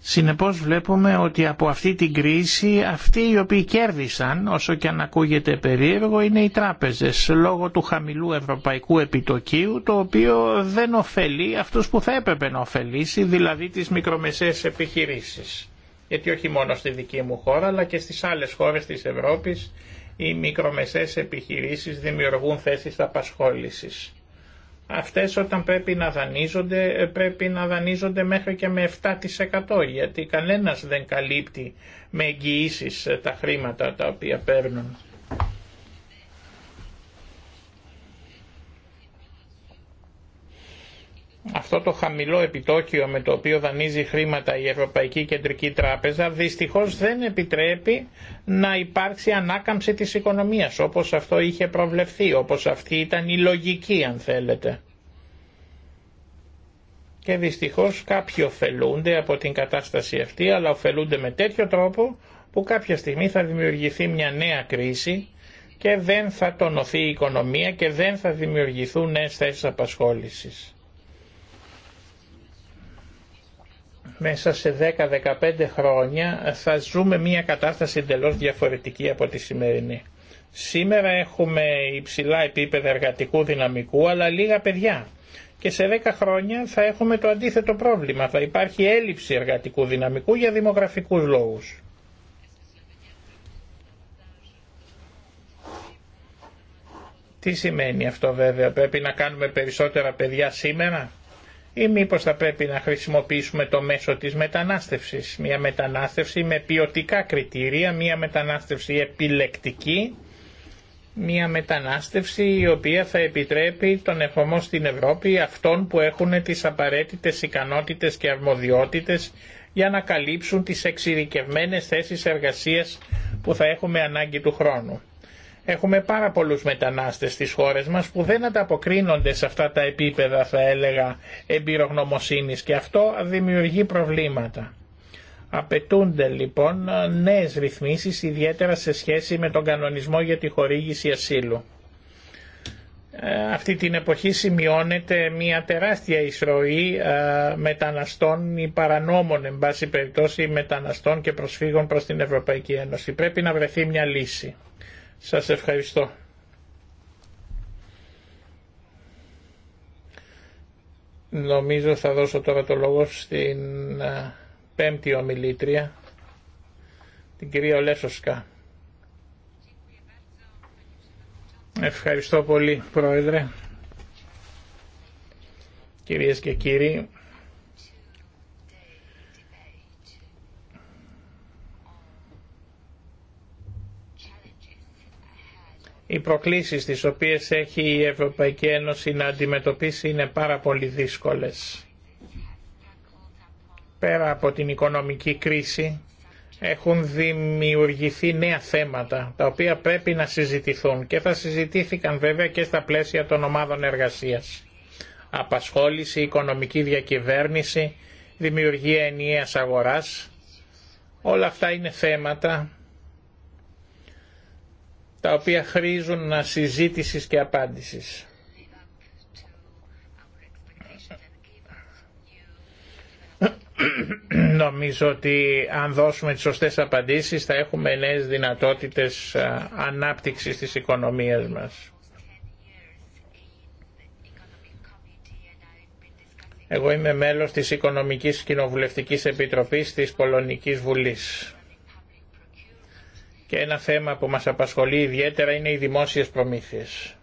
Συνεπώς βλέπουμε ότι από αυτή την κρίση αυτοί οι οποίοι κέρδισαν, όσο και αν ακούγεται περίεργο, είναι οι τράπεζες λόγω του χαμηλού ευρωπαϊκού επιτοκίου, το οποίο δεν ωφελεί αυτούς που θα έπρεπε να ωφελήσει, δηλαδή τις μικρομεσαίες επιχειρήσεις. Γιατί όχι μόνο στη δική μου χώρα, αλλά και στις άλλες χώρες της Ευρώπης οι μικρομεσαίες επιχειρήσεις δημιουργούν θέσεις απασχόλησης αυτές όταν πρέπει να δανείζονται ε, πρέπει να δανείζονται μέχρι και με 7% γιατί κανένας δεν καλύπτει με εγγυήσει ε, τα χρήματα τα οποία παίρνουν. αυτό το χαμηλό επιτόκιο με το οποίο δανείζει χρήματα η Ευρωπαϊκή Κεντρική Τράπεζα δυστυχώς δεν επιτρέπει να υπάρξει ανάκαμψη της οικονομίας όπως αυτό είχε προβλεφθεί, όπως αυτή ήταν η λογική αν θέλετε. Και δυστυχώς κάποιοι ωφελούνται από την κατάσταση αυτή αλλά ωφελούνται με τέτοιο τρόπο που κάποια στιγμή θα δημιουργηθεί μια νέα κρίση και δεν θα τονωθεί η οικονομία και δεν θα δημιουργηθούν νέες θέσεις απασχόλησης. μέσα σε 10-15 χρόνια θα ζούμε μια κατάσταση εντελώ διαφορετική από τη σημερινή. Σήμερα έχουμε υψηλά επίπεδα εργατικού δυναμικού αλλά λίγα παιδιά και σε 10 χρόνια θα έχουμε το αντίθετο πρόβλημα. Θα υπάρχει έλλειψη εργατικού δυναμικού για δημογραφικούς λόγους. Τι σημαίνει αυτό βέβαια, πρέπει να κάνουμε περισσότερα παιδιά σήμερα ή μήπως θα πρέπει να χρησιμοποιήσουμε το μέσο της μετανάστευσης. Μια μετανάστευση με ποιοτικά κριτήρια, μια μετανάστευση επιλεκτική, μια μετανάστευση η οποία θα επιτρέπει τον ερχομό στην Ευρώπη αυτών που έχουν τις απαραίτητες ικανότητες και αρμοδιότητες για να καλύψουν τις εξειδικευμένες θέσεις εργασίας που θα έχουμε ανάγκη του χρόνου. Έχουμε πάρα πολλούς μετανάστες στις χώρες μας που δεν ανταποκρίνονται σε αυτά τα επίπεδα θα έλεγα εμπειρογνωμοσύνης και αυτό δημιουργεί προβλήματα. Απαιτούνται λοιπόν νέες ρυθμίσεις ιδιαίτερα σε σχέση με τον κανονισμό για τη χορήγηση ασύλου. Ε, αυτή την εποχή σημειώνεται μια τεράστια εισρωή ε, μεταναστών ή παρανόμων εν πάση περιπτώσει μεταναστών και προσφύγων προς την Ευρωπαϊκή Ένωση. Πρέπει να βρεθεί μια λύση. Σας ευχαριστώ. Νομίζω θα δώσω τώρα το λόγο στην ε, πέμπτη ομιλήτρια, την κυρία Ολέσοσκα. Ευχαριστώ πολύ, Πρόεδρε. Κυρίες και κύριοι, Οι προκλήσεις τις οποίες έχει η Ευρωπαϊκή Ένωση να αντιμετωπίσει είναι πάρα πολύ δύσκολες. Πέρα από την οικονομική κρίση έχουν δημιουργηθεί νέα θέματα τα οποία πρέπει να συζητηθούν και θα συζητήθηκαν βέβαια και στα πλαίσια των ομάδων εργασίας. Απασχόληση, οικονομική διακυβέρνηση, δημιουργία ενιαίας αγοράς, όλα αυτά είναι θέματα τα οποία χρήζουν συζήτησης και απάντησης. Νομίζω ότι αν δώσουμε τις σωστές απαντήσεις θα έχουμε νέες δυνατότητες ε, ανάπτυξης της οικονομίας μας. Εγώ είμαι μέλος της Οικονομικής Κοινοβουλευτικής Επιτροπής της Πολωνικής Βουλής. Και ένα θέμα που μας απασχολεί ιδιαίτερα είναι οι δημόσιες προμήθειες.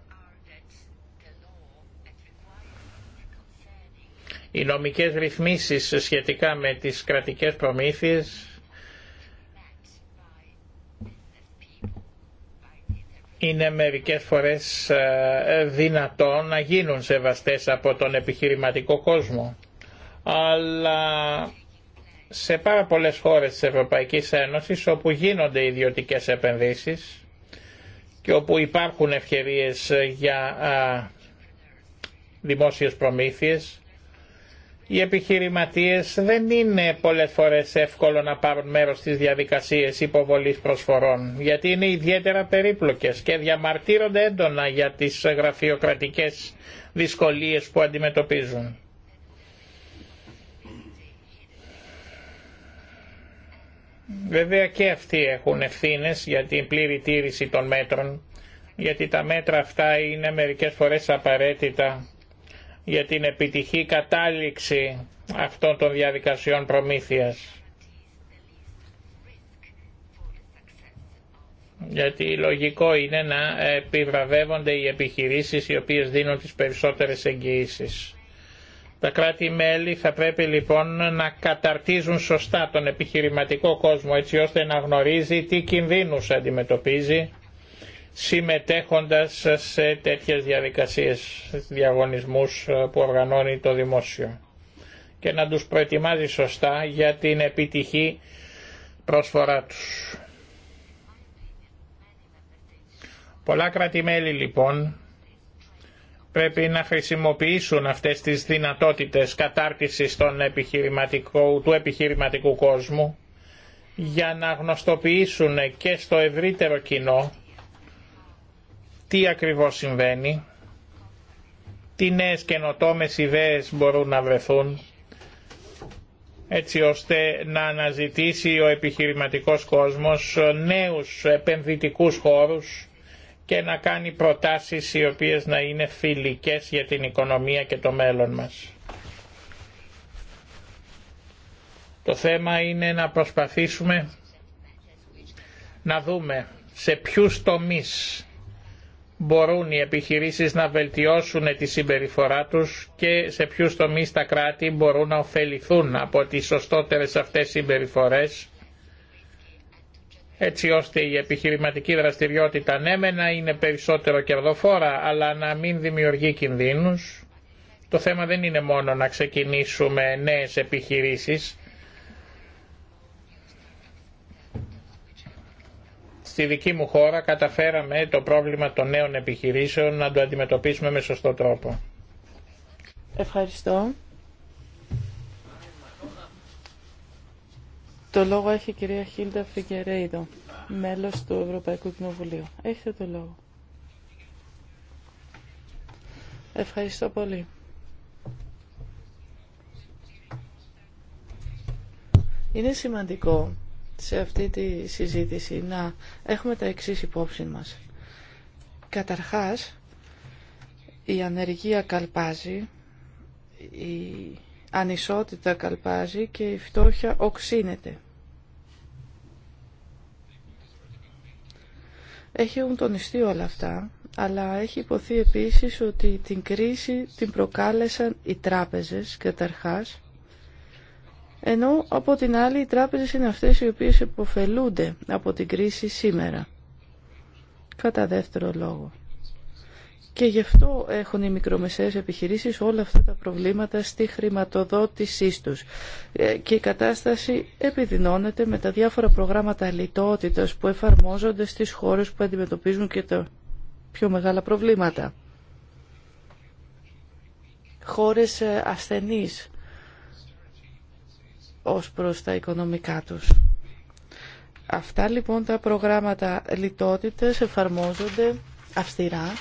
Οι νομικές ρυθμίσεις σχετικά με τις κρατικές προμήθειες είναι μερικές φορές ε, δυνατόν να γίνουν σεβαστές από τον επιχειρηματικό κόσμο. Αλλά σε πάρα πολλές χώρες της Ευρωπαϊκής Ένωσης όπου γίνονται ιδιωτικές επενδύσεις και όπου υπάρχουν ευκαιρίες για α, δημόσιες προμήθειες, οι επιχειρηματίες δεν είναι πολλές φορές εύκολο να πάρουν μέρος στις διαδικασίες υποβολής προσφορών, γιατί είναι ιδιαίτερα περίπλοκες και διαμαρτύρονται έντονα για τις γραφειοκρατικές δυσκολίες που αντιμετωπίζουν. Βέβαια και αυτοί έχουν ευθύνε για την πλήρη τήρηση των μέτρων, γιατί τα μέτρα αυτά είναι μερικές φορές απαραίτητα για την επιτυχή κατάληξη αυτών των διαδικασιών προμήθειας. γιατί λογικό είναι να επιβραβεύονται οι επιχειρήσεις οι οποίες δίνουν τις περισσότερες εγγυήσεις. Τα κράτη-μέλη θα πρέπει λοιπόν να καταρτίζουν σωστά τον επιχειρηματικό κόσμο έτσι ώστε να γνωρίζει τι κινδύνους αντιμετωπίζει συμμετέχοντας σε τέτοιες διαδικασίες διαγωνισμούς ε, που οργανώνει το δημόσιο και να τους προετοιμάζει σωστά για την επιτυχή προσφορά τους. Πολλά κράτη-μέλη λοιπόν πρέπει να χρησιμοποιήσουν αυτές τις δυνατότητες κατάρτισης των επιχειρηματικού, του επιχειρηματικού κόσμου για να γνωστοποιήσουν και στο ευρύτερο κοινό τι ακριβώς συμβαίνει, τι νέες καινοτόμες ιδέες μπορούν να βρεθούν, έτσι ώστε να αναζητήσει ο επιχειρηματικός κόσμος νέους επενδυτικούς χώρους και να κάνει προτάσεις οι οποίες να είναι φιλικές για την οικονομία και το μέλλον μας. Το θέμα είναι να προσπαθήσουμε να δούμε σε ποιους τομείς μπορούν οι επιχειρήσεις να βελτιώσουν τη συμπεριφορά τους και σε ποιους τομείς τα κράτη μπορούν να ωφεληθούν από τις σωστότερες αυτές συμπεριφορές έτσι ώστε η επιχειρηματική δραστηριότητα ναι να είναι περισσότερο κερδοφόρα αλλά να μην δημιουργεί κινδύνους. Το θέμα δεν είναι μόνο να ξεκινήσουμε νέες επιχειρήσεις. Στη δική μου χώρα καταφέραμε το πρόβλημα των νέων επιχειρήσεων να το αντιμετωπίσουμε με σωστό τρόπο. Ευχαριστώ. Το λόγο έχει η κυρία Χίλτα Φιγκερέιδο, μέλος του Ευρωπαϊκού Κοινοβουλίου. Έχετε το λόγο. Ευχαριστώ πολύ. Είναι σημαντικό σε αυτή τη συζήτηση να έχουμε τα εξής υπόψη μας. Καταρχάς, η ανεργία καλπάζει, η ανισότητα καλπάζει και η φτώχεια οξύνεται. Έχουν τονιστεί όλα αυτά, αλλά έχει υποθεί επίσης ότι την κρίση την προκάλεσαν οι τράπεζες καταρχάς, ενώ από την άλλη οι τράπεζες είναι αυτές οι οποίες υποφελούνται από την κρίση σήμερα. Κατά δεύτερο λόγο. Και γι' αυτό έχουν οι μικρομεσαίες επιχειρήσεις όλα αυτά τα προβλήματα στη χρηματοδότησή τους. Ε, και η κατάσταση επιδεινώνεται με τα διάφορα προγράμματα λιτότητας που εφαρμόζονται στις χώρες που αντιμετωπίζουν και τα πιο μεγάλα προβλήματα. Χώρες ε, ασθενείς ως προς τα οικονομικά τους. Αυτά λοιπόν τα προγράμματα λιτότητες εφαρμόζονται αυστηρά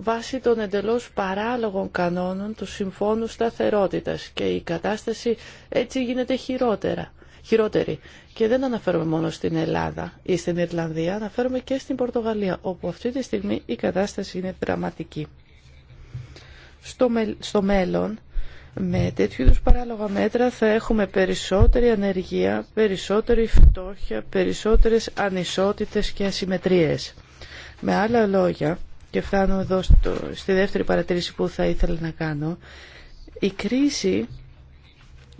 βάσει των εντελώς παράλογων κανόνων του Συμφώνου Σταθερότητας και η κατάσταση έτσι γίνεται χειρότερα. Χειρότερη. Και δεν αναφέρομαι μόνο στην Ελλάδα ή στην Ιρλανδία, αναφέρομαι και στην Πορτογαλία, όπου αυτή τη στιγμή η κατάσταση είναι δραματική. Στο, μέλλον, με τέτοιου είδου παράλογα μέτρα θα έχουμε περισσότερη ανεργία, περισσότερη φτώχεια, περισσότερες ανισότητες και ασυμμετρίες. Με άλλα λόγια, και φτάνω εδώ στο, στη δεύτερη παρατήρηση που θα ήθελα να κάνω. Η κρίση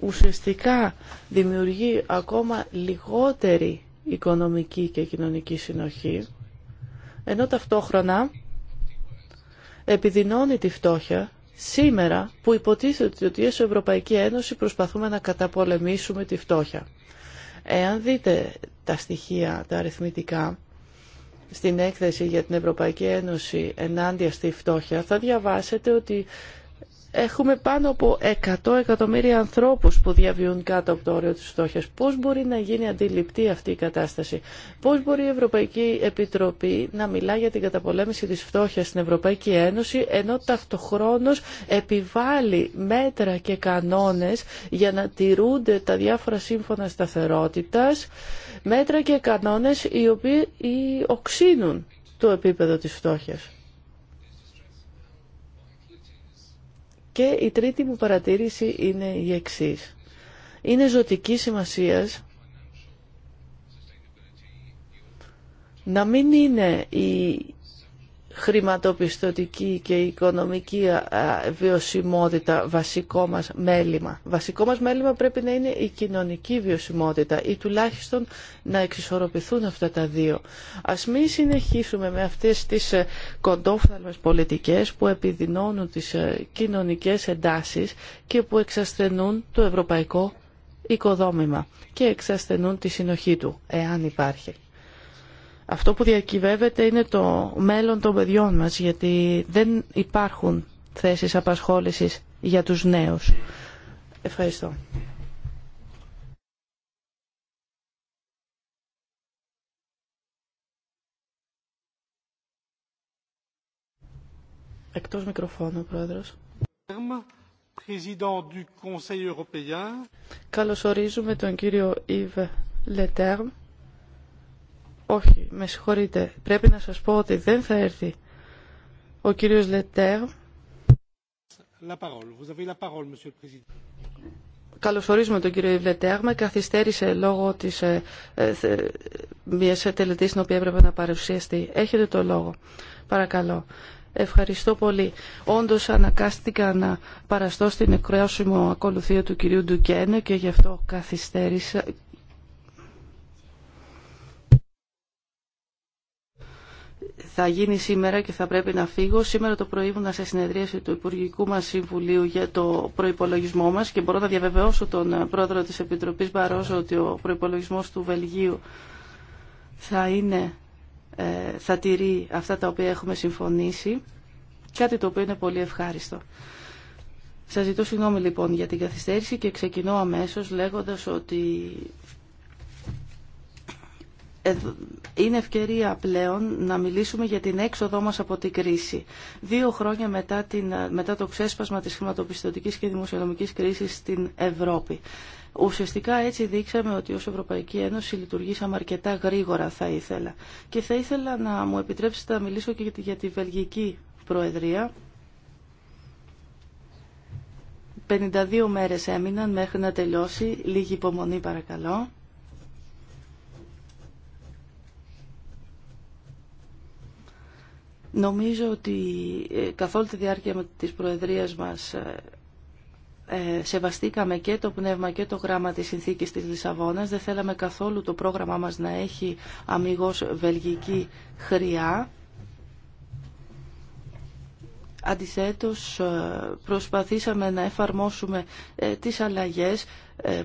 ουσιαστικά δημιουργεί ακόμα λιγότερη οικονομική και κοινωνική συνοχή, ενώ ταυτόχρονα επιδεινώνει τη φτώχεια σήμερα που υποτίθεται ότι ως Ευρωπαϊκή Ένωση προσπαθούμε να καταπολεμήσουμε τη φτώχεια. Εάν δείτε τα στοιχεία, τα αριθμητικά, στην έκθεση για την Ευρωπαϊκή Ένωση ενάντια στη φτώχεια θα διαβάσετε ότι έχουμε πάνω από 100 εκατομμύρια ανθρώπους που διαβιούν κάτω από το όριο της φτώχειας. Πώς μπορεί να γίνει αντιληπτή αυτή η κατάσταση. Πώς μπορεί η Ευρωπαϊκή Επιτροπή να μιλά για την καταπολέμηση της φτώχειας στην Ευρωπαϊκή Ένωση ενώ ταυτοχρόνως επιβάλλει μέτρα και κανόνες για να τηρούνται τα διάφορα σύμφωνα σταθερότητας μέτρα και κανόνες οι οποίοι οξύνουν το επίπεδο της φτώχειας. Και η τρίτη μου παρατήρηση είναι η εξής. Είναι ζωτική σημασία να μην είναι η χρηματοπιστωτική και οικονομική βιωσιμότητα βασικό μας μέλημα. Βασικό μας μέλημα πρέπει να είναι η κοινωνική βιωσιμότητα ή τουλάχιστον να εξισορροπηθούν αυτά τα δύο. Ας μην συνεχίσουμε με αυτές τις ε, κοντόφθαλμες πολιτικές που επιδεινώνουν τις ε, κοινωνικές εντάσεις και που εξασθενούν το ευρωπαϊκό οικοδόμημα και εξασθενούν τη συνοχή του, εάν υπάρχει αυτό που διακυβεύεται είναι το μέλλον των παιδιών μας, γιατί δεν υπάρχουν θέσεις απασχόλησης για τους νέους. Ευχαριστώ. Εκτός μικροφώνου, Πρόεδρος. Καλωσορίζουμε τον κύριο Ιβ Λετέρμ, όχι, με συγχωρείτε. Πρέπει να σας πω ότι δεν θα έρθει ο κύριος Λετέρ. Καλωσορίζουμε τον κύριο Ιβλετέρ. Με καθυστέρησε λόγω της ε, ε, μιας τελετής στην οποία έπρεπε να παρουσιαστεί. Έχετε το λόγο. Παρακαλώ. Ευχαριστώ πολύ. Όντως ανακάστηκα να παραστώ στην εκκρεώσιμο ακολουθία του κυρίου Ντουκένε και γι' αυτό καθυστέρησα, θα γίνει σήμερα και θα πρέπει να φύγω. Σήμερα το πρωί ήμουν σε συνεδρίαση του Υπουργικού Μα Συμβουλίου για το προπολογισμό μας και μπορώ να διαβεβαιώσω τον ε, πρόεδρο της Επιτροπής Μπαρόζο ότι ο προπολογισμό του Βελγίου θα, είναι, ε, θα τηρεί αυτά τα οποία έχουμε συμφωνήσει. Κάτι το οποίο είναι πολύ ευχάριστο. Σας ζητώ συγγνώμη λοιπόν για την καθυστέρηση και ξεκινώ αμέσως λέγοντας ότι είναι ευκαιρία πλέον να μιλήσουμε για την έξοδό μας από την κρίση. Δύο χρόνια μετά, την, μετά το ξέσπασμα της χρηματοπιστωτικής και δημοσιονομικής κρίσης στην Ευρώπη. Ουσιαστικά έτσι δείξαμε ότι ως Ευρωπαϊκή Ένωση λειτουργήσαμε αρκετά γρήγορα θα ήθελα. Και θα ήθελα να μου επιτρέψετε να μιλήσω και για τη Βελγική Προεδρία. 52 μέρες έμειναν μέχρι να τελειώσει. Λίγη υπομονή παρακαλώ. Νομίζω ότι ε, καθ' όλη τη διάρκεια της Προεδρίας μας ε, ε, σεβαστήκαμε και το πνεύμα και το γράμμα της συνθήκης της Λισαβόνας. Δεν θέλαμε καθόλου το πρόγραμμά μας να έχει αμυγός βελγική χρειά. Αντιθέτως, προσπαθήσαμε να εφαρμόσουμε τις αλλαγές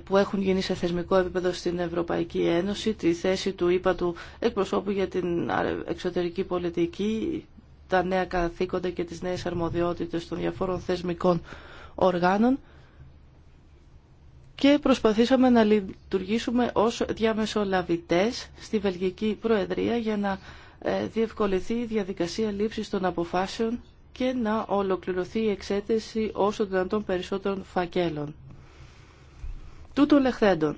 που έχουν γίνει σε θεσμικό επίπεδο στην Ευρωπαϊκή Ένωση, τη θέση του του εκπροσώπου για την εξωτερική πολιτική, τα νέα καθήκοντα και τις νέες αρμοδιότητες των διαφόρων θεσμικών οργάνων και προσπαθήσαμε να λειτουργήσουμε ως διαμεσολαβητές στη Βελγική Προεδρία για να ε, διευκολυνθεί η διαδικασία λήψης των αποφάσεων και να ολοκληρωθεί η εξέταση όσο δυνατόν περισσότερων φακέλων. Τούτων λεχθέντων.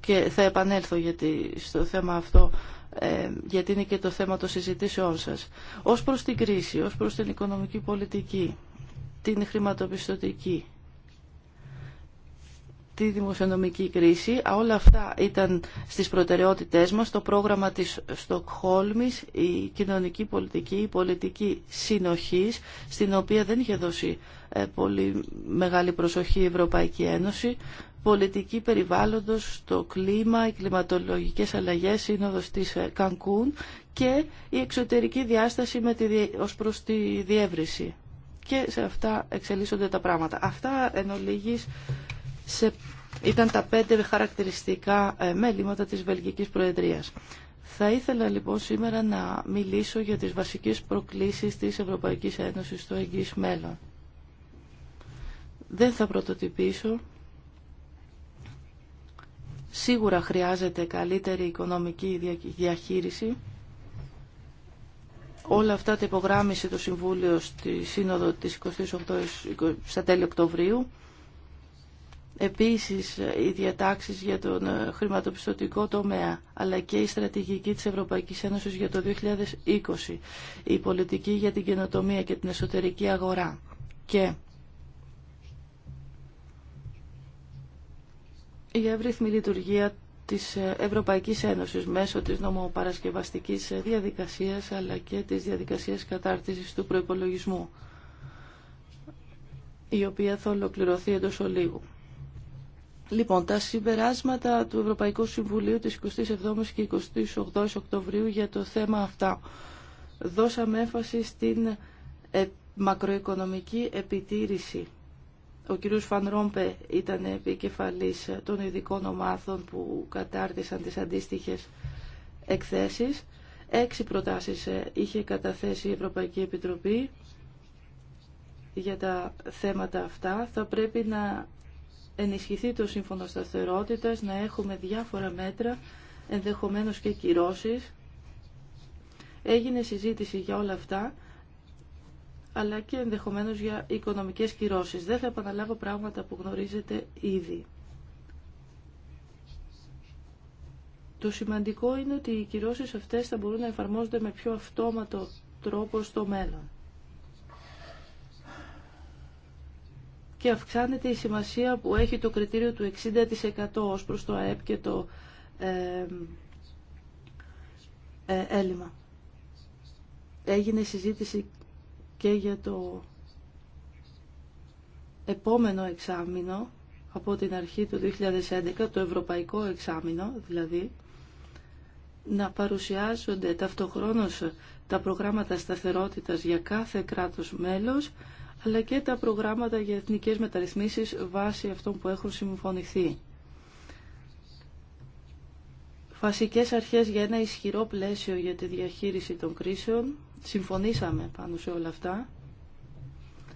Και θα επανέλθω γιατί στο θέμα αυτό ε, γιατί είναι και το θέμα των συζητήσεών σας. Ως προς την κρίση, ως προς την οικονομική πολιτική, την χρηματοπιστωτική, τη δημοσιονομική κρίση, όλα αυτά ήταν στις προτεραιότητές μας, το πρόγραμμα της Στοκχόλμης, η κοινωνική πολιτική, η πολιτική συνοχής, στην οποία δεν είχε δώσει ε, πολύ μεγάλη προσοχή η Ευρωπαϊκή Ένωση, πολιτική περιβάλλοντος, το κλίμα, οι κλιματολογικές αλλαγές, σύνοδος της ε, Κανκούν και η εξωτερική διάσταση με τη, ως προς τη διεύρυνση. Και σε αυτά εξελίσσονται τα πράγματα. Αυτά εν ολίγης σε, ήταν τα πέντε χαρακτηριστικά ε, μέληματα της Βελγικής Προεδρίας. Θα ήθελα λοιπόν σήμερα να μιλήσω για τις βασικές προκλήσεις της Ευρωπαϊκής Ένωσης στο εγγύς μέλλον. Δεν θα πρωτοτυπήσω Σίγουρα χρειάζεται καλύτερη οικονομική διαχείριση. Όλα αυτά τα υπογράμμισε το Συμβούλιο στη Σύνοδο της 28 στα τέλη Οκτωβρίου. Επίσης, οι διατάξεις για τον ε, χρηματοπιστωτικό τομέα, αλλά και η στρατηγική της Ευρωπαϊκής Ένωσης για το 2020, η πολιτική για την καινοτομία και την εσωτερική αγορά και η εύρυθμη λειτουργία της Ευρωπαϊκής Ένωσης μέσω της νομοπαρασκευαστικής διαδικασίας αλλά και της διαδικασίας κατάρτισης του προϋπολογισμού η οποία θα ολοκληρωθεί εντός ολίγου. Λοιπόν, τα συμπεράσματα του Ευρωπαϊκού Συμβουλίου της 27ης και 28ης Οκτωβρίου για το θέμα αυτά. Δώσαμε έμφαση στην ε, μακροοικονομική επιτήρηση ο κύριος Φαν ήταν επικεφαλής των ειδικών ομάδων που κατάρτισαν τις αντίστοιχες εκθέσεις. Έξι προτάσεις ε, είχε καταθέσει η Ευρωπαϊκή Επιτροπή για τα θέματα αυτά. Θα πρέπει να ενισχυθεί το σύμφωνο σταθερότητας, να έχουμε διάφορα μέτρα, ενδεχομένως και κυρώσεις. Έγινε συζήτηση για όλα αυτά αλλά και ενδεχομένως για οικονομικές κυρώσεις. Δεν θα επαναλάβω πράγματα που γνωρίζετε ήδη. Το σημαντικό είναι ότι οι κυρώσεις αυτές θα μπορούν να εφαρμόζονται με πιο αυτόματο τρόπο στο μέλλον. Και αυξάνεται η σημασία που έχει το κριτήριο του 60% ως προς το ΑΕΠ και το ε, έλλειμμα. Έγινε συζήτηση και για το επόμενο εξάμεινο από την αρχή του 2011, το ευρωπαϊκό εξάμεινο δηλαδή, να παρουσιάζονται ταυτοχρόνως τα προγράμματα σταθερότητας για κάθε κράτος μέλος, αλλά και τα προγράμματα για εθνικές μεταρρυθμίσεις βάσει αυτών που έχουν συμφωνηθεί. Φασικές αρχές για ένα ισχυρό πλαίσιο για τη διαχείριση των κρίσεων, συμφωνήσαμε πάνω σε όλα αυτά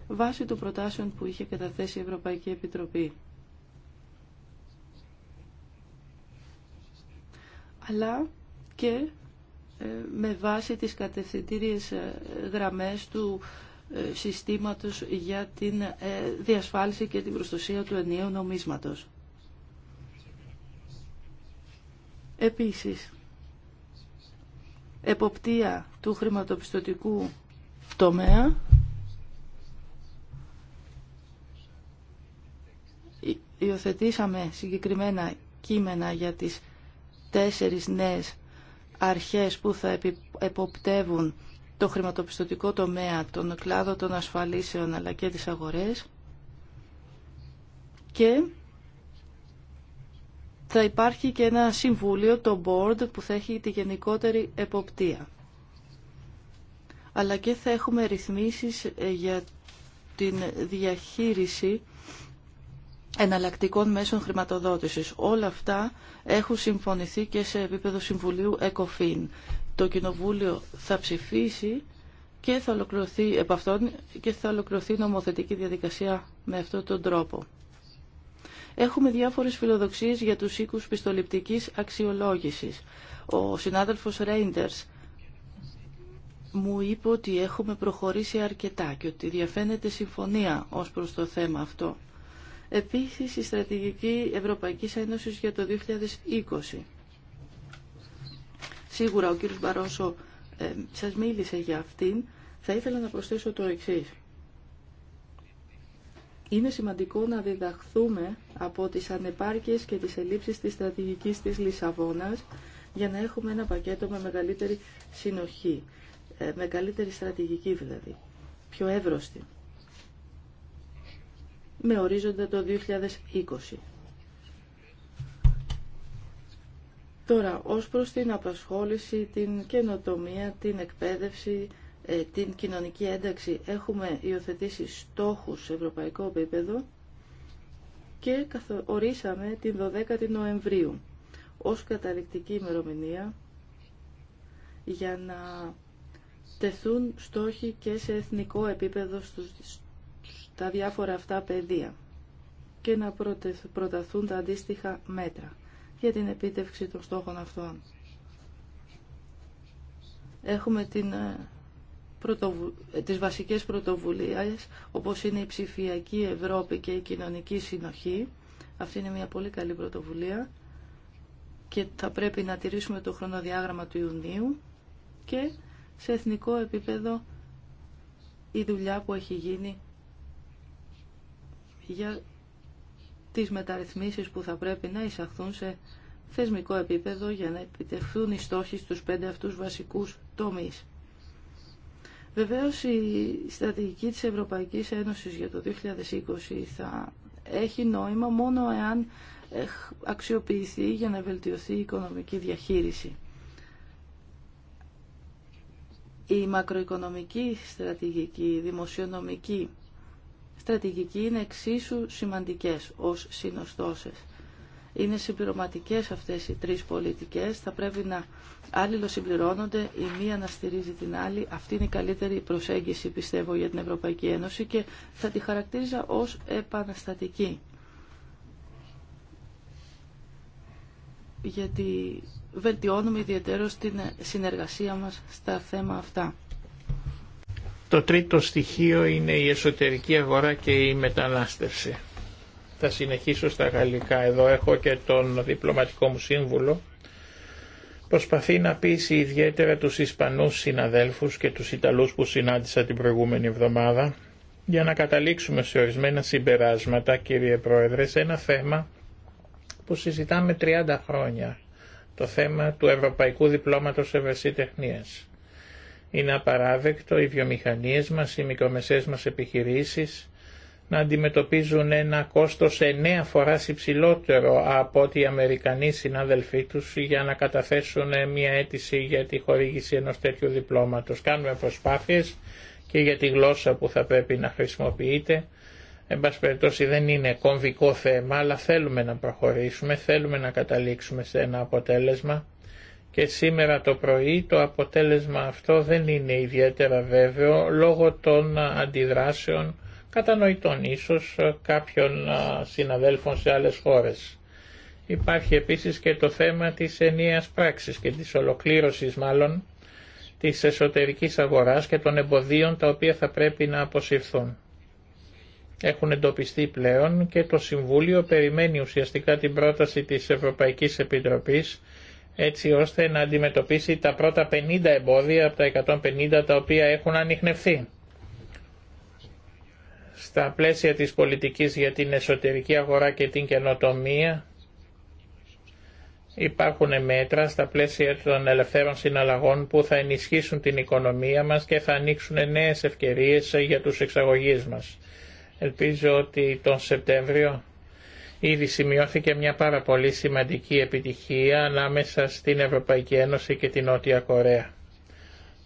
βάσει του προτάσεων που είχε καταθέσει η Ευρωπαϊκή Επιτροπή. Αλλά και ε, με βάση τις κατευθυντήριες ε, γραμμές του ε, συστήματος για την διασφάλιση και την προστασία του ενίου νομίσματος. Επίσης, εποπτεία του χρηματοπιστωτικού τομέα υιοθετήσαμε συγκεκριμένα κείμενα για τις τέσσερις νέες αρχές που θα εποπτεύουν το χρηματοπιστωτικό τομέα, τον κλάδο των ασφαλίσεων αλλά και τις αγορές και θα υπάρχει και ένα συμβούλιο, το board, που θα έχει τη γενικότερη εποπτεία. Αλλά και θα έχουμε ρυθμίσεις ε, για την διαχείριση εναλλακτικών μέσων χρηματοδότησης. Όλα αυτά έχουν συμφωνηθεί και σε επίπεδο Συμβουλίου ΕΚΟΦΗΝ. Το Κοινοβούλιο θα ψηφίσει και θα ολοκληρωθεί και θα ολοκληρωθεί νομοθετική διαδικασία με αυτόν τον τρόπο. Έχουμε διάφορες φιλοδοξίες για τους οίκους πιστοληπτικής αξιολόγησης. Ο συνάδελφος Reinders μου είπε ότι έχουμε προχωρήσει αρκετά και ότι διαφαίνεται συμφωνία ως προς το θέμα αυτό. Επίσης, η Στρατηγική Ευρωπαϊκής Ένωσης για το 2020. Σίγουρα ο κύριος Μπαρόσο ε, σας μίλησε για αυτήν. Θα ήθελα να προσθέσω το εξής. Είναι σημαντικό να διδαχθούμε από τις ανεπάρκειες και τις ελλείψεις της στρατηγικής της Λισαβόνας για να έχουμε ένα πακέτο με μεγαλύτερη συνοχή, ε, με καλύτερη στρατηγική δηλαδή, πιο εύρωστη, με ορίζοντα το 2020. Τώρα, ως προς την απασχόληση, την καινοτομία, την εκπαίδευση, ε, την κοινωνική ένταξη έχουμε υιοθετήσει στόχους σε ευρωπαϊκό επίπεδο και καθορίσαμε την 12η Νοεμβρίου ως καταληκτική ημερομηνία για να τεθούν στόχοι και σε εθνικό επίπεδο στα διάφορα αυτά πεδία και να προταθούν τα αντίστοιχα μέτρα για την επίτευξη των στόχων αυτών. Έχουμε την ε, πρωτοβου... τις βασικές πρωτοβουλίες όπως είναι η ψηφιακή Ευρώπη και η κοινωνική συνοχή. Αυτή είναι μια πολύ καλή πρωτοβουλία και θα πρέπει να τηρήσουμε το χρονοδιάγραμμα του Ιουνίου και σε εθνικό επίπεδο η δουλειά που έχει γίνει για τις μεταρρυθμίσεις που θα πρέπει να εισαχθούν σε θεσμικό επίπεδο για να επιτευχθούν οι στόχοι στους πέντε αυτούς βασικούς τομείς. Βεβαίως η στρατηγική της Ευρωπαϊκής Ένωσης για το 2020 θα έχει νόημα μόνο εάν αξιοποιηθεί για να βελτιωθεί η οικονομική διαχείριση. Η μακροοικονομική στρατηγική, η δημοσιονομική στρατηγική είναι εξίσου σημαντικές ως συνοστώσεις. Είναι συμπληρωματικές αυτές οι τρεις πολιτικές, θα πρέπει να αλληλοσυμπληρώνονται, η μία να στηρίζει την άλλη. Αυτή είναι η καλύτερη προσέγγιση, πιστεύω, για την Ευρωπαϊκή Ένωση και θα τη χαρακτήριζα ως επαναστατική. γιατί βελτιώνουμε ιδιαίτερα την συνεργασία μας στα θέματα αυτά. Το τρίτο στοιχείο είναι η εσωτερική αγορά και η μετανάστευση. Θα συνεχίσω στα γαλλικά. Εδώ έχω και τον διπλωματικό μου σύμβουλο. Προσπαθεί να πείσει ιδιαίτερα τους Ισπανούς συναδέλφους και τους Ιταλούς που συνάντησα την προηγούμενη εβδομάδα για να καταλήξουμε σε ορισμένα συμπεράσματα, κύριε Πρόεδρε, σε ένα θέμα που συζητάμε 30 χρόνια, το θέμα του Ευρωπαϊκού Διπλώματος Ευρεσιτεχνίας. Είναι απαράδεκτο οι βιομηχανίες μας, οι μικρομεσαίες μας επιχειρήσεις να αντιμετωπίζουν ένα κόστος εννέα φοράς υψηλότερο από ότι οι Αμερικανοί συνάδελφοί τους για να καταθέσουν μια αίτηση για τη χορήγηση ενός τέτοιου διπλώματος. Κάνουμε προσπάθειες και για τη γλώσσα που θα πρέπει να χρησιμοποιείται. Εν πάση περιπτώσει δεν είναι κομβικό θέμα, αλλά θέλουμε να προχωρήσουμε, θέλουμε να καταλήξουμε σε ένα αποτέλεσμα και σήμερα το πρωί το αποτέλεσμα αυτό δεν είναι ιδιαίτερα βέβαιο λόγω των αντιδράσεων κατανοητών ίσως ε, κάποιων ε, συναδέλφων σε άλλες χώρες. Υπάρχει επίσης και το θέμα της ενιαίας πράξης και της ολοκλήρωσης μάλλον της εσωτερικής αγοράς και των εμποδίων τα οποία θα πρέπει να αποσυρθούν. Έχουν εντοπιστεί πλέον και το Συμβούλιο περιμένει ουσιαστικά την πρόταση της Ευρωπαϊκής Επιτροπής έτσι ώστε να αντιμετωπίσει τα πρώτα 50 εμπόδια από τα 150 τα οποία έχουν ανοιχνευθεί στα πλαίσια της πολιτικής για την εσωτερική αγορά και την καινοτομία υπάρχουν μέτρα στα πλαίσια των ελευθέρων συναλλαγών που θα ενισχύσουν την οικονομία μας και θα ανοίξουν νέες ευκαιρίες για τους εξαγωγείς μας. Ελπίζω ότι τον Σεπτέμβριο ήδη σημειώθηκε μια πάρα πολύ σημαντική επιτυχία ανάμεσα στην Ευρωπαϊκή Ένωση και την Νότια Κορέα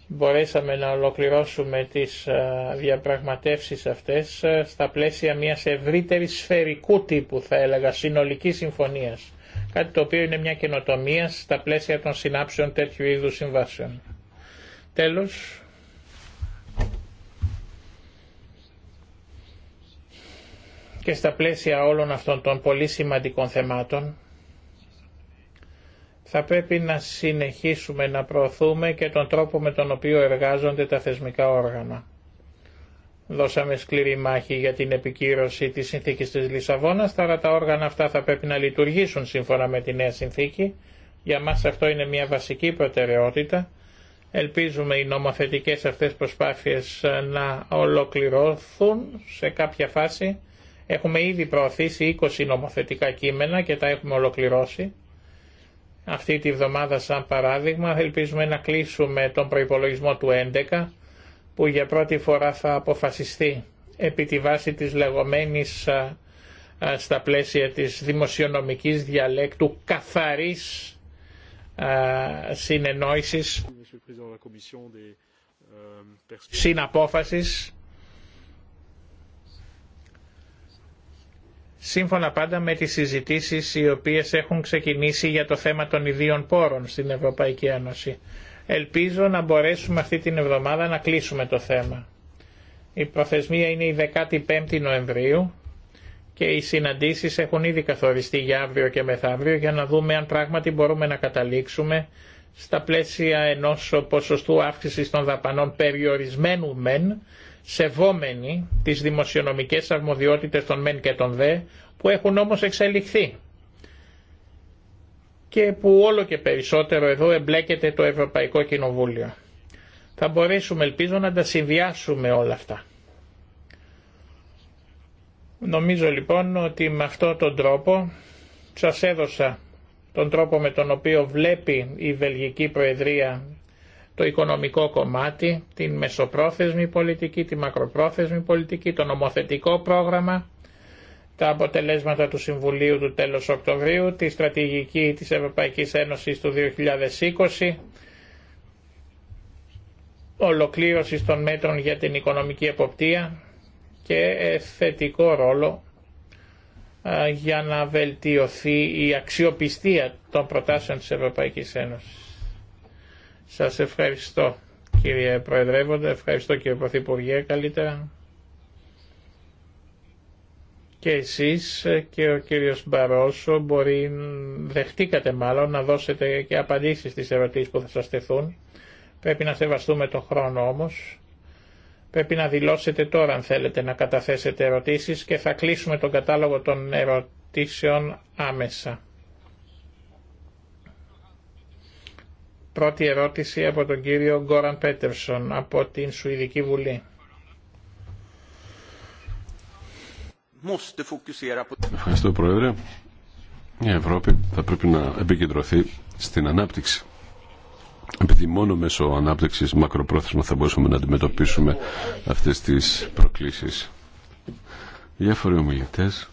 μπορέσαμε να ολοκληρώσουμε τις ε, διαπραγματεύσεις αυτές ε, στα πλαίσια μιας ευρύτερης σφαιρικού τύπου θα έλεγα συνολικής συμφωνίας κάτι το οποίο είναι μια καινοτομία στα πλαίσια των συνάψεων τέτοιου είδους συμβάσεων. Τέλος, και στα πλαίσια όλων αυτών των πολύ σημαντικών θεμάτων θα πρέπει να συνεχίσουμε να προωθούμε και τον τρόπο με τον οποίο εργάζονται τα θεσμικά όργανα. Δώσαμε σκληρή μάχη για την επικύρωση της συνθήκης της Λισαβόνας, τώρα τα όργανα αυτά θα πρέπει να λειτουργήσουν σύμφωνα με τη νέα συνθήκη. Για μας αυτό είναι μια βασική προτεραιότητα. Ελπίζουμε οι νομοθετικές αυτές προσπάθειες ε, να ολοκληρωθούν σε κάποια φάση. Έχουμε ήδη προωθήσει 20 νομοθετικά κείμενα και τα έχουμε ολοκληρώσει αυτή τη βδομάδα σαν παράδειγμα ελπίζουμε να κλείσουμε τον προϋπολογισμό του 11 που για πρώτη φορά θα αποφασιστεί επί τη βάση της λεγόμενης στα πλαίσια της δημοσιονομικής διαλέκτου καθαρής συνεννόησης euh, συναπόφασης σύμφωνα πάντα με τις συζητήσεις οι οποίες έχουν ξεκινήσει για το θέμα των ιδίων πόρων στην Ευρωπαϊκή Ένωση. Ελπίζω να μπορέσουμε αυτή την εβδομάδα να κλείσουμε το θέμα. Η προθεσμία είναι η 15η Νοεμβρίου και οι συναντήσεις έχουν ήδη καθοριστεί για αύριο και μεθαύριο για να δούμε αν πράγματι μπορούμε να καταλήξουμε στα πλαίσια ενός ποσοστού αύξησης των δαπανών περιορισμένου μεν, σεβόμενοι τις δημοσιονομικές αρμοδιότητες των ΜΕΝ και των ΔΕ που έχουν όμως εξελιχθεί και που όλο και περισσότερο εδώ εμπλέκεται το Ευρωπαϊκό Κοινοβούλιο. Θα μπορέσουμε ελπίζω να τα συνδυάσουμε όλα αυτά. Νομίζω λοιπόν ότι με αυτόν τον τρόπο σας έδωσα τον τρόπο με τον οποίο βλέπει η Βελγική Προεδρία το οικονομικό κομμάτι, την μεσοπρόθεσμη πολιτική, τη μακροπρόθεσμη πολιτική, το νομοθετικό πρόγραμμα, τα αποτελέσματα του Συμβουλίου του τέλος Οκτωβρίου, τη στρατηγική της Ευρωπαϊκής Ένωσης του 2020, ολοκλήρωση των μέτρων για την οικονομική εποπτεία και ε, θετικό ρόλο για να βελτιωθεί η αξιοπιστία των προτάσεων της Ευρωπαϊκής Ένωσης. Σας ευχαριστώ κύριε Προεδρεύοντα, ευχαριστώ κύριε Πρωθυπουργέ καλύτερα. Και εσείς και ο κύριος Μπαρόσο μπορεί, δεχτήκατε μάλλον να δώσετε και απαντήσεις στις ερωτήσεις που θα σας τεθούν. Πρέπει να σεβαστούμε τον χρόνο όμως. Πρέπει να δηλώσετε τώρα αν θέλετε να καταθέσετε ερωτήσεις και θα κλείσουμε τον κατάλογο των ερωτήσεων άμεσα. Πρώτη ερώτηση από τον κύριο Γκόραν Πέτερσον από την Σουηδική Βουλή. Ευχαριστώ Πρόεδρε. Η Ευρώπη θα πρέπει να επικεντρωθεί στην ανάπτυξη. Επειδή μόνο μέσω ανάπτυξης μακροπρόθεσμα θα μπορούσαμε να αντιμετωπίσουμε αυτές τις προκλήσεις. Διάφοροι ομιλητές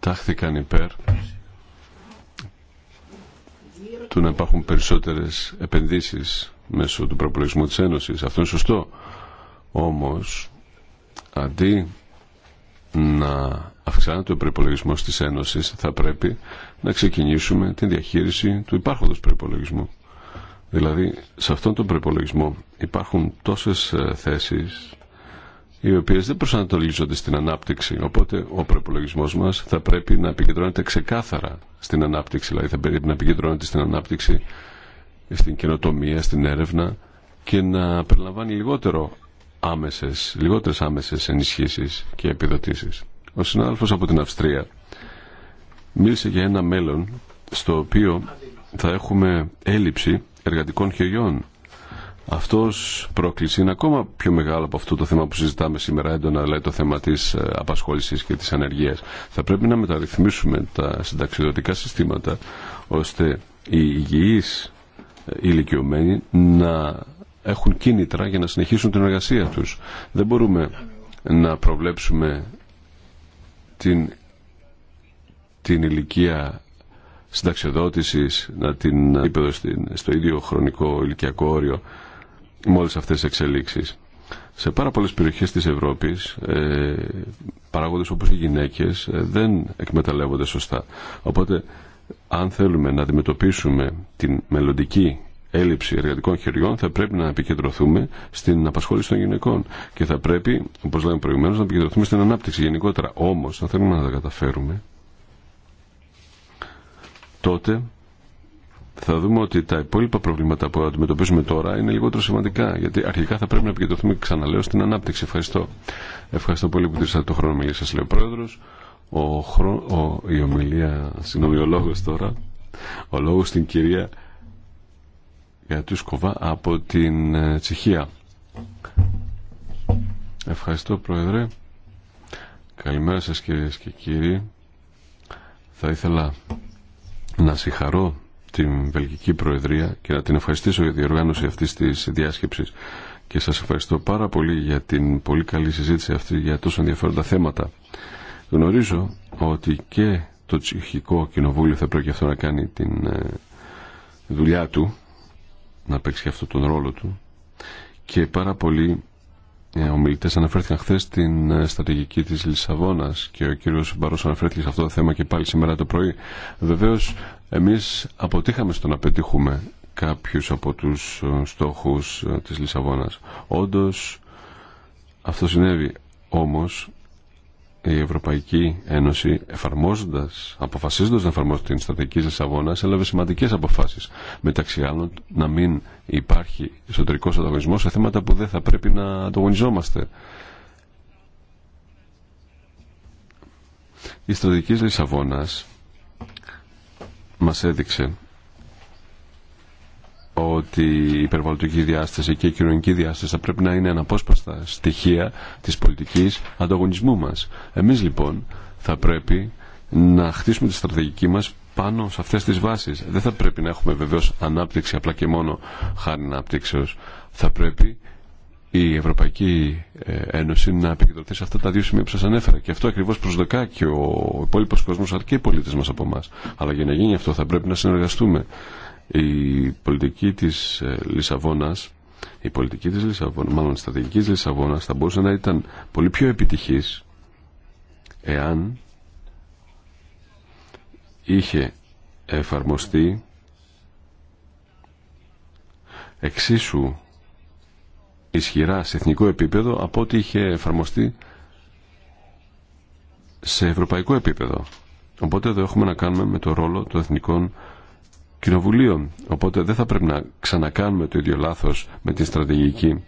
τάχθηκαν υπέρ του να υπάρχουν περισσότερες επενδύσεις μέσω του προπολογισμού της Ένωσης. Αυτό είναι σωστό. Όμως, αντί να αυξάνεται ο προπολογισμό της Ένωσης, θα πρέπει να ξεκινήσουμε την διαχείριση του υπάρχοντος προπολογισμού. Δηλαδή, σε αυτόν τον προπολογισμό υπάρχουν τόσες ε, θέσεις οι οποίε δεν προσανατολίζονται στην ανάπτυξη. Οπότε ο προπολογισμό μα θα πρέπει να επικεντρώνεται ξεκάθαρα στην ανάπτυξη. Δηλαδή θα πρέπει να επικεντρώνεται στην ανάπτυξη, στην καινοτομία, στην έρευνα και να περιλαμβάνει λιγότερο άμεσες, λιγότερες άμεσες ενισχύσεις και επιδοτήσεις. Ο συνάδελφος από την Αυστρία μίλησε για ένα μέλλον στο οποίο θα έχουμε έλλειψη εργατικών χεριών αυτός πρόκληση είναι ακόμα πιο μεγάλο από αυτό το θέμα που συζητάμε σήμερα έντονα, αλλά δηλαδή το θέμα της ε, απασχόλησης και της ανεργίας. Θα πρέπει να μεταρρυθμίσουμε τα συνταξιδοτικά συστήματα, ώστε οι υγιείς ε, ηλικιωμένοι να έχουν κίνητρα για να συνεχίσουν την εργασία τους. Δεν μπορούμε να προβλέψουμε την, την ηλικία συνταξιοδότησης, να την επίπεδο στο ίδιο χρονικό ηλικιακό όριο με όλες αυτές τις εξελίξεις. Σε πάρα πολλές περιοχές της Ευρώπης ε, παράγοντες όπως οι γυναίκες ε, δεν εκμεταλλεύονται σωστά. Οπότε αν θέλουμε να αντιμετωπίσουμε την μελλοντική έλλειψη εργατικών χεριών θα πρέπει να επικεντρωθούμε στην απασχόληση των γυναικών και θα πρέπει, όπως λέμε προηγουμένως, να επικεντρωθούμε στην ανάπτυξη γενικότερα. Όμως, αν θέλουμε να τα καταφέρουμε, τότε θα δούμε ότι τα υπόλοιπα προβλήματα που αντιμετωπίζουμε τώρα είναι λιγότερο σημαντικά. Γιατί αρχικά θα πρέπει να επικεντρωθούμε, ξαναλέω, στην ανάπτυξη. Ευχαριστώ. Ευχαριστώ πολύ που τρίσατε το χρόνο μιλή σα, λέει ο πρόεδρο. Ο, ο... Η ομιλία, συγγνώμη, ο λόγο τώρα. Ο λόγο στην κυρία Γιατούσκοβα από την ε, Τσεχία. Ευχαριστώ, πρόεδρε. Καλημέρα σας κυρίες και κύριοι. Θα ήθελα να συγχαρώ την Βελγική Προεδρία και να την ευχαριστήσω για τη διοργάνωση αυτής της διάσκεψης και σας ευχαριστώ πάρα πολύ για την πολύ καλή συζήτηση αυτή για τόσο ενδιαφέροντα θέματα. Γνωρίζω ότι και το Τσυχικό Κοινοβούλιο θα πρέπει αυτό να κάνει την ε, δουλειά του, να παίξει αυτό τον ρόλο του και πάρα πολλοί ε, ομιλητέ αναφέρθηκαν χθε στην ε, στρατηγική τη Λισαβόνα και ο κύριο Μπαρό αναφέρθηκε σε αυτό το θέμα και πάλι σήμερα το πρωί. Βεβαίω εμείς αποτύχαμε στο να πετύχουμε κάποιους από τους ε, στόχους ε, της Λισαβόνας. Όντως αυτό συνέβη. Όμως η Ευρωπαϊκή Ένωση εφαρμόζοντας, αποφασίζοντας να εφαρμόσει την στρατηγική της Λισαβόνας έλαβε σημαντικές αποφάσεις. Μεταξύ άλλων να μην υπάρχει εσωτερικός ανταγωνισμός σε θέματα που δεν θα πρέπει να ανταγωνιζόμαστε. Η στρατηγική της Λισαβόνας μας έδειξε ότι η υπερβολική διάσταση και η κοινωνική διάσταση θα πρέπει να είναι αναπόσπαστα στοιχεία της πολιτικής ανταγωνισμού μας. Εμείς λοιπόν θα πρέπει να χτίσουμε τη στρατηγική μας πάνω σε αυτές τις βάσεις. Δεν θα πρέπει να έχουμε βεβαίως ανάπτυξη απλά και μόνο χάρη ανάπτυξεως. Θα πρέπει η Ευρωπαϊκή ε, Ένωση να επικεντρωθεί σε αυτά τα δύο σημεία που σα ανέφερα. Και αυτό ακριβώς προσδοκά και ο υπόλοιπο κόσμο αλλά και οι πολίτε μας από εμά. Αλλά για να γίνει αυτό θα πρέπει να συνεργαστούμε. Η πολιτική της ε, Λισαβόνας, η πολιτική της Λισαβόνας, μάλλον η στρατηγική τη Λισαβόνας θα μπορούσε να ήταν πολύ πιο επιτυχής εάν είχε εφαρμοστεί εξίσου ισχυρά σε εθνικό επίπεδο από ό,τι είχε εφαρμοστεί σε ευρωπαϊκό επίπεδο. Οπότε εδώ έχουμε να κάνουμε με το ρόλο των εθνικών κοινοβουλίων. Οπότε δεν θα πρέπει να ξανακάνουμε το ίδιο λάθος με τη στρατηγική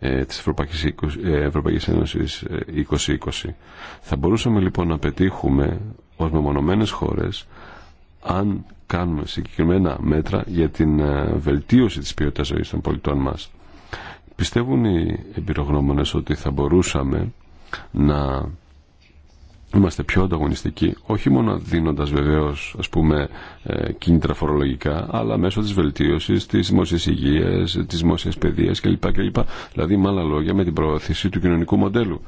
ε, της Ευρωπαϊκής, ε, Ευρωπαϊκής Ένωσης 2020. Ε, θα μπορούσαμε λοιπόν να πετύχουμε ως μεμονωμένες χώρες αν κάνουμε συγκεκριμένα μέτρα για την ε, βελτίωση της ποιότητας ζωής των πολιτών μας. Πιστεύουν οι εμπειρογνώμονες ότι θα μπορούσαμε να είμαστε πιο ανταγωνιστικοί, όχι μόνο δίνοντας βεβαίως ας πούμε ε, κίνητρα φορολογικά, αλλά μέσω της βελτίωσης της δημόσιας υγείας, της δημόσιας παιδείας κλπ. κλπ. Δηλαδή με άλλα λόγια με την προώθηση του κοινωνικού μοντέλου.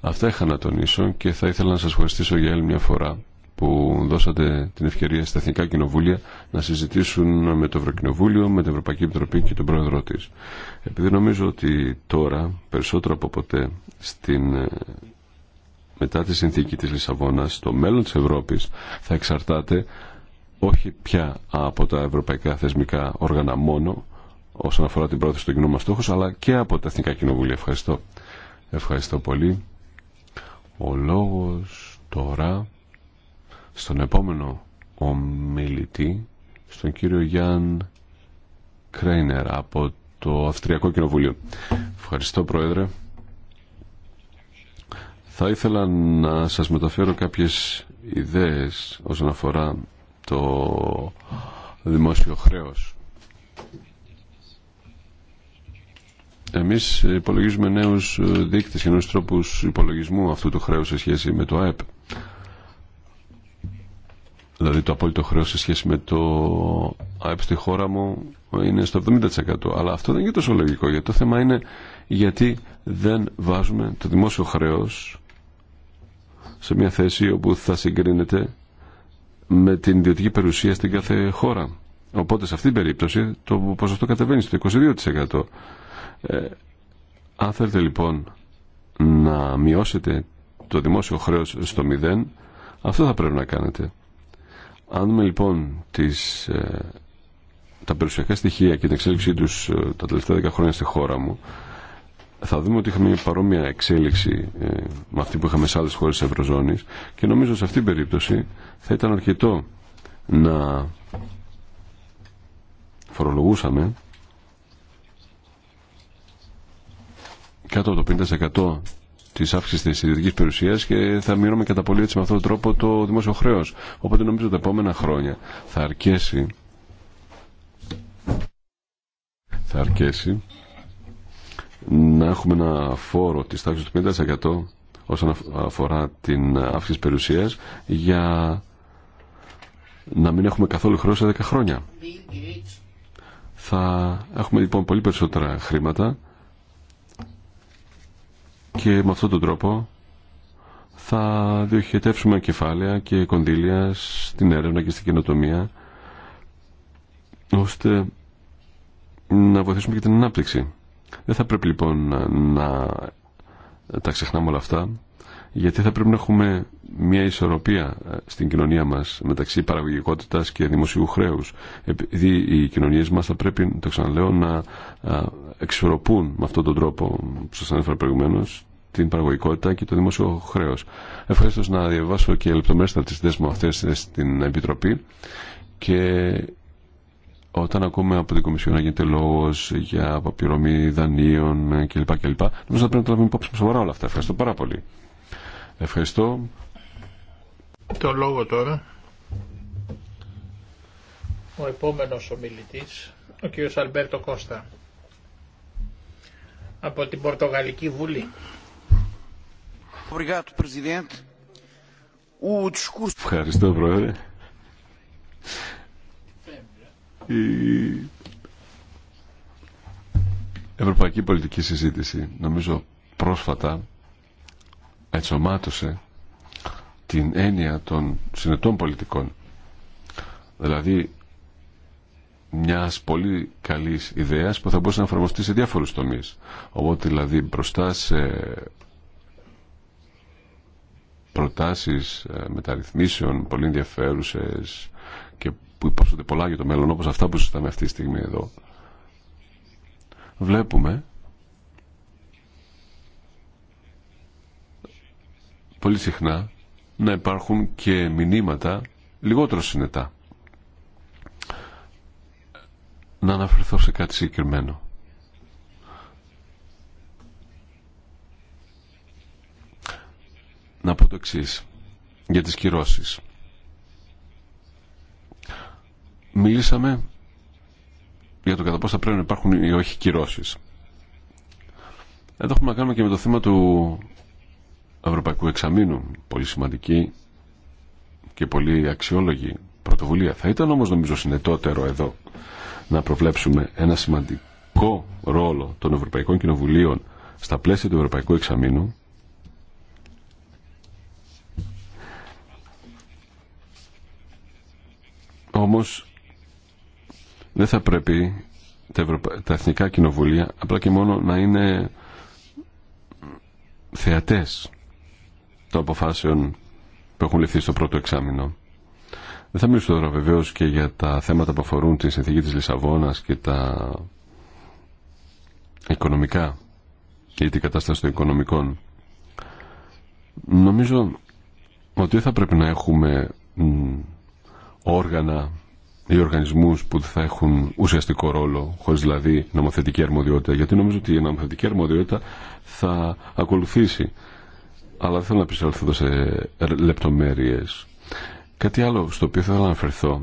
Αυτά είχα να τονίσω και θα ήθελα να σας ευχαριστήσω για άλλη μια φορά που δώσατε την ευκαιρία στα Εθνικά Κοινοβούλια να συζητήσουν με το Ευρωκοινοβούλιο, με την Ευρωπαϊκή Επιτροπή και τον Πρόεδρό της. Επειδή νομίζω ότι τώρα, περισσότερο από ποτέ, στην, ε, μετά τη συνθήκη της Λισαβόνας, το μέλλον της Ευρώπης θα εξαρτάται όχι πια από τα ευρωπαϊκά θεσμικά όργανα μόνο, όσον αφορά την πρόθεση των κοινών μας στόχους, αλλά και από τα Εθνικά Κοινοβούλια. Ευχαριστώ. Ευχαριστώ πολύ. Ο λόγος τώρα στον επόμενο ομιλητή, στον κύριο Γιάν Κρέινερ από το Αυστριακό Κοινοβούλιο. Ευχαριστώ Πρόεδρε. Θα ήθελα να σας μεταφέρω κάποιες ιδέες όσον αφορά το δημόσιο χρέος. Εμείς υπολογίζουμε νέους δείκτες και νέους τρόπους υπολογισμού αυτού του χρέους σε σχέση με το ΑΕΠ δηλαδή το απόλυτο χρέο σε σχέση με το ΑΕΠ στη χώρα μου είναι στο 70%. Αλλά αυτό δεν είναι τόσο λογικό, γιατί το θέμα είναι γιατί δεν βάζουμε το δημόσιο χρέο σε μια θέση όπου θα συγκρίνεται με την ιδιωτική περιουσία στην κάθε χώρα. Οπότε σε αυτή την περίπτωση το ποσοστό κατεβαίνει στο 22%. Ε, αν θέλετε λοιπόν να μειώσετε το δημόσιο χρέος στο 0, αυτό θα πρέπει να κάνετε. Αν δούμε λοιπόν τις, ε, τα περιουσιακά στοιχεία και την εξέλιξή τους ε, τα τελευταία δέκα χρόνια στη χώρα μου, θα δούμε ότι είχαμε μια παρόμοια εξέλιξη ε, με αυτή που είχαμε σε άλλες χώρες της Ευρωζώνης και νομίζω σε αυτήν την περίπτωση θα ήταν αρκετό να φορολογούσαμε κάτω από το 50% τη αύξηση τη ιδιωτική περιουσία και θα μειώνουμε κατά πολύ έτσι με αυτόν τον τρόπο το δημόσιο χρέο. Οπότε νομίζω ότι τα επόμενα χρόνια θα αρκέσει. Θα αρκέσει να έχουμε ένα φόρο της τάξης του 50% όσον αφορά την αύξηση περιουσίας για να μην έχουμε καθόλου χρέο σε 10 χρόνια. Θα έχουμε λοιπόν πολύ περισσότερα χρήματα και με αυτόν τον τρόπο θα διοχετεύσουμε κεφάλαια και κονδύλια στην έρευνα και στην καινοτομία ώστε να βοηθήσουμε και την ανάπτυξη. Δεν θα πρέπει λοιπόν να τα ξεχνάμε όλα αυτά γιατί θα πρέπει να έχουμε μια ισορροπία ε, στην κοινωνία μας μεταξύ παραγωγικότητας και δημοσίου χρέους επειδή οι κοινωνίες μας θα πρέπει, το ξαναλέω, να ε, εξορροπούν με αυτόν τον τρόπο που σας ανέφερα προηγουμένως την παραγωγικότητα και το δημόσιο χρέο. Ευχαριστώ να διαβάσω και λεπτομέρειε τι μου αυτέ στην Επιτροπή και όταν ακούμε από την Κομισιόν να γίνεται λόγο για αποπληρωμή δανείων κλπ. κλπ. Νομίζω θα πρέπει να το λάβουμε υπόψη σοβαρά όλα αυτά. Ευχαριστώ πάρα πολύ. Ευχαριστώ. Το λόγο τώρα. Ο επόμενος ομιλητής, ο κ. Αλμπέρτο Κώστα, από την Πορτογαλική Βουλή. Ευχαριστώ, Πρόεδρε. Η ευρωπαϊκή πολιτική συζήτηση νομίζω πρόσφατα ενσωμάτωσε την έννοια των συνετών πολιτικών. Δηλαδή μιας πολύ καλής ιδέας που θα μπορούσε να εφαρμοστεί σε διάφορους τομείς. Οπότε δηλαδή μπροστά σε προτάσεις ε, μεταρρυθμίσεων πολύ ενδιαφέρουσε και που υπόσχονται πολλά για το μέλλον όπως αυτά που συζητάμε αυτή τη στιγμή εδώ βλέπουμε πολύ συχνά να υπάρχουν και μηνύματα λιγότερο συνετά να αναφερθώ σε κάτι συγκεκριμένο να πω το εξή για τις κυρώσεις. Μιλήσαμε για το κατά πώς θα πρέπει να υπάρχουν ή όχι κυρώσεις. Εδώ έχουμε να κάνουμε και με το θέμα του Ευρωπαϊκού Εξαμήνου. Πολύ σημαντική και πολύ αξιόλογη πρωτοβουλία. Θα ήταν όμως νομίζω συνετότερο εδώ να προβλέψουμε ένα σημαντικό ρόλο των Ευρωπαϊκών Κοινοβουλίων στα πλαίσια του Ευρωπαϊκού Εξαμήνου Όμως δεν θα πρέπει τα, εθνικά κοινοβουλία απλά και μόνο να είναι θεατές των αποφάσεων που έχουν ληφθεί στο πρώτο εξάμεινο. Δεν θα μιλήσω τώρα βεβαίω και για τα θέματα που αφορούν τη συνθήκη της Λισαβόνας και τα οικονομικά και την κατάσταση των οικονομικών. Νομίζω ότι θα πρέπει να έχουμε όργανα ή οργανισμούς που θα έχουν ουσιαστικό ρόλο, χωρίς δηλαδή νομοθετική αρμοδιότητα. Γιατί νομίζω ότι η νομοθετική αρμοδιότητα θα ακολουθήσει. Αλλά δεν θέλω να πει σε λεπτομέρειες. Κάτι άλλο στο οποίο θέλω να αναφερθώ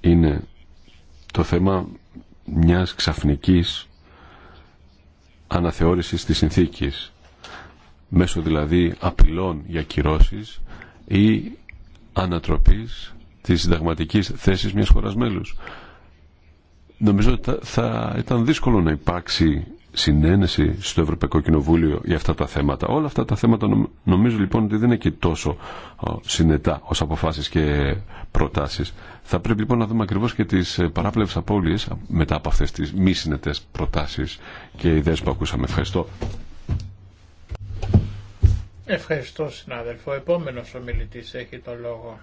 είναι το θέμα μιας ξαφνικής αναθεώρησης της συνθήκης μέσω δηλαδή απειλών για κυρώσεις ή ανατροπής Τη συνταγματική θέση μιας χώρα μέλου. Νομίζω ότι θα ήταν δύσκολο να υπάρξει συνένεση στο Ευρωπαϊκό Κοινοβούλιο για αυτά τα θέματα. Όλα αυτά τα θέματα νομίζω λοιπόν ότι δεν είναι και τόσο συνετά ως αποφάσεις και προτάσεις. Θα πρέπει λοιπόν να δούμε ακριβώς και τις ε, παράπλευρε απώλειε μετά από αυτέ τι μη συνετέ προτάσει και ιδέε που ακούσαμε. Ευχαριστώ. Ευχαριστώ συνάδελφο. Επόμενος ομιλητής έχει το λόγο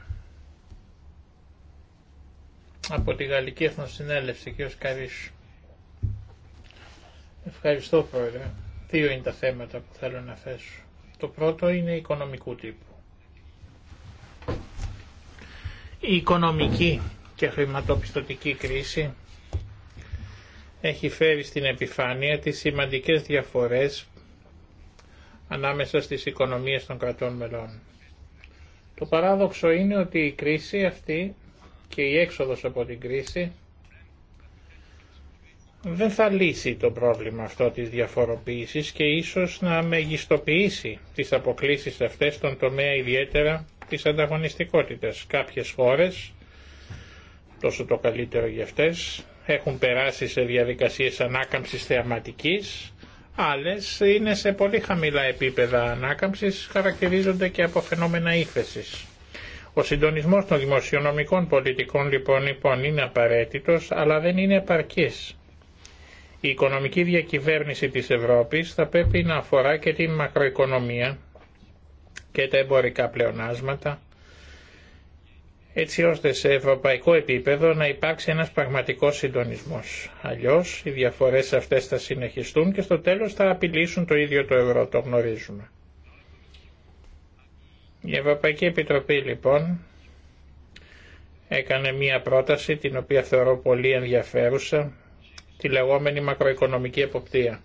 από τη Γαλλική Εθνοσυνέλευση, κ. Καρίσου. Ευχαριστώ πρόεδρε. Δύο είναι τα θέματα που θέλω να θέσω. Το πρώτο είναι οικονομικού τύπου. Η οικονομική και χρηματοπιστωτική κρίση έχει φέρει στην επιφάνεια τις σημαντικές διαφορές ανάμεσα στις οικονομίες των κρατών μελών. Το παράδοξο είναι ότι η κρίση αυτή και η έξοδος από την κρίση δεν θα λύσει το πρόβλημα αυτό της διαφοροποίησης και ίσως να μεγιστοποιήσει τις αποκλίσεις αυτές στον τομέα ιδιαίτερα της ανταγωνιστικότητας. Κάποιες χώρες, τόσο το καλύτερο για αυτές, έχουν περάσει σε διαδικασίες ανάκαμψης θεαματικής, άλλες είναι σε πολύ χαμηλά επίπεδα ανάκαμψης, χαρακτηρίζονται και από φαινόμενα ύφεσης. Ο συντονισμό των δημοσιονομικών πολιτικών λοιπόν, λοιπόν είναι απαραίτητο, αλλά δεν είναι επαρκή. Η οικονομική διακυβέρνηση της Ευρώπης θα πρέπει να αφορά και την μακροοικονομία και τα εμπορικά πλεονάσματα, έτσι ώστε σε ευρωπαϊκό επίπεδο να υπάρξει ένας πραγματικός συντονισμός. Αλλιώς οι διαφορές αυτές θα συνεχιστούν και στο τέλος θα απειλήσουν το ίδιο το ευρώ, το γνωρίζουμε. Η Ευρωπαϊκή Επιτροπή λοιπόν έκανε μία πρόταση την οποία θεωρώ πολύ ενδιαφέρουσα, τη λεγόμενη μακροοικονομική εποπτεία.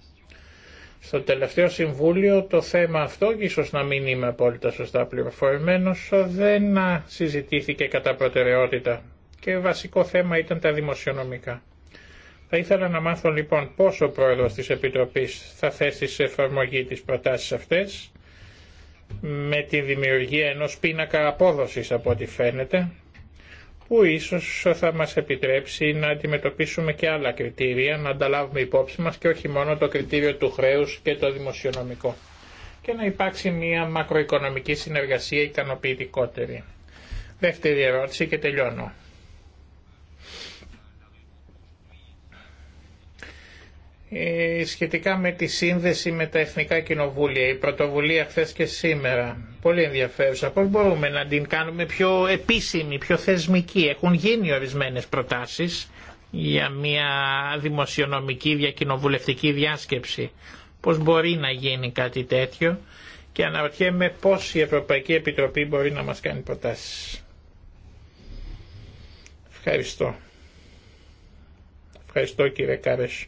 Στο τελευταίο συμβούλιο το θέμα αυτό, και ίσως να μην είμαι απόλυτα σωστά πληροφορημένος, δεν συζητήθηκε κατά προτεραιότητα και βασικό θέμα ήταν τα δημοσιονομικά. Θα ήθελα να μάθω λοιπόν πόσο ο πρόεδρος της Επιτροπής θα θέσει σε εφαρμογή τις προτάσεις αυτές με τη δημιουργία ενός πίνακα απόδοσης από ό,τι φαίνεται που ίσως θα μας επιτρέψει να αντιμετωπίσουμε και άλλα κριτήρια, να ανταλάβουμε υπόψη μας και όχι μόνο το κριτήριο του χρέους και το δημοσιονομικό και να υπάρξει μια μακροοικονομική συνεργασία ικανοποιητικότερη. Δεύτερη ερώτηση και τελειώνω. Ε, σχετικά με τη σύνδεση με τα Εθνικά Κοινοβούλια, η πρωτοβουλία χθε και σήμερα. Πολύ ενδιαφέρουσα. Πώς μπορούμε να την κάνουμε πιο επίσημη, πιο θεσμική. Έχουν γίνει ορισμένες προτάσεις για μια δημοσιονομική διακοινοβουλευτική διάσκεψη. Πώς μπορεί να γίνει κάτι τέτοιο και αναρωτιέμαι πώς η Ευρωπαϊκή Επιτροπή μπορεί να μας κάνει προτάσεις. Ευχαριστώ. Ευχαριστώ κύριε Κάρες.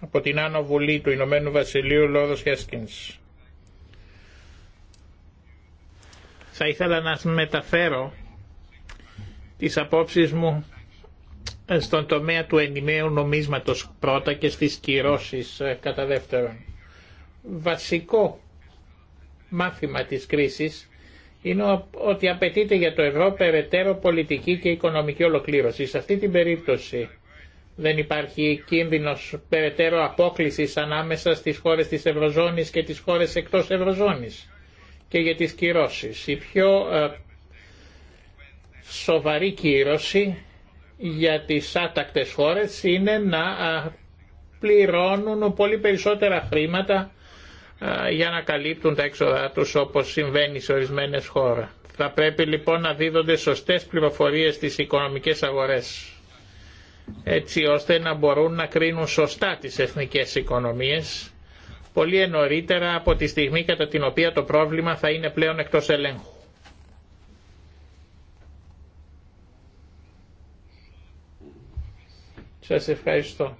από την Άνω Βουλή του Ηνωμένου Βασιλείου Λόδος Χέσκινς. Θα ήθελα να μεταφέρω τις απόψεις μου στον τομέα του ενημέου νομίσματος πρώτα και στις κυρώσεις ε, κατά δεύτερον. Βασικό μάθημα της κρίσης είναι ότι απαιτείται για το ευρώ περαιτέρω πολιτική και οικονομική ολοκλήρωση. Σε αυτή την περίπτωση δεν υπάρχει κίνδυνος περαιτέρω απόκλησης ανάμεσα στις χώρες της Ευρωζώνης και τις χώρες εκτός Ευρωζώνης και για τις κυρώσεις. Η πιο ε, σοβαρή κύρωση για τις άτακτες χώρες είναι να ε, πληρώνουν πολύ περισσότερα χρήματα ε, για να καλύπτουν τα έξοδα τους όπως συμβαίνει σε ορισμένες χώρες. Θα πρέπει λοιπόν να δίδονται σωστές πληροφορίες στις οικονομικές αγορές έτσι ώστε να μπορούν να κρίνουν σωστά τις εθνικές οικονομίες πολύ νωρίτερα από τη στιγμή κατά την οποία το πρόβλημα θα είναι πλέον εκτός ελέγχου. Σας ευχαριστώ.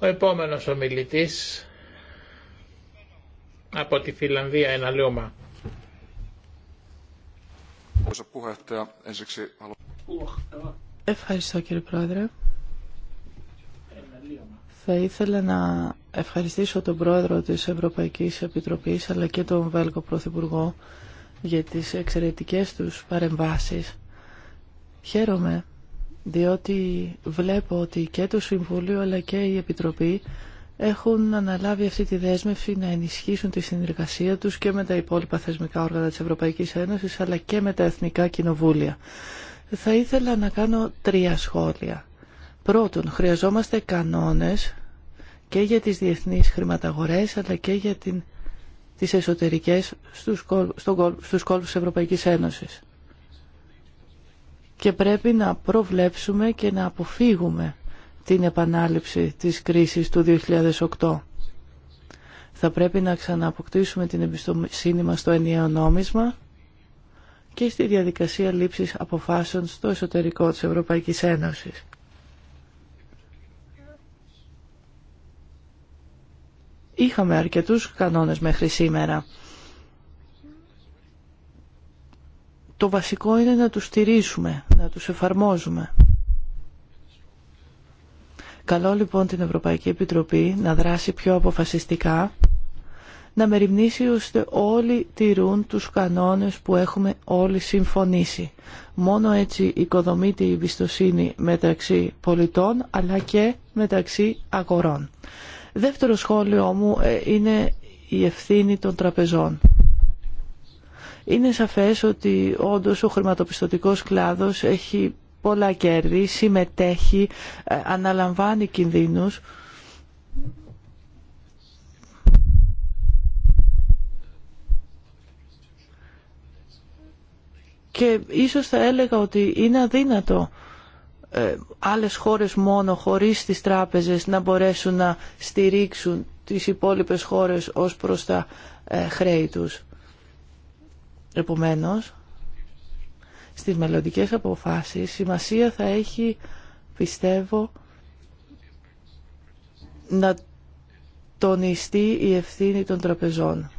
Ο επόμενος ομιλητής από τη Φιλανδία, ένα Ευχαριστώ κύριε Πρόεδρε. Θα ήθελα να ευχαριστήσω τον Πρόεδρο της Ευρωπαϊκής Επιτροπής αλλά και τον Βέλγο Πρωθυπουργό για τις εξαιρετικές τους παρεμβάσεις. Χαίρομαι διότι βλέπω ότι και το Συμβούλιο αλλά και η Επιτροπή έχουν αναλάβει αυτή τη δέσμευση να ενισχύσουν τη συνεργασία τους και με τα υπόλοιπα θεσμικά όργανα της Ευρωπαϊκής Ένωσης αλλά και με τα εθνικά κοινοβούλια. Θα ήθελα να κάνω τρία σχόλια. Πρώτον, χρειαζόμαστε κανόνες και για τις διεθνείς χρηματαγορές αλλά και για την, τις εσωτερικές στους, στους κόλπους της Ευρωπαϊκής Ένωσης. Και πρέπει να προβλέψουμε και να αποφύγουμε την επανάληψη της κρίσης του 2008. Θα πρέπει να ξανααποκτήσουμε την εμπιστοσύνη μας στο ενιαίο νόμισμα και στη διαδικασία λήψης αποφάσεων στο εσωτερικό της Ευρωπαϊκής Ένωσης. Είχαμε αρκετούς κανόνες μέχρι σήμερα. Το βασικό είναι να τους στηρίσουμε, να τους εφαρμόζουμε. Καλό λοιπόν την Ευρωπαϊκή Επιτροπή να δράσει πιο αποφασιστικά, να μεριμνήσει ώστε όλοι τηρούν τους κανόνες που έχουμε όλοι συμφωνήσει. Μόνο έτσι οικοδομείται η εμπιστοσύνη μεταξύ πολιτών αλλά και μεταξύ αγορών. Δεύτερο σχόλιο μου ε, είναι η ευθύνη των τραπεζών. Είναι σαφές ότι όντως ο χρηματοπιστωτικός κλάδος έχει πολλά κέρδη, συμμετέχει, ε, αναλαμβάνει κινδύνους. Και ίσως θα έλεγα ότι είναι αδύνατο ε, άλλες χώρες μόνο χωρίς τις τράπεζες να μπορέσουν να στηρίξουν τις υπόλοιπες χώρες ως προς τα ε, χρέη τους. Επομένως, στις μελλοντικές αποφάσεις σημασία θα έχει πιστεύω να τονιστεί η ευθύνη των τραπεζών.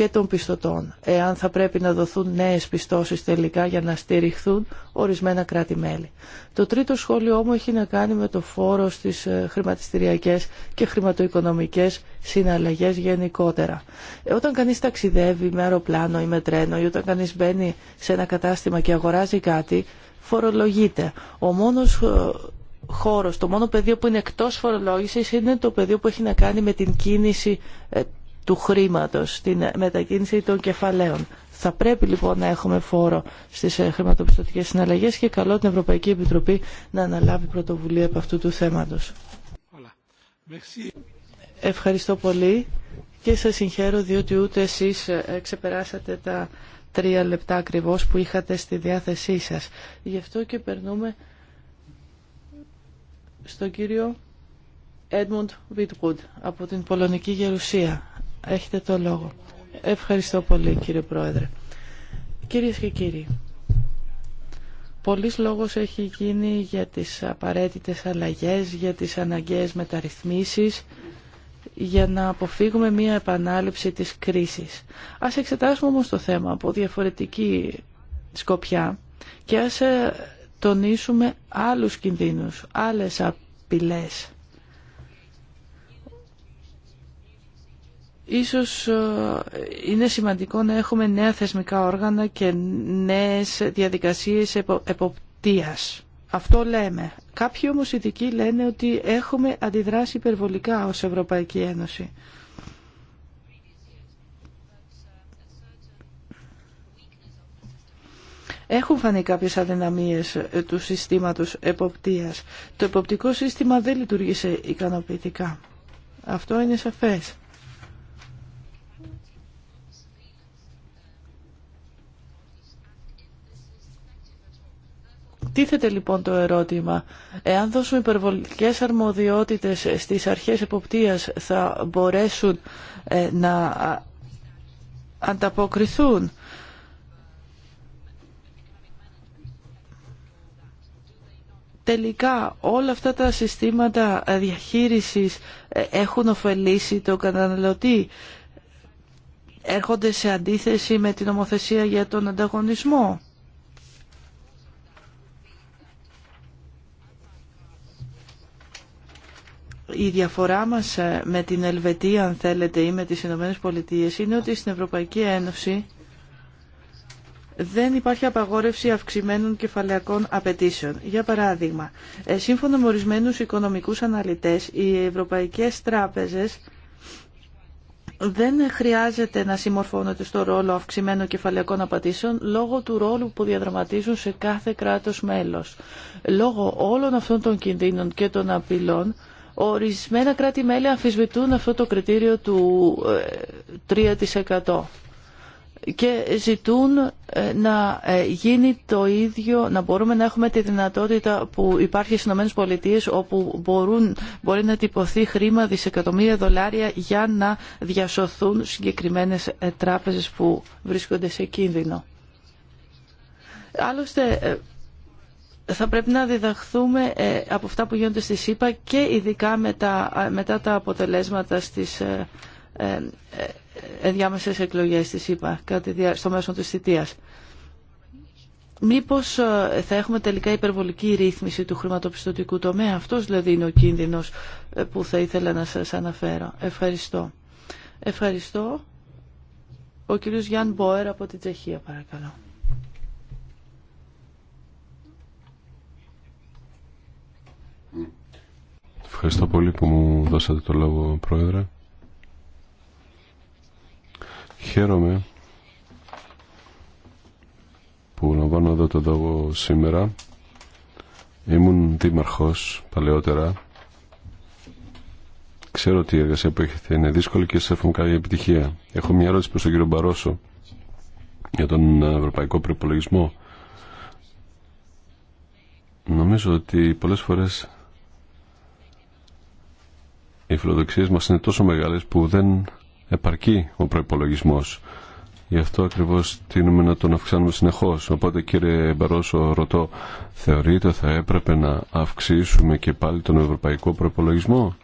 και των πιστωτών, εάν θα πρέπει να δοθούν νέες πιστώσεις τελικά για να στηριχθούν ορισμένα κράτη-μέλη. Το τρίτο σχόλιο μου έχει να κάνει με το φόρο στις ε, χρηματιστηριακές και χρηματοοικονομικές συναλλαγές γενικότερα. Ε, όταν κανείς ταξιδεύει με αεροπλάνο ή με τρένο ή όταν κανείς μπαίνει σε ένα κατάστημα και αγοράζει κάτι, φορολογείται. Ο μόνος ε, χώρος, το μόνο πεδίο που είναι εκτός φορολόγησης είναι το πεδίο που έχει να κάνει με την κίνηση του χρήματος, την μετακίνηση των κεφαλαίων. Θα πρέπει λοιπόν να έχουμε φόρο στις ε, χρηματοπιστωτικές συναλλαγές και καλό την Ευρωπαϊκή Επιτροπή να αναλάβει πρωτοβουλία από αυτού του θέματος. Ευχαριστώ πολύ και σας συγχαίρω διότι ούτε εσείς ε, ξεπεράσατε τα τρία λεπτά ακριβώς που είχατε στη διάθεσή σας. Γι' αυτό και περνούμε στον κύριο Edmund Βίτκουντ από την Πολωνική Γερουσία. Έχετε το λόγο. Ευχαριστώ πολύ κύριε Πρόεδρε. Κυρίες και κύριοι, πολλής λόγος έχει γίνει για τις απαραίτητες αλλαγές, για τις αναγκαίες μεταρρυθμίσεις, για να αποφύγουμε μία επανάληψη της κρίσης. Ας εξετάσουμε όμως το θέμα από διαφορετική σκοπιά και ας ε, τονίσουμε άλλους κινδύνους, άλλες απειλές. Ίσως ε, είναι σημαντικό να έχουμε νέα θεσμικά όργανα και νέες διαδικασίες εποπτείας. Αυτό λέμε. Κάποιοι όμως ειδικοί λένε ότι έχουμε αντιδράσει υπερβολικά ως Ευρωπαϊκή Ένωση. Έχουν φανεί κάποιες αδυναμίες ε, του συστήματος εποπτείας. Το εποπτικό σύστημα δεν λειτουργήσε ικανοποιητικά. Αυτό είναι σαφές. Τίθεται λοιπόν το ερώτημα, εάν δώσουμε υπερβολικές αρμοδιότητες στις αρχές εποπτείας θα μπορέσουν ε, να ανταποκριθούν. Τελικά όλα αυτά τα συστήματα ε, διαχείρισης ε, έχουν ωφελήσει το καταναλωτή. Έρχονται σε αντίθεση με την ομοθεσία για τον ανταγωνισμό. η διαφορά μας ε, με την Ελβετία, αν θέλετε, ή με τις Ηνωμένες Πολιτείες είναι ότι στην Ευρωπαϊκή Ένωση δεν υπάρχει απαγόρευση αυξημένων κεφαλαιακών απαιτήσεων. Για παράδειγμα, ε, σύμφωνα με ορισμένους οικονομικούς αναλυτές, οι ευρωπαϊκές τράπεζες δεν χρειάζεται να συμμορφώνονται στο ρόλο αυξημένων κεφαλαιακών απαιτήσεων λόγω του ρόλου που διαδραματίζουν σε κάθε κράτος μέλος. Λόγω όλων αυτών των κινδύνων και των απειλών, Ορισμένα κράτη-μέλη αμφισβητούν αυτό το κριτήριο του 3% ε, και ζητούν ε, να ε, γίνει το ίδιο, να μπορούμε να έχουμε τη δυνατότητα που υπάρχει στι Πολιτείες όπου μπορούν, μπορεί να τυπωθεί χρήμα δισεκατομμύρια δολάρια για να διασωθούν συγκεκριμένες τράπεζες που βρίσκονται σε κίνδυνο. Άλλωστε θα πρέπει να διδαχθούμε ε, από αυτά που γίνονται στη ΣΥΠΑ και ειδικά μετά, μετά τα αποτελέσματα στις ε, ε, ενδιάμεσες εκλογές στη ΣΥΠΑ στο μέσο της θητείας. Μήπως θα έχουμε τελικά υπερβολική ρύθμιση του χρηματοπιστωτικού τομέα. Αυτός δηλαδή είναι ο κίνδυνος που θα ήθελα να σας αναφέρω. Ευχαριστώ. Ευχαριστώ. Ο κύριος Γιάνν Μπόερ από την Τσεχία παρακαλώ. Ευχαριστώ πολύ που μου δώσατε το λόγο, Πρόεδρε. Χαίρομαι που λαμβάνω εδώ το λόγο σήμερα. Ήμουν δήμαρχος παλαιότερα. Ξέρω ότι η εργασία που έχετε είναι δύσκολη και σας εύχομαι καλή επιτυχία. Έχω μια ερώτηση προς τον κύριο Μπαρόσο για τον ευρωπαϊκό προπολογισμό. Νομίζω ότι πολλές φορές οι φιλοδοξίε μας είναι τόσο μεγάλες που δεν επαρκεί ο προπολογισμό. Γι' αυτό ακριβώς τίνουμε να τον αυξάνουμε συνεχώς. Οπότε κύριε Μπαρόσο ρωτώ, θεωρείτε ότι θα έπρεπε να αυξήσουμε και πάλι τον ευρωπαϊκό προπολογισμό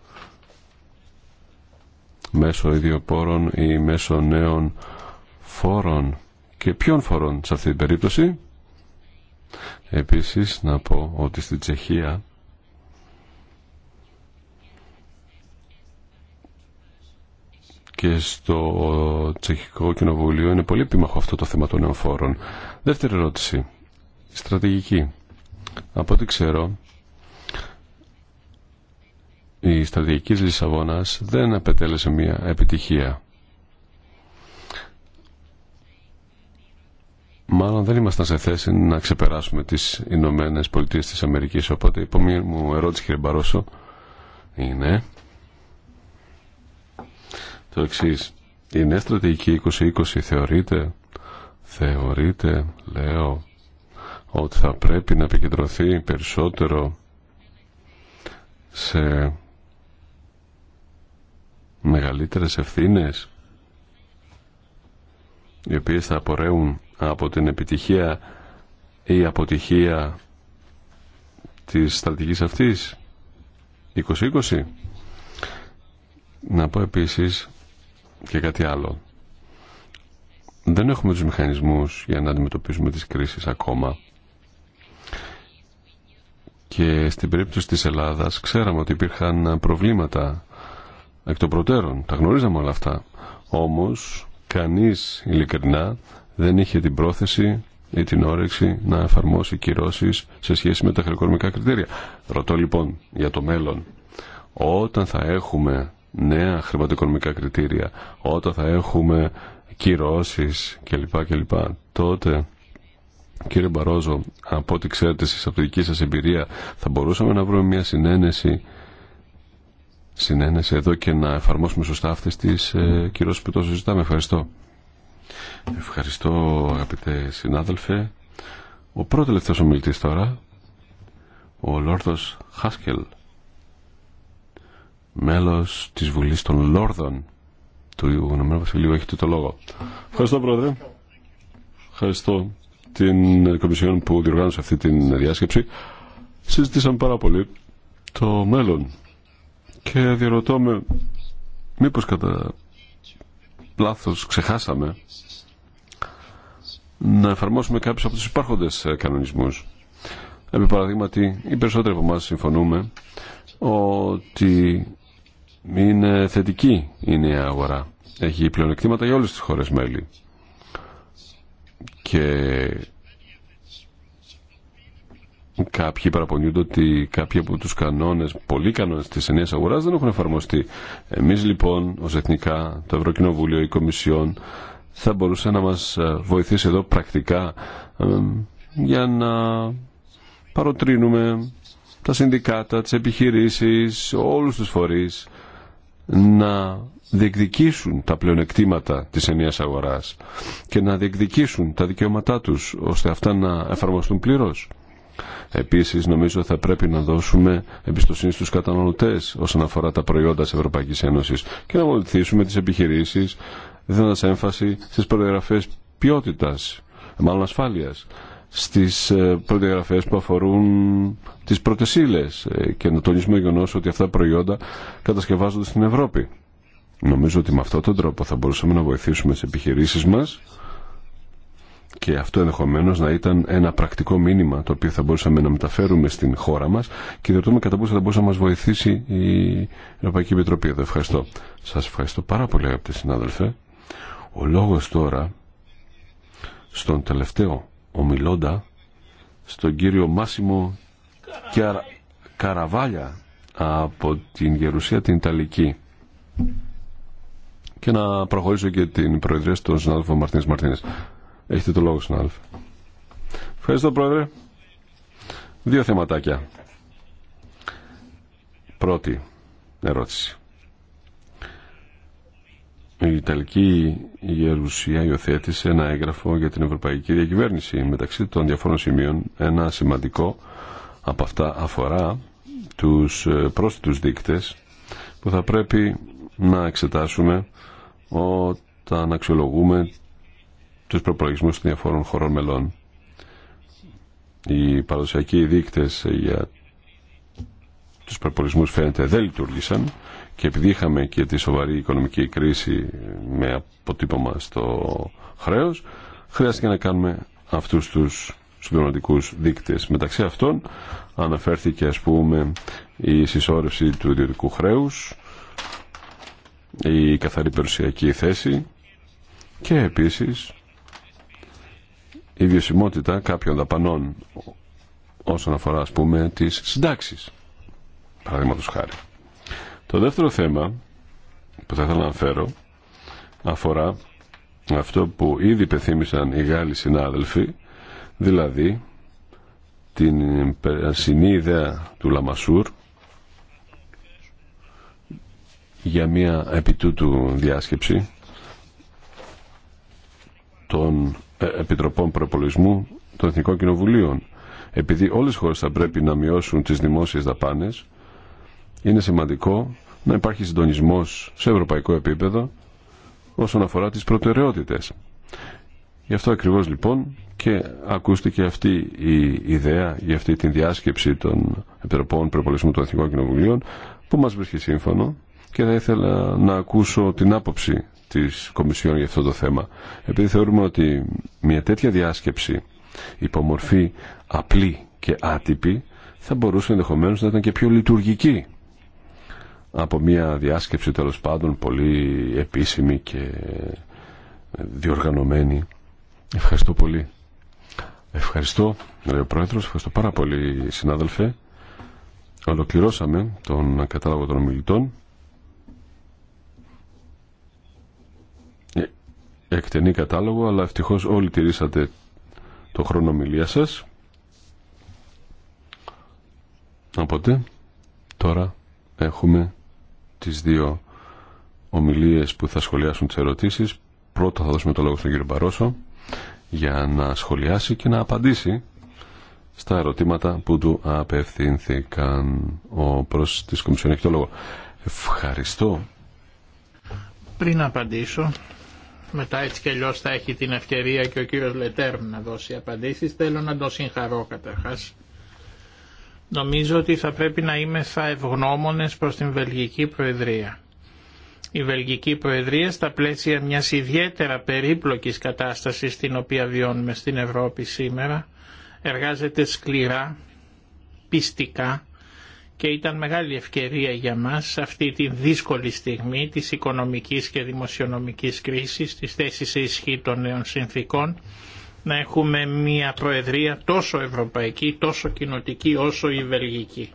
μέσω ιδιοπόρων ή μέσω νέων φόρων και ποιων φορών σε αυτή την περίπτωση. Επίσης να πω ότι στην Τσεχία και στο Τσεχικό Κοινοβούλιο είναι πολύ επίμαχο αυτό το θέμα των νεοφόρων. Δεύτερη ερώτηση. Στρατηγική. Από ό,τι ξέρω, η στρατηγική της Λισαβόνας δεν απετέλεσε μια επιτυχία. Μάλλον δεν ήμασταν σε θέση να ξεπεράσουμε τις Ηνωμένε Πολιτείε της Αμερικής, οπότε η μου ερώτηση κύριε Μπαρόσο είναι το εξή. Η νέα στρατηγική 2020 θεωρείται, θεωρείται, λέω, ότι θα πρέπει να επικεντρωθεί περισσότερο σε μεγαλύτερες ευθύνες οι οποίες θα απορρέουν από την επιτυχία ή αποτυχία της στρατηγικής αυτής 2020 να πω επίσης και κάτι άλλο. Δεν έχουμε τους μηχανισμούς για να αντιμετωπίσουμε τις κρίσεις ακόμα. Και στην περίπτωση της Ελλάδας ξέραμε ότι υπήρχαν προβλήματα εκ των προτέρων. Τα γνωρίζαμε όλα αυτά. Όμως κανείς ειλικρινά δεν είχε την πρόθεση ή την όρεξη να εφαρμόσει κυρώσεις σε σχέση με τα χρηκονομικά κριτήρια. Ρωτώ λοιπόν για το μέλλον. Όταν θα έχουμε νέα χρηματοοικονομικά κριτήρια, όταν θα έχουμε κυρώσεις κλπ. κλπ. Τότε, κύριε Μπαρόζο, από ό,τι ξέρετε εσείς από τη δική σας εμπειρία, θα μπορούσαμε να βρούμε μια συνένεση συνένεση εδώ και να εφαρμόσουμε σωστά αυτές τις ε, κυρώσεις που τόσο συζητάμε. Ευχαριστώ. Ευχαριστώ αγαπητέ συνάδελφε. Ο πρώτο τελευταίος ομιλητής τώρα, ο Λόρδος Χάσκελ μέλος της Βουλής των Λόρδων του Ηνωμένου Βασιλείου. Έχετε το λόγο. Ευχαριστώ, Πρόεδρε. Ευχαριστώ την Κομισιόν που διοργάνωσε αυτή την διάσκεψη. Συζητήσαμε πάρα πολύ το μέλλον και διαρωτώ με μήπως κατά λάθος ξεχάσαμε να εφαρμόσουμε κάποιους από τους υπάρχοντες κανονισμούς. Επί παραδείγματι, οι περισσότεροι από εμάς συμφωνούμε ότι ε, είναι θετική η νέα αγορά. Έχει πλεονεκτήματα για όλες τις χώρες μέλη. Και κάποιοι παραπονιούνται ότι κάποιοι από τους κανόνες, πολλοί κανόνες της νέας αγοράς δεν έχουν εφαρμοστεί. Εμείς λοιπόν ως Εθνικά, το Ευρωκοινοβούλιο, η Κομισιόν θα μπορούσε να μας ε, βοηθήσει εδώ πρακτικά ε, για να παροτρύνουμε τα συνδικάτα, τις επιχειρήσεις, όλους τους φορείς να διεκδικήσουν τα πλεονεκτήματα της ενίας αγοράς και να διεκδικήσουν τα δικαιώματά τους ώστε αυτά να εφαρμοστούν πλήρως. Επίσης νομίζω θα πρέπει να δώσουμε εμπιστοσύνη στους καταναλωτές όσον αφορά τα προϊόντα της Ευρωπαϊκής Ένωσης και να βοηθήσουμε τις επιχειρήσεις δίνοντας έμφαση στις προεγραφές ποιότητας, μάλλον ασφάλειας στις ε, προδιαγραφές που αφορούν τις πρωτεσίλες ε, και να τονίσουμε γεγονό ότι αυτά τα προϊόντα κατασκευάζονται στην Ευρώπη. Νομίζω ότι με αυτόν τον τρόπο θα μπορούσαμε να βοηθήσουμε τις επιχειρήσεις μας και αυτό ενδεχομένω να ήταν ένα πρακτικό μήνυμα το οποίο θα μπορούσαμε να μεταφέρουμε στην χώρα μας και διερωτούμε κατά πόσο θα μπορούσε να μας βοηθήσει η Ευρωπαϊκή Επιτροπή. Εδώ ευχαριστώ. Σα ευχαριστώ πάρα πολύ, αγαπητοί συνάδελφε. Ο λόγο τώρα στον τελευταίο ομιλώντα στον κύριο Μάσιμο και Καραβάλια από την Γερουσία την Ιταλική και να προχωρήσω και την προεδρία στον συνάδελφο Μαρτίνης Μαρτίνες. Έχετε το λόγο συνάδελφο. Ευχαριστώ πρόεδρε. Δύο θεματάκια. Πρώτη ερώτηση η Ιταλική Γερουσία υιοθέτησε ένα έγγραφο για την Ευρωπαϊκή Διακυβέρνηση. Μεταξύ των διαφόρων σημείων ένα σημαντικό από αυτά αφορά τους ε, πρόσθετους δείκτες που θα πρέπει να εξετάσουμε όταν αξιολογούμε τους προπολογισμού των διαφόρων χωρών μελών. Οι παραδοσιακοί δείκτες για τους προπολογισμού φαίνεται δεν λειτουργήσαν και επειδή είχαμε και τη σοβαρή οικονομική κρίση με αποτύπωμα στο χρέος, χρειάστηκε να κάνουμε αυτούς τους συμπληρωματικούς δείκτες. Μεταξύ αυτών αναφέρθηκε ας πούμε η συσσόρευση του ιδιωτικού χρέους, η καθαρή περιουσιακή θέση και επίσης η βιωσιμότητα κάποιων δαπανών όσον αφορά ας πούμε τις συντάξεις, παραδείγματος χάρη. Το δεύτερο θέμα που θα ήθελα να αναφέρω αφορά αυτό που ήδη υπεθύμησαν οι Γάλλοι συνάδελφοι, δηλαδή την περασινή ιδέα του Λαμασούρ για μια επιτούτου διάσκεψη των ε, Επιτροπών Προπολισμού των Εθνικών Κοινοβουλίων. Επειδή όλες οι χώρες θα πρέπει να μειώσουν τις δημόσιες δαπάνες, είναι σημαντικό να υπάρχει συντονισμός σε ευρωπαϊκό επίπεδο όσον αφορά τις προτεραιότητες. Γι' αυτό ακριβώς λοιπόν και ακούστηκε αυτή η ιδέα για αυτή την διάσκεψη των Επιτροπών Προπολισμού των Εθνικών Κοινοβουλίων που μας βρίσκει σύμφωνο και θα ήθελα να ακούσω την άποψη της Κομισιόν για αυτό το θέμα. Επειδή θεωρούμε ότι μια τέτοια διάσκεψη υπομορφή απλή και άτυπη θα μπορούσε ενδεχομένως να ήταν και πιο λειτουργική από μια διάσκεψη τέλο πάντων πολύ επίσημη και διοργανωμένη. Ευχαριστώ πολύ. Ευχαριστώ, λέει ο Πρόεδρος, ευχαριστώ πάρα πολύ συνάδελφε. Ολοκληρώσαμε τον κατάλογο των ομιλητών. Ε, εκτενή κατάλογο, αλλά ευτυχώς όλοι τηρήσατε το χρόνο ομιλία σας. Οπότε, τώρα έχουμε τις δύο ομιλίες που θα σχολιάσουν τις ερωτήσεις. Πρώτα θα δώσουμε το λόγο στον κύριο Μπαρόσο για να σχολιάσει και να απαντήσει στα ερωτήματα που του απευθύνθηκαν ο προς της Κομισιόν. Έχει το λόγο. Ευχαριστώ. Πριν απαντήσω, μετά έτσι και θα έχει την ευκαιρία και ο κύριος Λετέρν να δώσει απαντήσεις, θέλω να τον συγχαρώ καταρχάς Νομίζω ότι θα πρέπει να είμαι θα ευγνώμονες προς την Βελγική Προεδρία. Η Βελγική Προεδρία στα πλαίσια μιας ιδιαίτερα περίπλοκης κατάστασης την οποία βιώνουμε στην Ευρώπη σήμερα εργάζεται σκληρά, πιστικά και ήταν μεγάλη ευκαιρία για μας αυτή τη δύσκολη στιγμή της οικονομικής και δημοσιονομικής κρίσης, της θέσης ισχύ των νέων συνθήκων να έχουμε μια προεδρία τόσο ευρωπαϊκή, τόσο κοινοτική όσο η βελγική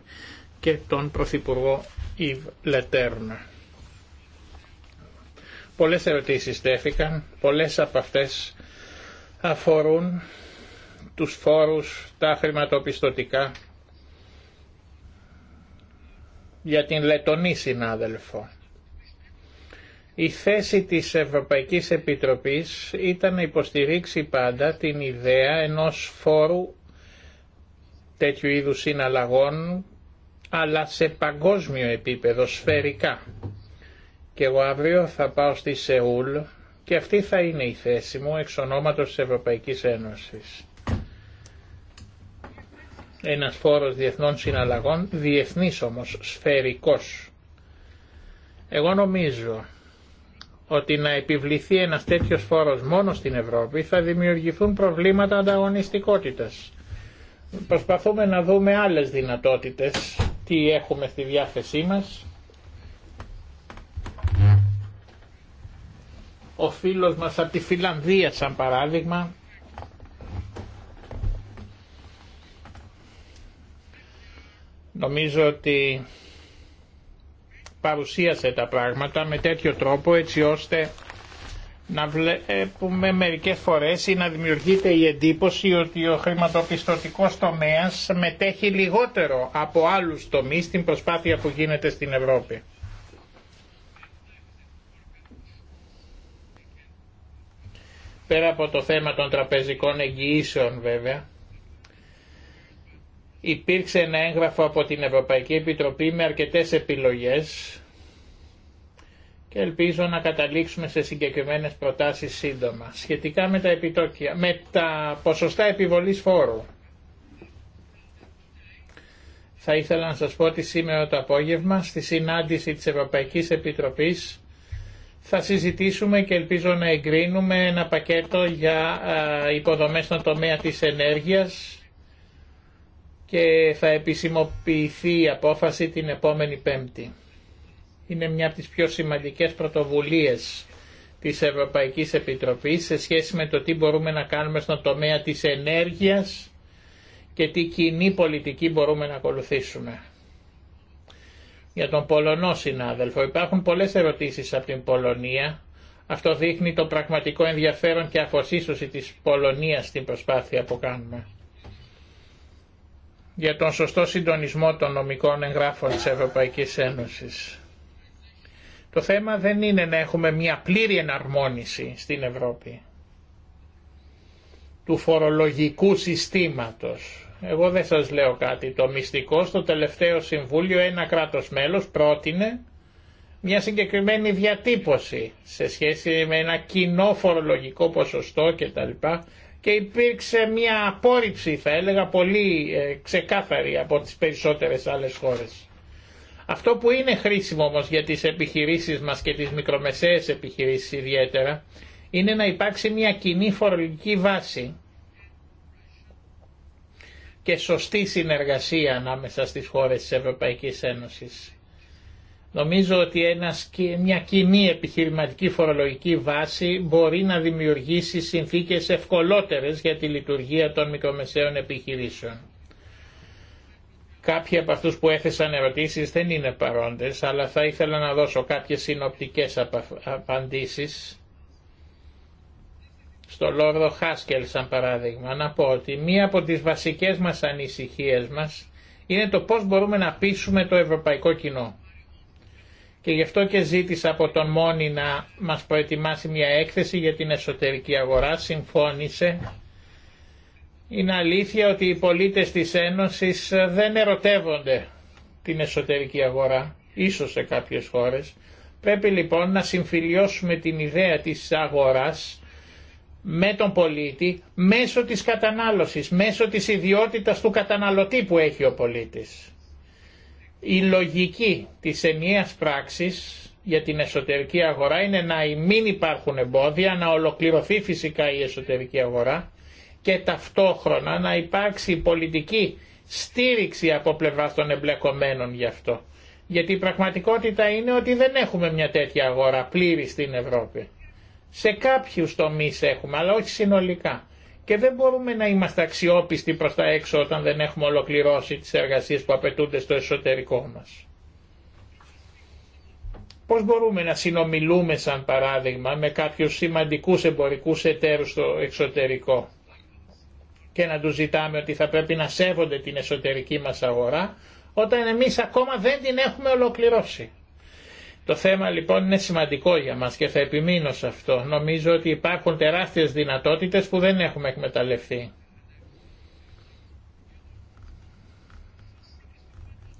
και τον Πρωθυπουργό Ιβ Λετέρνα. Πολλές ερωτήσεις τέθηκαν, πολλές από αυτές αφορούν τους φόρους, τα χρηματοπιστωτικά για την Λετωνή συνάδελφο. Η θέση της Ευρωπαϊκής Επιτροπής ήταν να υποστηρίξει πάντα την ιδέα ενός φόρου τέτοιου είδους συναλλαγών αλλά σε παγκόσμιο επίπεδο, σφαιρικά. Και εγώ αύριο θα πάω στη Σεούλ και αυτή θα είναι η θέση μου εξ ονόματος της Ευρωπαϊκής Ένωσης. Ένας φόρος διεθνών συναλλαγών, διεθνής όμως, σφαιρικός. Εγώ νομίζω ότι να επιβληθεί ένας τέτοιος φόρος μόνο στην Ευρώπη θα δημιουργηθούν προβλήματα ανταγωνιστικότητας. Προσπαθούμε να δούμε άλλες δυνατότητες, τι έχουμε στη διάθεσή μας. Ο φίλος μας από τη Φιλανδία σαν παράδειγμα Νομίζω ότι παρουσίασε τα πράγματα με τέτοιο τρόπο έτσι ώστε να βλέπουμε μερικές φορές ή να δημιουργείται η εντύπωση ότι ο χρηματοπιστωτικός τομέας μετέχει λιγότερο από άλλους τομείς στην προσπάθεια που γίνεται στην Ευρώπη. Πέρα από το θέμα των τραπεζικών εγγυήσεων βέβαια, Υπήρξε ένα έγγραφο από την Ευρωπαϊκή Επιτροπή με αρκετές επιλογές και ελπίζω να καταλήξουμε σε συγκεκριμένες προτάσεις σύντομα σχετικά με τα, επιτόκια, με τα ποσοστά επιβολής φόρου. Θα ήθελα να σας πω ότι σήμερα το απόγευμα στη συνάντηση της Ευρωπαϊκής Επιτροπής θα συζητήσουμε και ελπίζω να εγκρίνουμε ένα πακέτο για ε, υποδομές στον τομέα της ενέργειας και θα επισημοποιηθεί η απόφαση την επόμενη Πέμπτη. Είναι μια από τις πιο σημαντικές πρωτοβουλίες της Ευρωπαϊκής Επιτροπής σε σχέση με το τι μπορούμε να κάνουμε στον τομέα της ενέργειας και τι κοινή πολιτική μπορούμε να ακολουθήσουμε. Για τον Πολωνό συνάδελφο υπάρχουν πολλές ερωτήσεις από την Πολωνία. Αυτό δείχνει το πραγματικό ενδιαφέρον και αφοσίσωση της Πολωνίας στην προσπάθεια που κάνουμε για τον σωστό συντονισμό των νομικών εγγράφων της Ευρωπαϊκής Ένωσης. Το θέμα δεν είναι να έχουμε μια πλήρη εναρμόνιση στην Ευρώπη του φορολογικού συστήματος. Εγώ δεν σας λέω κάτι. Το μυστικό στο τελευταίο Συμβούλιο ένα κράτος μέλος πρότεινε μια συγκεκριμένη διατύπωση σε σχέση με ένα κοινό φορολογικό ποσοστό κτλ και υπήρξε μια απόρριψη θα έλεγα πολύ ε, ξεκάθαρη από τις περισσότερες άλλες χώρες. Αυτό που είναι χρήσιμο όμως για τις επιχειρήσεις μας και τις μικρομεσαίες επιχειρήσεις ιδιαίτερα είναι να υπάρξει μια κοινή φορολογική βάση και σωστή συνεργασία ανάμεσα στις χώρες της Ευρωπαϊκής Ένωσης. Νομίζω ότι μια κοινή επιχειρηματική φορολογική βάση μπορεί να δημιουργήσει συνθήκες ευκολότερες για τη λειτουργία των μικρομεσαίων επιχειρήσεων. Κάποιοι από αυτούς που έθεσαν ερωτήσεις δεν είναι παρόντες, αλλά θα ήθελα να δώσω κάποιες συνοπτικές απαντήσεις. Στο Λόρδο Χάσκελ, σαν παράδειγμα, να πω ότι μία από τις βασικές μας ανησυχίες μας είναι το πώς μπορούμε να πείσουμε το ευρωπαϊκό κοινό. Και γι' αυτό και ζήτησα από τον μόνι να μας προετοιμάσει μια έκθεση για την εσωτερική αγορά. Συμφώνησε. Είναι αλήθεια ότι οι πολίτες της Ένωσης ε, δεν ερωτεύονται την εσωτερική αγορά, ίσως σε κάποιες χώρες. Πρέπει λοιπόν να συμφιλιώσουμε την ιδέα της αγοράς με τον πολίτη μέσω της κατανάλωσης, μέσω της ιδιότητας του καταναλωτή που έχει ο πολίτης. Η λογική της ενιαίας πράξης για την εσωτερική αγορά είναι να μην υπάρχουν εμπόδια, να ολοκληρωθεί φυσικά η εσωτερική αγορά και ταυτόχρονα να υπάρξει πολιτική στήριξη από πλευρά των εμπλεκομένων γι' αυτό. Γιατί η πραγματικότητα είναι ότι δεν έχουμε μια τέτοια αγορά πλήρη στην Ευρώπη. Σε κάποιους τομείς έχουμε, αλλά όχι συνολικά και δεν μπορούμε να είμαστε αξιόπιστοι προς τα έξω όταν δεν έχουμε ολοκληρώσει τις εργασίες που απαιτούνται στο εσωτερικό μας. Πώς μπορούμε να συνομιλούμε σαν παράδειγμα με κάποιους σημαντικούς εμπορικούς εταίρους στο εξωτερικό και να τους ζητάμε ότι θα πρέπει να σέβονται την εσωτερική μας αγορά όταν εμείς ακόμα δεν την έχουμε ολοκληρώσει. Το θέμα λοιπόν είναι σημαντικό για μας και θα επιμείνω σε αυτό. Νομίζω ότι υπάρχουν τεράστιες δυνατότητες που δεν έχουμε εκμεταλλευτεί.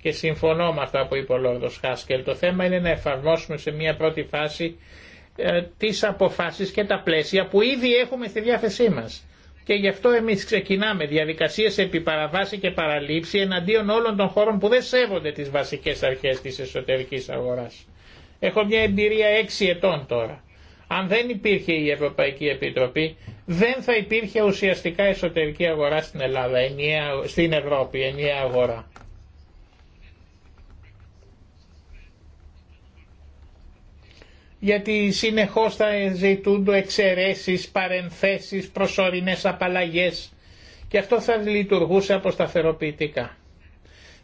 Και συμφωνώ με αυτά που είπε ο Λόρδος Χάσκελ. Το θέμα είναι να εφαρμόσουμε σε μια πρώτη φάση ε, τις αποφάσεις και τα πλαίσια που ήδη έχουμε στη διάθεσή μας. Και γι' αυτό εμείς ξεκινάμε διαδικασίες επί παραβάση και παραλήψη εναντίον όλων των χώρων που δεν σέβονται τις βασικές αρχές της εσωτερικής αγοράς. Έχω μια εμπειρία 6 ετών τώρα. Αν δεν υπήρχε η Ευρωπαϊκή Επιτροπή, δεν θα υπήρχε ουσιαστικά εσωτερική αγορά στην Ελλάδα, στην Ευρώπη, ενιαία αγορά. γιατί συνεχώς θα ζητούνται εξαιρέσεις, παρενθέσεις, προσωρινές απαλλαγές και αυτό θα λειτουργούσε αποσταθεροποιητικά.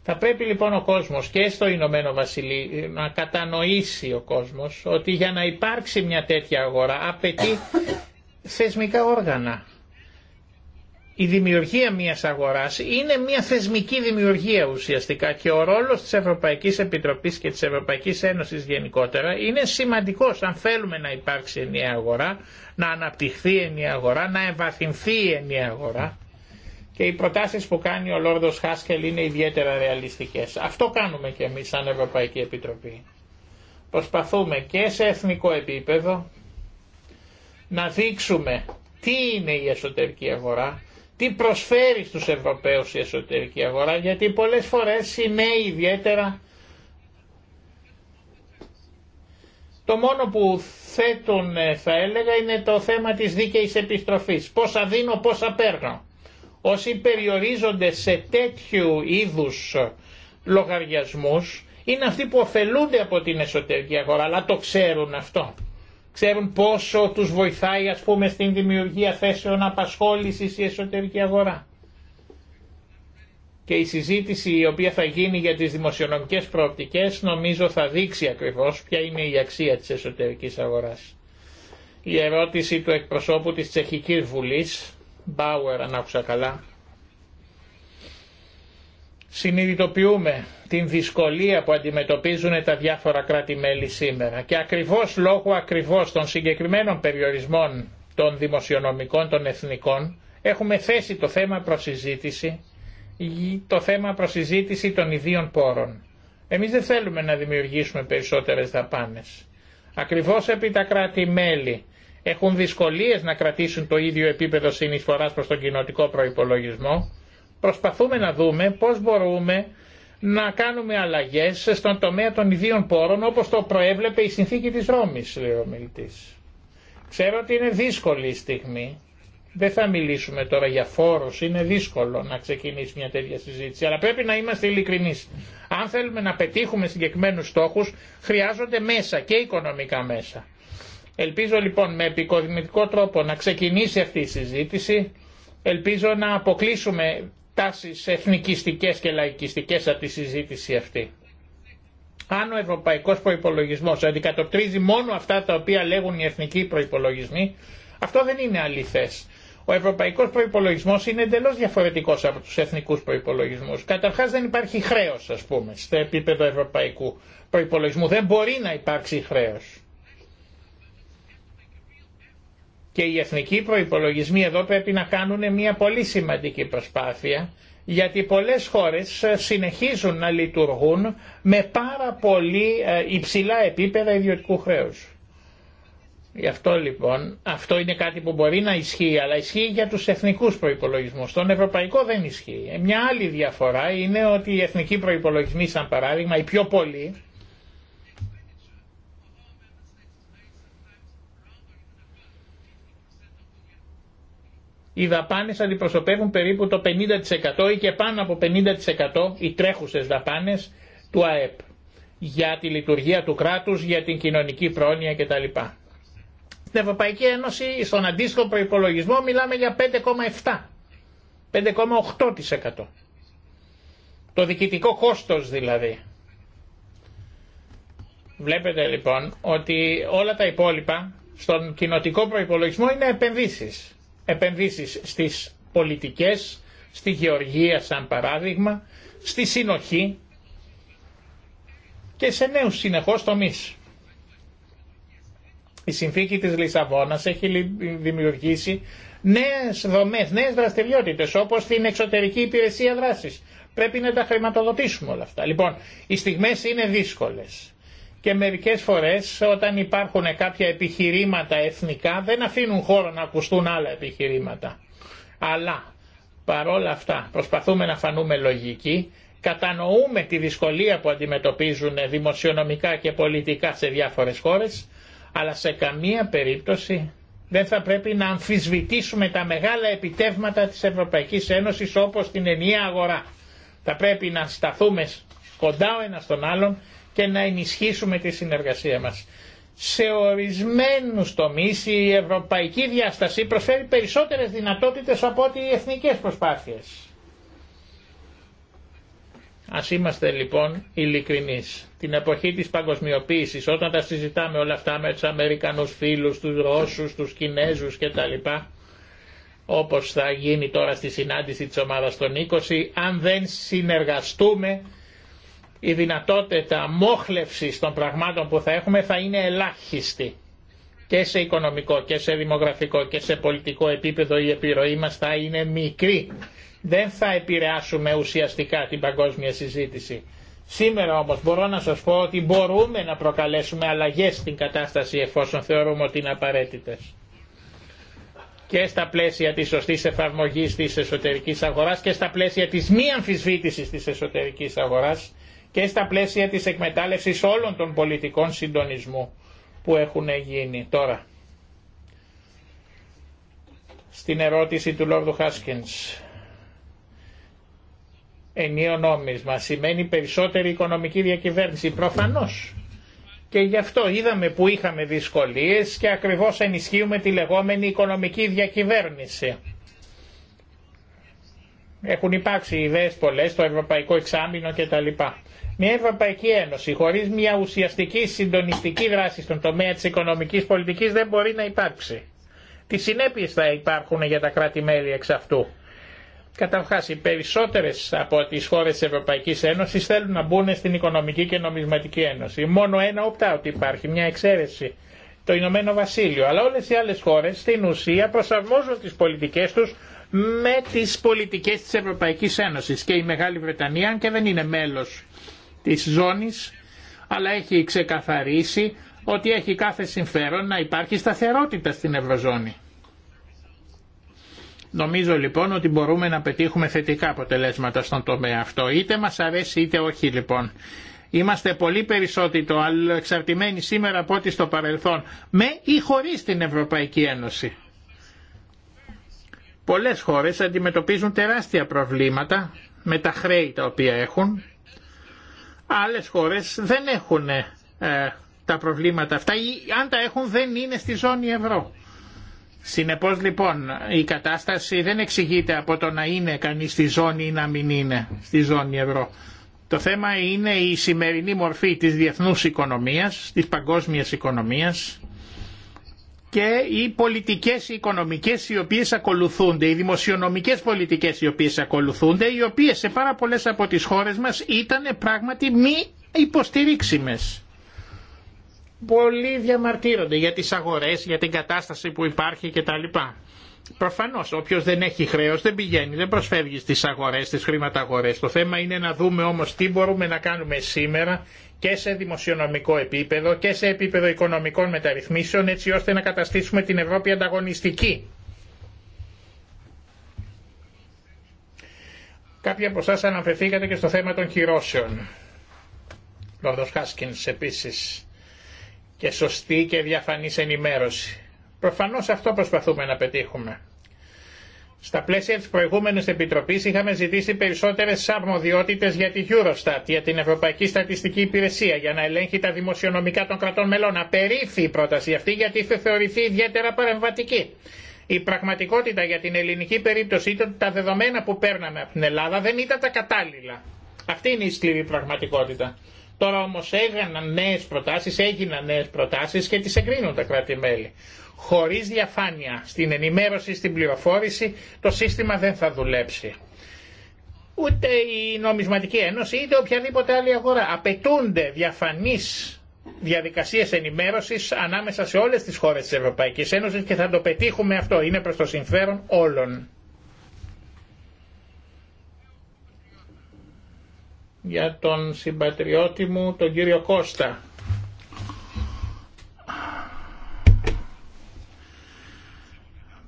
Θα πρέπει λοιπόν ο κόσμος και στο Ηνωμένο Βασιλείο να κατανοήσει ο κόσμος ότι για να υπάρξει μια τέτοια αγορά απαιτεί θεσμικά όργανα. Η δημιουργία μιας αγοράς είναι μια θεσμική δημιουργία ουσιαστικά και ο ρόλος της Ευρωπαϊκής Επιτροπής και της Ευρωπαϊκής Ένωσης γενικότερα είναι σημαντικός αν θέλουμε να υπάρξει ενιαία αγορά, να αναπτυχθεί ενιαία αγορά, να ευαθυνθεί ενιαία αγορά και οι προτάσεις που κάνει ο Λόρδος Χάσκελ είναι ιδιαίτερα ρεαλιστικές. Αυτό κάνουμε και εμείς σαν Ευρωπαϊκή Επιτροπή. Προσπαθούμε και σε εθνικό επίπεδο να δείξουμε τι είναι η εσωτερική αγορά, τι προσφέρει στους Ευρωπαίους η εσωτερική αγορά, γιατί πολλές φορές νέοι ιδιαίτερα Το μόνο που θέτουν ε, θα έλεγα είναι το θέμα της δίκαιης επιστροφής. Πόσα δίνω, πόσα παίρνω. Όσοι περιορίζονται σε τέτοιου είδους λογαριασμούς είναι αυτοί που ωφελούνται από την εσωτερική αγορά, αλλά το ξέρουν αυτό. Ξέρουν πόσο τους βοηθάει ας πούμε στην δημιουργία θέσεων απασχόλησης η εσωτερική αγορά. Και η συζήτηση η οποία θα γίνει για τις δημοσιονομικές προοπτικές νομίζω θα δείξει ακριβώς ποια είναι η αξία της εσωτερικής αγοράς. Η ερώτηση του εκπροσώπου της Τσεχικής Βουλής Μπάουερ αν καλά. Συνειδητοποιούμε την δυσκολία που αντιμετωπίζουν τα διάφορα κράτη-μέλη σήμερα και ακριβώς λόγω ακριβώς των συγκεκριμένων περιορισμών των δημοσιονομικών των εθνικών έχουμε θέσει το θέμα προσυζήτηση το θέμα προσυζήτηση των ιδίων πόρων. Εμείς δεν θέλουμε να δημιουργήσουμε περισσότερες δαπάνες. Ακριβώς επί τα κράτη-μέλη έχουν δυσκολίες να κρατήσουν το ίδιο επίπεδο συνεισφοράς προς τον κοινοτικό προϋπολογισμό, προσπαθούμε να δούμε πώς μπορούμε να κάνουμε αλλαγές στον τομέα των ιδίων πόρων όπως το προέβλεπε η συνθήκη της Ρώμης, λέει ο μιλητής. Ξέρω ότι είναι δύσκολη η στιγμή. Δεν θα μιλήσουμε τώρα για φόρους, είναι δύσκολο να ξεκινήσει μια τέτοια συζήτηση, αλλά πρέπει να είμαστε ειλικρινεί. Αν θέλουμε να πετύχουμε συγκεκριμένους στόχους, χρειάζονται μέσα και οικονομικά μέσα. Ελπίζω λοιπόν με επικοδημητικό τρόπο να ξεκινήσει αυτή η συζήτηση. Ελπίζω να αποκλείσουμε τάσεις εθνικιστικές και λαϊκιστικές από τη συζήτηση αυτή. Αν ο ευρωπαϊκό προπολογισμό αντικατοπτρίζει μόνο αυτά τα οποία λέγουν οι εθνικοί προπολογισμοί, αυτό δεν είναι αληθέ. Ο Ευρωπαϊκό προπολογισμό είναι εντελώ διαφορετικό από του εθνικού προπολογισμού. Καταρχά δεν υπάρχει χρέο, α πούμε, στο επίπεδο ευρωπαϊκού προπολογισμού. Δεν μπορεί να υπάρξει χρέο. Και οι εθνικοί προϋπολογισμοί εδώ πρέπει να κάνουν μια πολύ σημαντική προσπάθεια γιατί πολλές χώρες ε, συνεχίζουν να λειτουργούν με πάρα πολύ ε, υψηλά επίπεδα ιδιωτικού χρέους. Γι' αυτό λοιπόν, αυτό είναι κάτι που μπορεί να ισχύει, αλλά ισχύει για τους εθνικούς προϋπολογισμούς. Στον ευρωπαϊκό δεν ισχύει. Ε, μια άλλη διαφορά είναι ότι οι εθνικοί προϋπολογισμοί, σαν παράδειγμα, οι πιο πολλοί, οι δαπάνες αντιπροσωπεύουν περίπου το 50% ή και πάνω από 50% οι τρέχουσες δαπάνες του ΑΕΠ για τη λειτουργία του κράτους, για την κοινωνική πρόνοια κτλ. Στην Ευρωπαϊκή Ένωση στον αντίστοιχο προϋπολογισμό μιλάμε για 5,7, 5,8%. Το διοικητικό κόστος δηλαδή. Βλέπετε λοιπόν ότι όλα τα υπόλοιπα στον κοινοτικό προϋπολογισμό είναι επενδύσεις επενδύσεις στις πολιτικές, στη γεωργία σαν παράδειγμα, στη συνοχή και σε νέους συνεχώς τομείς. Η συνθήκη της Λισαβόνας έχει δημιουργήσει νέες δομές, νέες δραστηριότητες όπως την εξωτερική υπηρεσία δράσης. Πρέπει να τα χρηματοδοτήσουμε όλα αυτά. Λοιπόν, οι στιγμές είναι δύσκολες και μερικές φορές όταν υπάρχουν κάποια επιχειρήματα εθνικά δεν αφήνουν χώρο να ακουστούν άλλα επιχειρήματα. Αλλά παρόλα αυτά προσπαθούμε να φανούμε λογικοί, κατανοούμε τη δυσκολία που αντιμετωπίζουν δημοσιονομικά και πολιτικά σε διάφορες χώρες, αλλά σε καμία περίπτωση δεν θα πρέπει να αμφισβητήσουμε τα μεγάλα επιτεύγματα της Ευρωπαϊκής Ένωσης όπως την ενιαία αγορά. Θα πρέπει να σταθούμε κοντά ο ένας τον άλλον και να ενισχύσουμε τη συνεργασία μας. Σε ορισμένους τομείς η ευρωπαϊκή διάσταση προσφέρει περισσότερες δυνατότητες από ό,τι οι εθνικές προσπάθειες. Ας είμαστε λοιπόν ειλικρινεί. Την εποχή της παγκοσμιοποίησης, όταν τα συζητάμε όλα αυτά με τους Αμερικανούς φίλους, τους Ρώσους, τους Κινέζους κτλ, όπως θα γίνει τώρα στη συνάντηση της ομάδας των 20, αν δεν συνεργαστούμε η δυνατότητα μόχλευσης των πραγμάτων που θα έχουμε θα είναι ελάχιστη και σε οικονομικό και σε δημογραφικό και σε πολιτικό επίπεδο η επιρροή μας θα είναι μικρή. Δεν θα επηρεάσουμε ουσιαστικά την παγκόσμια συζήτηση. Σήμερα όμως μπορώ να σας πω ότι μπορούμε να προκαλέσουμε αλλαγές στην κατάσταση εφόσον θεωρούμε ότι είναι απαραίτητες και στα πλαίσια της σωστής εφαρμογής της εσωτερικής αγοράς και στα πλαίσια της μη αμφισβήτησης της εσωτερικής αγοράς και στα πλαίσια της εκμετάλλευσης όλων των πολιτικών συντονισμού που έχουν γίνει τώρα. Στην ερώτηση του Λόρδου Χάσκινς. Ενίο νόμισμα σημαίνει περισσότερη οικονομική διακυβέρνηση. Προφανώς. Και γι' αυτό είδαμε που είχαμε δυσκολίες και ακριβώς ενισχύουμε τη λεγόμενη οικονομική διακυβέρνηση. Έχουν υπάρξει ιδέες πολλές, το ευρωπαϊκό εξάμεινο κτλ. Μια Ευρωπαϊκή Ένωση χωρίς μια ουσιαστική συντονιστική δράση στον τομέα της οικονομικής πολιτικής δεν μπορεί να υπάρξει. Τι συνέπειες θα υπάρχουν για τα κράτη-μέλη εξ αυτού. Καταρχά, οι περισσότερε από τι χώρε τη Ευρωπαϊκή Ένωση θέλουν να μπουν στην Οικονομική και Νομισματική Ένωση. Μόνο οπτά ότι υπάρχει, μια εξαίρεση. Το Ηνωμένο Βασίλειο. Αλλά όλε οι άλλε χώρε στην ουσία προσαρμόζουν τι πολιτικέ του με τι πολιτικέ τη Ευρωπαϊκή Ένωση. Και η Μεγάλη Βρετανία, και δεν είναι μέλο της ζώνης, αλλά έχει ξεκαθαρίσει ότι έχει κάθε συμφέρον να υπάρχει σταθερότητα στην Ευρωζώνη. Νομίζω λοιπόν ότι μπορούμε να πετύχουμε θετικά αποτελέσματα στον τομέα αυτό. Είτε μας αρέσει είτε όχι λοιπόν. Είμαστε πολύ περισσότερο εξαρτημένοι σήμερα από ό,τι στο παρελθόν, με ή χωρίς την Ευρωπαϊκή Ένωση. Πολλές χώρες αντιμετωπίζουν τεράστια προβλήματα με τα χρέη τα οποία έχουν Άλλες χώρες δεν έχουν ε, τα προβλήματα αυτά ή αν τα έχουν δεν είναι στη ζώνη ευρώ. Συνεπώς λοιπόν η κατάσταση δεν εξηγείται από το να είναι κανείς στη ζώνη ή να μην είναι στη ζώνη ευρώ. Το θέμα είναι η σημερινή μορφή της διεθνούς οικονομίας, της παγκόσμιας οικονομίας και οι πολιτικές οι οικονομικές οι οποίες ακολουθούνται, οι δημοσιονομικές πολιτικές οι οποίες ακολουθούνται, οι οποίες σε πάρα πολλές από τις χώρες μας ήταν πράγματι μη υποστηρίξιμες. Πολλοί διαμαρτύρονται για τις αγορές, για την κατάσταση που υπάρχει κτλ. Προφανώ, όποιο δεν έχει χρέο δεν πηγαίνει, δεν προσφεύγει στι αγορέ, στι χρηματαγορέ. Το θέμα είναι να δούμε όμω τι μπορούμε να κάνουμε σήμερα και σε δημοσιονομικό επίπεδο και σε επίπεδο οικονομικών μεταρρυθμίσεων έτσι ώστε να καταστήσουμε την Ευρώπη ανταγωνιστική. Κάποιοι από εσά αναφερθήκατε και στο θέμα των κυρώσεων. Λόρδος Χάσκινς επίσης και σωστή και διαφανής ενημέρωση. Προφανώς αυτό προσπαθούμε να πετύχουμε. Στα πλαίσια της προηγούμενης Επιτροπής είχαμε ζητήσει περισσότερες αρμοδιότητες για τη Eurostat, για την Ευρωπαϊκή Στατιστική Υπηρεσία, για να ελέγχει τα δημοσιονομικά των κρατών μελών. Απερίφθη η πρόταση αυτή γιατί είχε θεωρηθεί ιδιαίτερα παρεμβατική. Η πραγματικότητα για την ελληνική περίπτωση ήταν ότι τα δεδομένα που παίρναμε από την Ελλάδα δεν ήταν τα κατάλληλα. Αυτή είναι η σκληρή πραγματικότητα. Τώρα όμως έγιναν νέες προτάσεις, έγιναν νέες προτάσεις και τι εγκρίνουν τα κράτη-μέλη χωρίς διαφάνεια στην ενημέρωση, στην πληροφόρηση, το σύστημα δεν θα δουλέψει. Ούτε η νομισματική ένωση, είτε οποιαδήποτε άλλη αγορά. Απαιτούνται διαφανείς διαδικασίες ενημέρωσης ανάμεσα σε όλες τις χώρες της Ευρωπαϊκής Ένωσης και θα το πετύχουμε αυτό. Είναι προς το συμφέρον όλων. Για τον συμπατριώτη μου, τον κύριο Κώστα.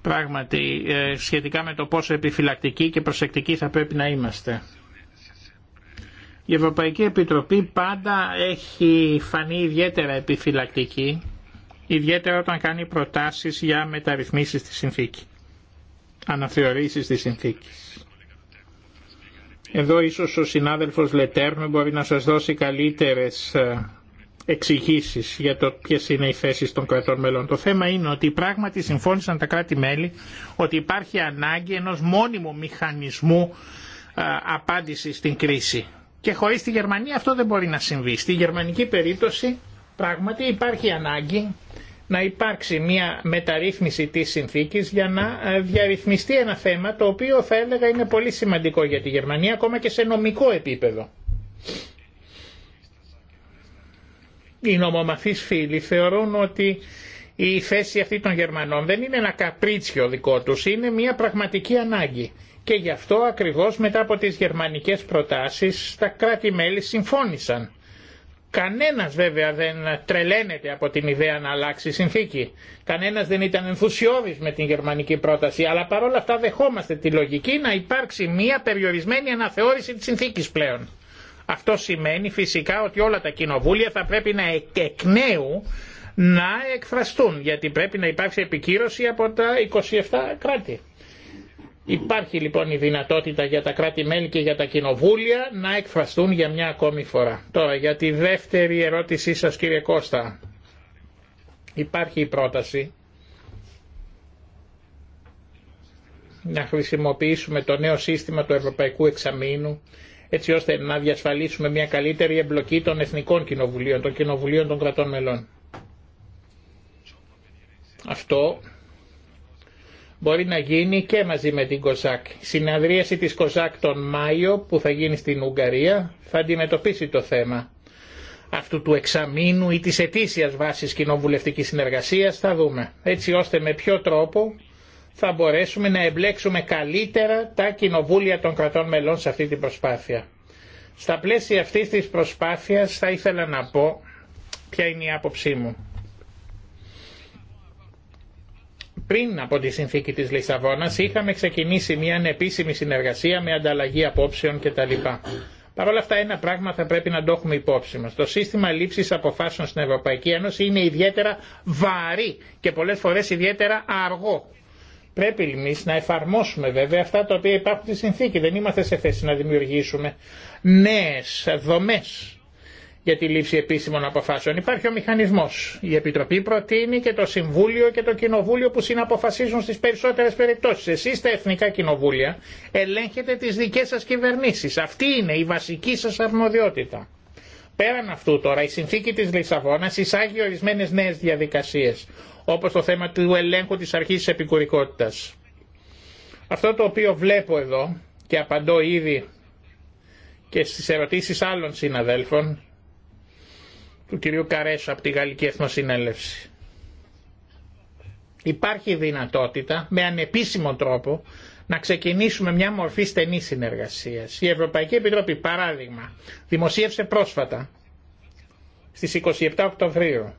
Πράγματι, ε, σχετικά με το πόσο επιφυλακτικοί και προσεκτικοί θα πρέπει να είμαστε. Η Ευρωπαϊκή Επιτροπή πάντα έχει φανεί ιδιαίτερα επιφυλακτική, ιδιαίτερα όταν κάνει προτάσεις για μεταρρυθμίσεις στη συνθήκη, αναθεωρήσεις της συνθήκης. Εδώ ίσως ο συνάδελφος Λετέρμε μπορεί να σας δώσει καλύτερες ε, εξηγήσει για το ποιε είναι οι θέσει των κρατών μελών. Το θέμα είναι ότι πράγματι συμφώνησαν τα κράτη-μέλη ότι υπάρχει ανάγκη ενό μόνιμου μηχανισμού απάντηση στην κρίση. Και χωρί τη Γερμανία αυτό δεν μπορεί να συμβεί. Στη γερμανική περίπτωση πράγματι υπάρχει ανάγκη να υπάρξει μια μεταρρύθμιση της συνθήκης για να διαρρυθμιστεί ένα θέμα το οποίο θα έλεγα είναι πολύ σημαντικό για τη Γερμανία ακόμα και σε νομικό επίπεδο οι νομομαθείς φίλοι θεωρούν ότι η θέση αυτή των Γερμανών δεν είναι ένα καπρίτσιο δικό τους, είναι μια πραγματική ανάγκη. Και γι' αυτό ακριβώς μετά από τις γερμανικές προτάσεις τα κράτη-μέλη συμφώνησαν. Κανένας βέβαια δεν τρελαίνεται από την ιδέα να αλλάξει συνθήκη. Κανένας δεν ήταν ενθουσιώδης με την γερμανική πρόταση, αλλά παρόλα αυτά δεχόμαστε τη λογική να υπάρξει μια περιορισμένη αναθεώρηση της συνθήκης πλέον. Αυτό σημαίνει φυσικά ότι όλα τα κοινοβούλια θα πρέπει να εκ να εκφραστούν γιατί πρέπει να υπάρξει επικύρωση από τα 27 κράτη. Υπάρχει λοιπόν η δυνατότητα για τα κράτη-μέλη και για τα κοινοβούλια να εκφραστούν για μια ακόμη φορά. Τώρα για τη δεύτερη ερώτησή σας κύριε Κώστα. Υπάρχει η πρόταση να χρησιμοποιήσουμε το νέο σύστημα του Ευρωπαϊκού Εξαμήνου έτσι ώστε να διασφαλίσουμε μια καλύτερη εμπλοκή των εθνικών κοινοβουλίων, των κοινοβουλίων των κρατών μελών. Αυτό μπορεί να γίνει και μαζί με την ΚΟΣΑΚ. Η συναδρίαση της ΚΟΣΑΚ τον Μάιο που θα γίνει στην Ουγγαρία θα αντιμετωπίσει το θέμα αυτού του εξαμήνου ή της ετήσιας βάσης κοινοβουλευτικής συνεργασίας θα δούμε. Έτσι ώστε με ποιο τρόπο θα μπορέσουμε να εμπλέξουμε καλύτερα τα κοινοβούλια των κρατών μελών σε αυτή την προσπάθεια. Στα πλαίσια αυτής της προσπάθειας θα ήθελα να πω ποια είναι η άποψή μου. Πριν από τη συνθήκη της Λισαβόνας είχαμε ξεκινήσει μια ανεπίσημη συνεργασία με ανταλλαγή απόψεων κτλ. Παρ' όλα αυτά ένα πράγμα θα πρέπει να το έχουμε υπόψη μας. Το σύστημα λήψης αποφάσεων στην Ευρωπαϊκή Ένωση είναι ιδιαίτερα βαρύ και πολλές φορές ιδιαίτερα αργό. Πρέπει εμεί να εφαρμόσουμε βέβαια αυτά τα οποία υπάρχουν στη συνθήκη. Δεν είμαστε σε θέση να δημιουργήσουμε νέε δομέ για τη λήψη επίσημων αποφάσεων. Υπάρχει ο μηχανισμό. Η Επιτροπή προτείνει και το Συμβούλιο και το Κοινοβούλιο που συναποφασίζουν στι περισσότερε περιπτώσει. Εσεί τα εθνικά κοινοβούλια ελέγχετε τι δικέ σα κυβερνήσει. Αυτή είναι η βασική σα αρμοδιότητα. Πέραν αυτού τώρα η συνθήκη της Λισαβόνας εισάγει ορισμένες νέες διαδικασίες, όπως το θέμα του ελέγχου της αρχής της επικουρικότητας. Αυτό το οποίο βλέπω εδώ και απαντώ ήδη και στις ερωτήσεις άλλων συναδέλφων του κυρίου Καρέσα από τη Γαλλική Εθνοσυνέλευση. Υπάρχει δυνατότητα με ανεπίσημο τρόπο να ξεκινήσουμε μια μορφή στενή συνεργασίας. Η Ευρωπαϊκή Επιτροπή, παράδειγμα, δημοσίευσε πρόσφατα, στις 27 Οκτωβρίου,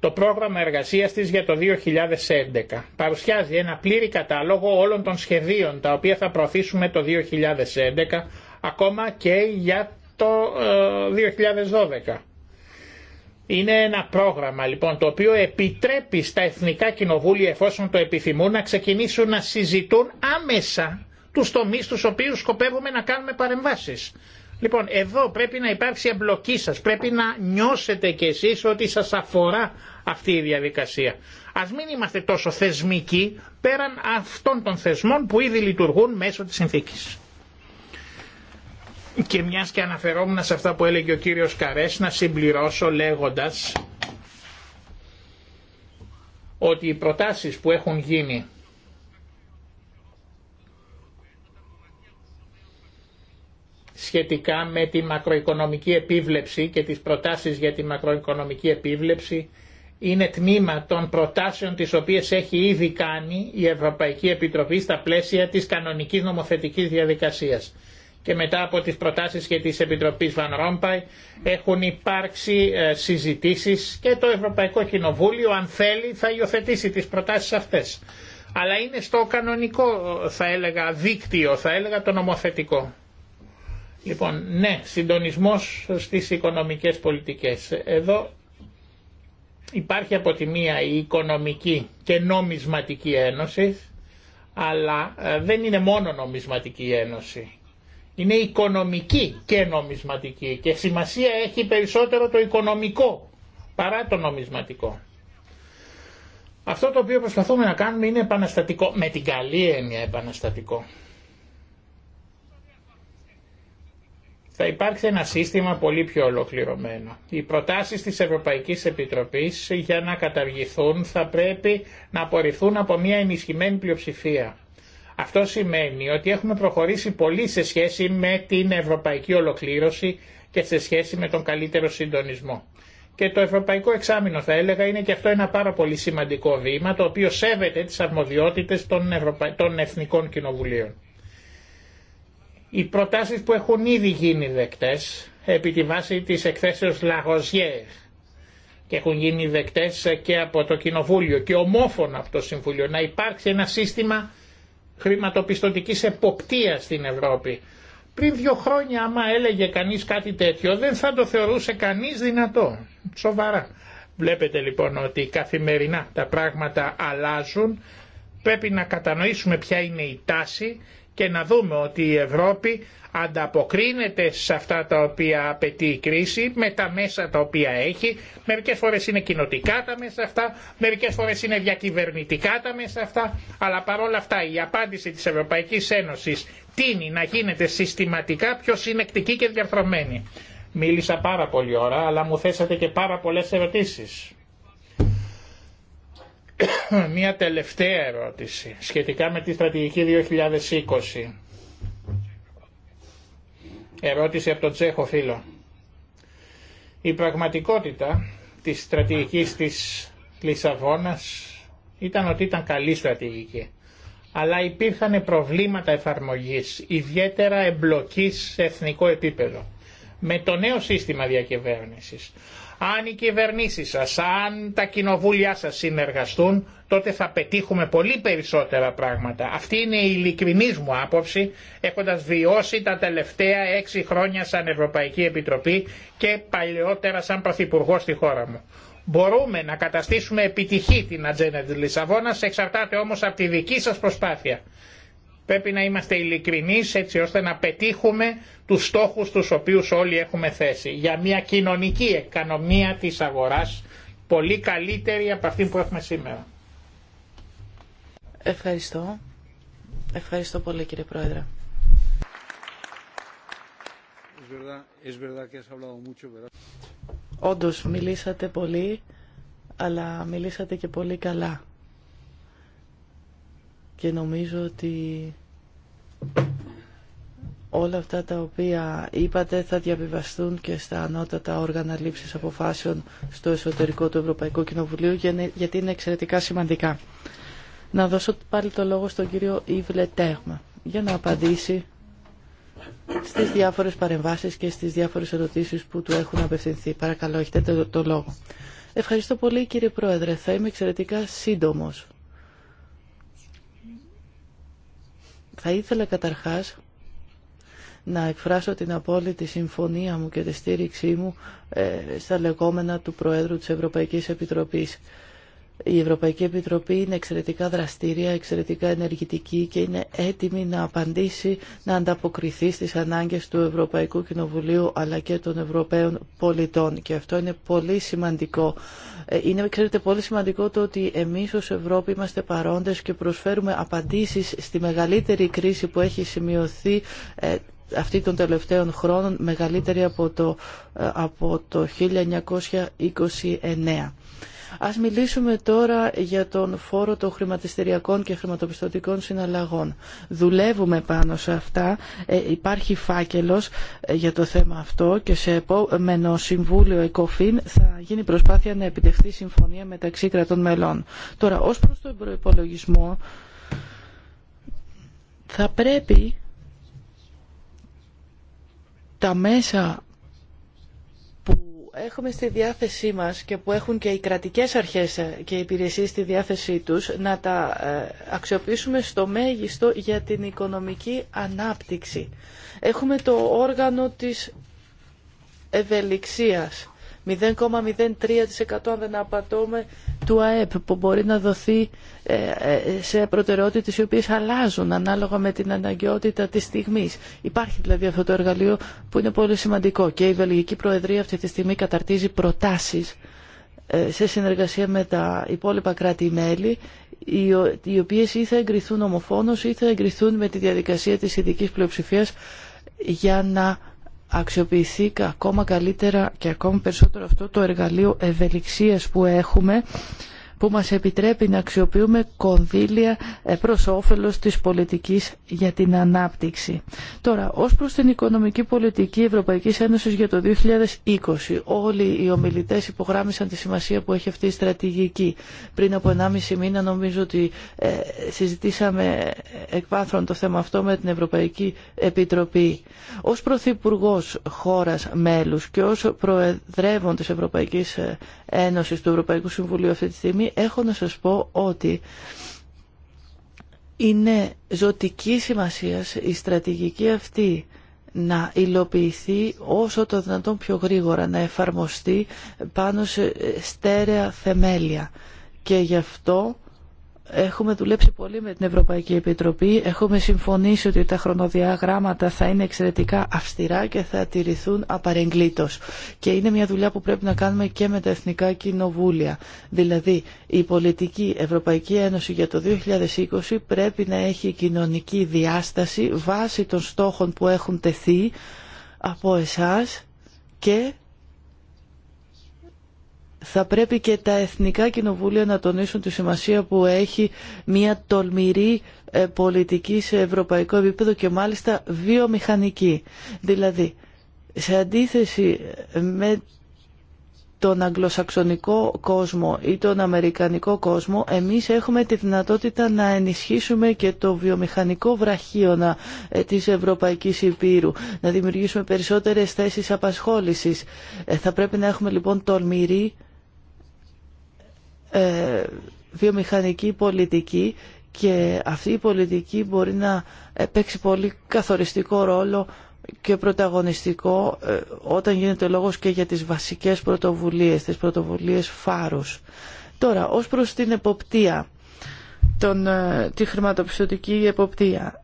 το πρόγραμμα εργασίας της για το 2011. Παρουσιάζει ένα πλήρη κατάλογο όλων των σχεδίων τα οποία θα προωθήσουμε το 2011, ακόμα και για το 2012. Ε, είναι ένα πρόγραμμα λοιπόν το οποίο επιτρέπει στα εθνικά κοινοβούλια εφόσον το επιθυμούν να ξεκινήσουν να συζητούν άμεσα τους τομείς τους οποίους σκοπεύουμε να κάνουμε παρεμβάσεις. Λοιπόν, εδώ πρέπει να υπάρξει εμπλοκή σας, πρέπει να νιώσετε κι εσείς ότι σας αφορά αυτή η διαδικασία. Ας μην είμαστε τόσο θεσμικοί πέραν αυτών των θεσμών που ήδη λειτουργούν μέσω της συνθήκης. Και μιας και αναφερόμουν σε αυτά που έλεγε ο κύριος Καρές να συμπληρώσω λέγοντας ότι οι προτάσεις που έχουν γίνει σχετικά με τη μακροοικονομική επίβλεψη και τις προτάσεις για τη μακροοικονομική επίβλεψη είναι τμήμα των προτάσεων τις οποίες έχει ήδη κάνει η Ευρωπαϊκή Επιτροπή στα πλαίσια της κανονικής νομοθετικής διαδικασίας και μετά από τις προτάσεις και της Επιτροπής Βαν Ρόμπαϊ έχουν υπάρξει ε, συζητήσεις και το Ευρωπαϊκό Κοινοβούλιο αν θέλει θα υιοθετήσει τις προτάσεις αυτές. Αλλά είναι στο κανονικό θα έλεγα δίκτυο, θα έλεγα το νομοθετικό. Λοιπόν, ναι, συντονισμός στις οικονομικές πολιτικές. Εδώ υπάρχει από τη μία η οικονομική και νομισματική ένωση, αλλά ε, δεν είναι μόνο νομισματική ένωση είναι οικονομική και νομισματική και σημασία έχει περισσότερο το οικονομικό παρά το νομισματικό. Αυτό το οποίο προσπαθούμε να κάνουμε είναι επαναστατικό, με την καλή έννοια επαναστατικό. Θα υπάρξει ένα σύστημα πολύ πιο ολοκληρωμένο. Οι προτάσεις της Ευρωπαϊκής Επιτροπής για να καταργηθούν θα πρέπει να απορριφθούν από μια ενισχυμένη πλειοψηφία. Αυτό σημαίνει ότι έχουμε προχωρήσει πολύ σε σχέση με την ευρωπαϊκή ολοκλήρωση και σε σχέση με τον καλύτερο συντονισμό. Και το ευρωπαϊκό εξάμεινο θα έλεγα είναι και αυτό ένα πάρα πολύ σημαντικό βήμα το οποίο σέβεται τις αρμοδιότητες των, των εθνικών κοινοβουλίων. Οι προτάσεις που έχουν ήδη γίνει δεκτές επί τη βάση της εκθέσεως Λαγοζιέ και έχουν γίνει δεκτές και από το Κοινοβούλιο και ομόφωνα από το Συμβούλιο να υπάρξει ένα σύστημα χρηματοπιστωτικής εποπτείας στην Ευρώπη. Πριν δύο χρόνια άμα έλεγε κανείς κάτι τέτοιο δεν θα το θεωρούσε κανείς δυνατό. Σοβαρά. Βλέπετε λοιπόν ότι καθημερινά τα πράγματα αλλάζουν. Πρέπει να κατανοήσουμε ποια είναι η τάση και να δούμε ότι η Ευρώπη ανταποκρίνεται σε αυτά τα οποία απαιτεί η κρίση με τα μέσα τα οποία έχει. Μερικές φορές είναι κοινοτικά τα μέσα αυτά, μερικές φορές είναι διακυβερνητικά τα μέσα αυτά, αλλά παρόλα αυτά η απάντηση της Ευρωπαϊκής Ένωσης τίνει να γίνεται συστηματικά πιο συνεκτική και διαρθρωμένη. Μίλησα πάρα πολύ ώρα, αλλά μου θέσατε και πάρα πολλές ερωτήσεις. Μία τελευταία ερώτηση σχετικά με τη στρατηγική 2020. Ερώτηση από τον Τσέχο φίλο. Η πραγματικότητα της στρατηγικής της Λισαβόνας ήταν ότι ήταν καλή στρατηγική. Αλλά υπήρχαν προβλήματα εφαρμογής, ιδιαίτερα εμπλοκής σε εθνικό επίπεδο. Με το νέο σύστημα διακυβέρνησης αν οι κυβερνήσεις σας, αν τα κοινοβούλια σας συνεργαστούν, τότε θα πετύχουμε πολύ περισσότερα πράγματα. Αυτή είναι η ειλικρινή μου άποψη, έχοντας βιώσει τα τελευταία έξι χρόνια σαν Ευρωπαϊκή Επιτροπή και παλαιότερα σαν Πρωθυπουργό στη χώρα μου. Μπορούμε να καταστήσουμε επιτυχή την ατζέντα τη Λισαβόνας, εξαρτάται όμως από τη δική σας προσπάθεια. Πρέπει να είμαστε ειλικρινεί έτσι ώστε να πετύχουμε τους στόχους τους οποίους όλοι έχουμε θέσει για μια κοινωνική οικονομία της αγοράς πολύ καλύτερη από αυτή που έχουμε σήμερα. Ευχαριστώ. Ευχαριστώ πολύ κύριε Πρόεδρε. Όντως μιλήσατε πολύ, αλλά μιλήσατε και πολύ καλά. Και νομίζω ότι όλα αυτά τα οποία είπατε θα διαβιβαστούν και στα ανώτατα όργανα λήψης αποφάσεων στο εσωτερικό του Ευρωπαϊκού Κοινοβουλίου γιατί είναι εξαιρετικά σημαντικά. Να δώσω πάλι το λόγο στον κύριο Ιβλε Τέγμα για να απαντήσει στις διάφορες παρεμβάσεις και στις διάφορες ερωτήσεις που του έχουν απευθυνθεί. Παρακαλώ, έχετε το, λόγο. Ευχαριστώ πολύ κύριε Πρόεδρε. Θα είμαι εξαιρετικά σύντομος. Θα ήθελα καταρχάς να εκφράσω την απόλυτη συμφωνία μου και τη στήριξή μου ε, στα λεγόμενα του Προέδρου της Ευρωπαϊκής Επιτροπής. Η Ευρωπαϊκή Επιτροπή είναι εξαιρετικά δραστήρια, εξαιρετικά ενεργητική και είναι έτοιμη να απαντήσει, να ανταποκριθεί στις ανάγκες του Ευρωπαϊκού Κοινοβουλίου αλλά και των Ευρωπαίων πολιτών. Και αυτό είναι πολύ σημαντικό. Ε, είναι, ξέρετε, πολύ σημαντικό το ότι εμείς ως Ευρώπη είμαστε παρόντες και προσφέρουμε απαντήσεις στη μεγαλύτερη κρίση που έχει σημειωθεί ε, αυτή των τελευταίων χρόνων μεγαλύτερη από το, ε, από το 1929. Ας μιλήσουμε τώρα για τον φόρο των χρηματιστηριακών και χρηματοπιστωτικών συναλλαγών. Δουλεύουμε πάνω σε αυτά. Ε, υπάρχει φάκελος ε, για το θέμα αυτό και σε επόμενο Συμβούλιο ΕΚΟΦΗΝ θα γίνει προσπάθεια να επιτευχθεί συμφωνία μεταξύ κρατών μελών. Τώρα, ως προς τον προϋπολογισμό, θα πρέπει τα μέσα που έχουμε στη διάθεσή μας και που έχουν και οι κρατικές αρχές και οι υπηρεσίες στη διάθεσή τους να τα ε, αξιοποιήσουμε στο μέγιστο για την οικονομική ανάπτυξη. Έχουμε το όργανο της ευελιξίας 0,03% αν δεν απατώμε του ΑΕΠ που μπορεί να δοθεί ε, ε, σε προτεραιότητες οι οποίες αλλάζουν ανάλογα με την αναγκαιότητα της στιγμής. Υπάρχει δηλαδή αυτό το εργαλείο που είναι πολύ σημαντικό και η Βελγική Προεδρία αυτή τη στιγμή καταρτίζει προτάσεις ε, σε συνεργασία με τα υπόλοιπα κράτη-μέλη οι οποίες ή θα εγκριθούν ομοφόνος ή θα εγκριθούν με τη διαδικασία της ειδικής πλειοψηφίας για να αξιοποιηθεί ακόμα καλύτερα και ακόμα περισσότερο αυτό το εργαλείο ευελιξίας που έχουμε που μας επιτρέπει να αξιοποιούμε κονδύλια ε, προς όφελος της πολιτικής για την ανάπτυξη. Τώρα, ως προς την οικονομική πολιτική Ευρωπαϊκής Ένωσης για το 2020, όλοι οι ομιλητές υπογράμμισαν τη σημασία που έχει αυτή η στρατηγική. Πριν από 1,5 μήνα νομίζω ότι ε, συζητήσαμε εκπάθρον το θέμα αυτό με την Ευρωπαϊκή Επιτροπή. Ως Πρωθυπουργό χώρας μέλους και ως Προεδρεύων της Ευρωπαϊκής ε, Ένωσης του Ευρωπαϊκού Συμβουλίου αυτή τη στιγμή έχω να σας πω ότι είναι ζωτική σημασία η στρατηγική αυτή να υλοποιηθεί όσο το δυνατόν πιο γρήγορα, να εφαρμοστεί πάνω σε στέρεα θεμέλια. Και γι' αυτό Έχουμε δουλέψει πολύ με την Ευρωπαϊκή Επιτροπή. Έχουμε συμφωνήσει ότι τα χρονοδιαγράμματα θα είναι εξαιρετικά αυστηρά και θα τηρηθούν απαρεγκλήτως. Και είναι μια δουλειά που πρέπει να κάνουμε και με τα εθνικά κοινοβούλια. Δηλαδή, η πολιτική Ευρωπαϊκή Ένωση για το 2020 πρέπει να έχει κοινωνική διάσταση βάσει των στόχων που έχουν τεθεί από εσάς και θα πρέπει και τα εθνικά κοινοβούλια να τονίσουν τη σημασία που έχει μια τολμηρή ε, πολιτική σε ευρωπαϊκό επίπεδο και μάλιστα βιομηχανική. Δηλαδή, σε αντίθεση ε, με τον αγγλοσαξονικό κόσμο ή τον αμερικανικό κόσμο, εμείς έχουμε τη δυνατότητα να ενισχύσουμε και το βιομηχανικό βραχίωνα ε, της Ευρωπαϊκής Υπήρου, να δημιουργήσουμε περισσότερες θέσεις απασχόλησης. Θα πρέπει να έχουμε λοιπόν τολμηρή ε, βιομηχανική πολιτική και αυτή η πολιτική μπορεί να ε, παίξει πολύ καθοριστικό ρόλο και πρωταγωνιστικό ε, όταν γίνεται λόγος και για τις βασικές πρωτοβουλίες, τις πρωτοβουλίες φάρους. Τώρα, ως προς την εποπτεία, τον, τη χρηματοπιστωτική εποπτεία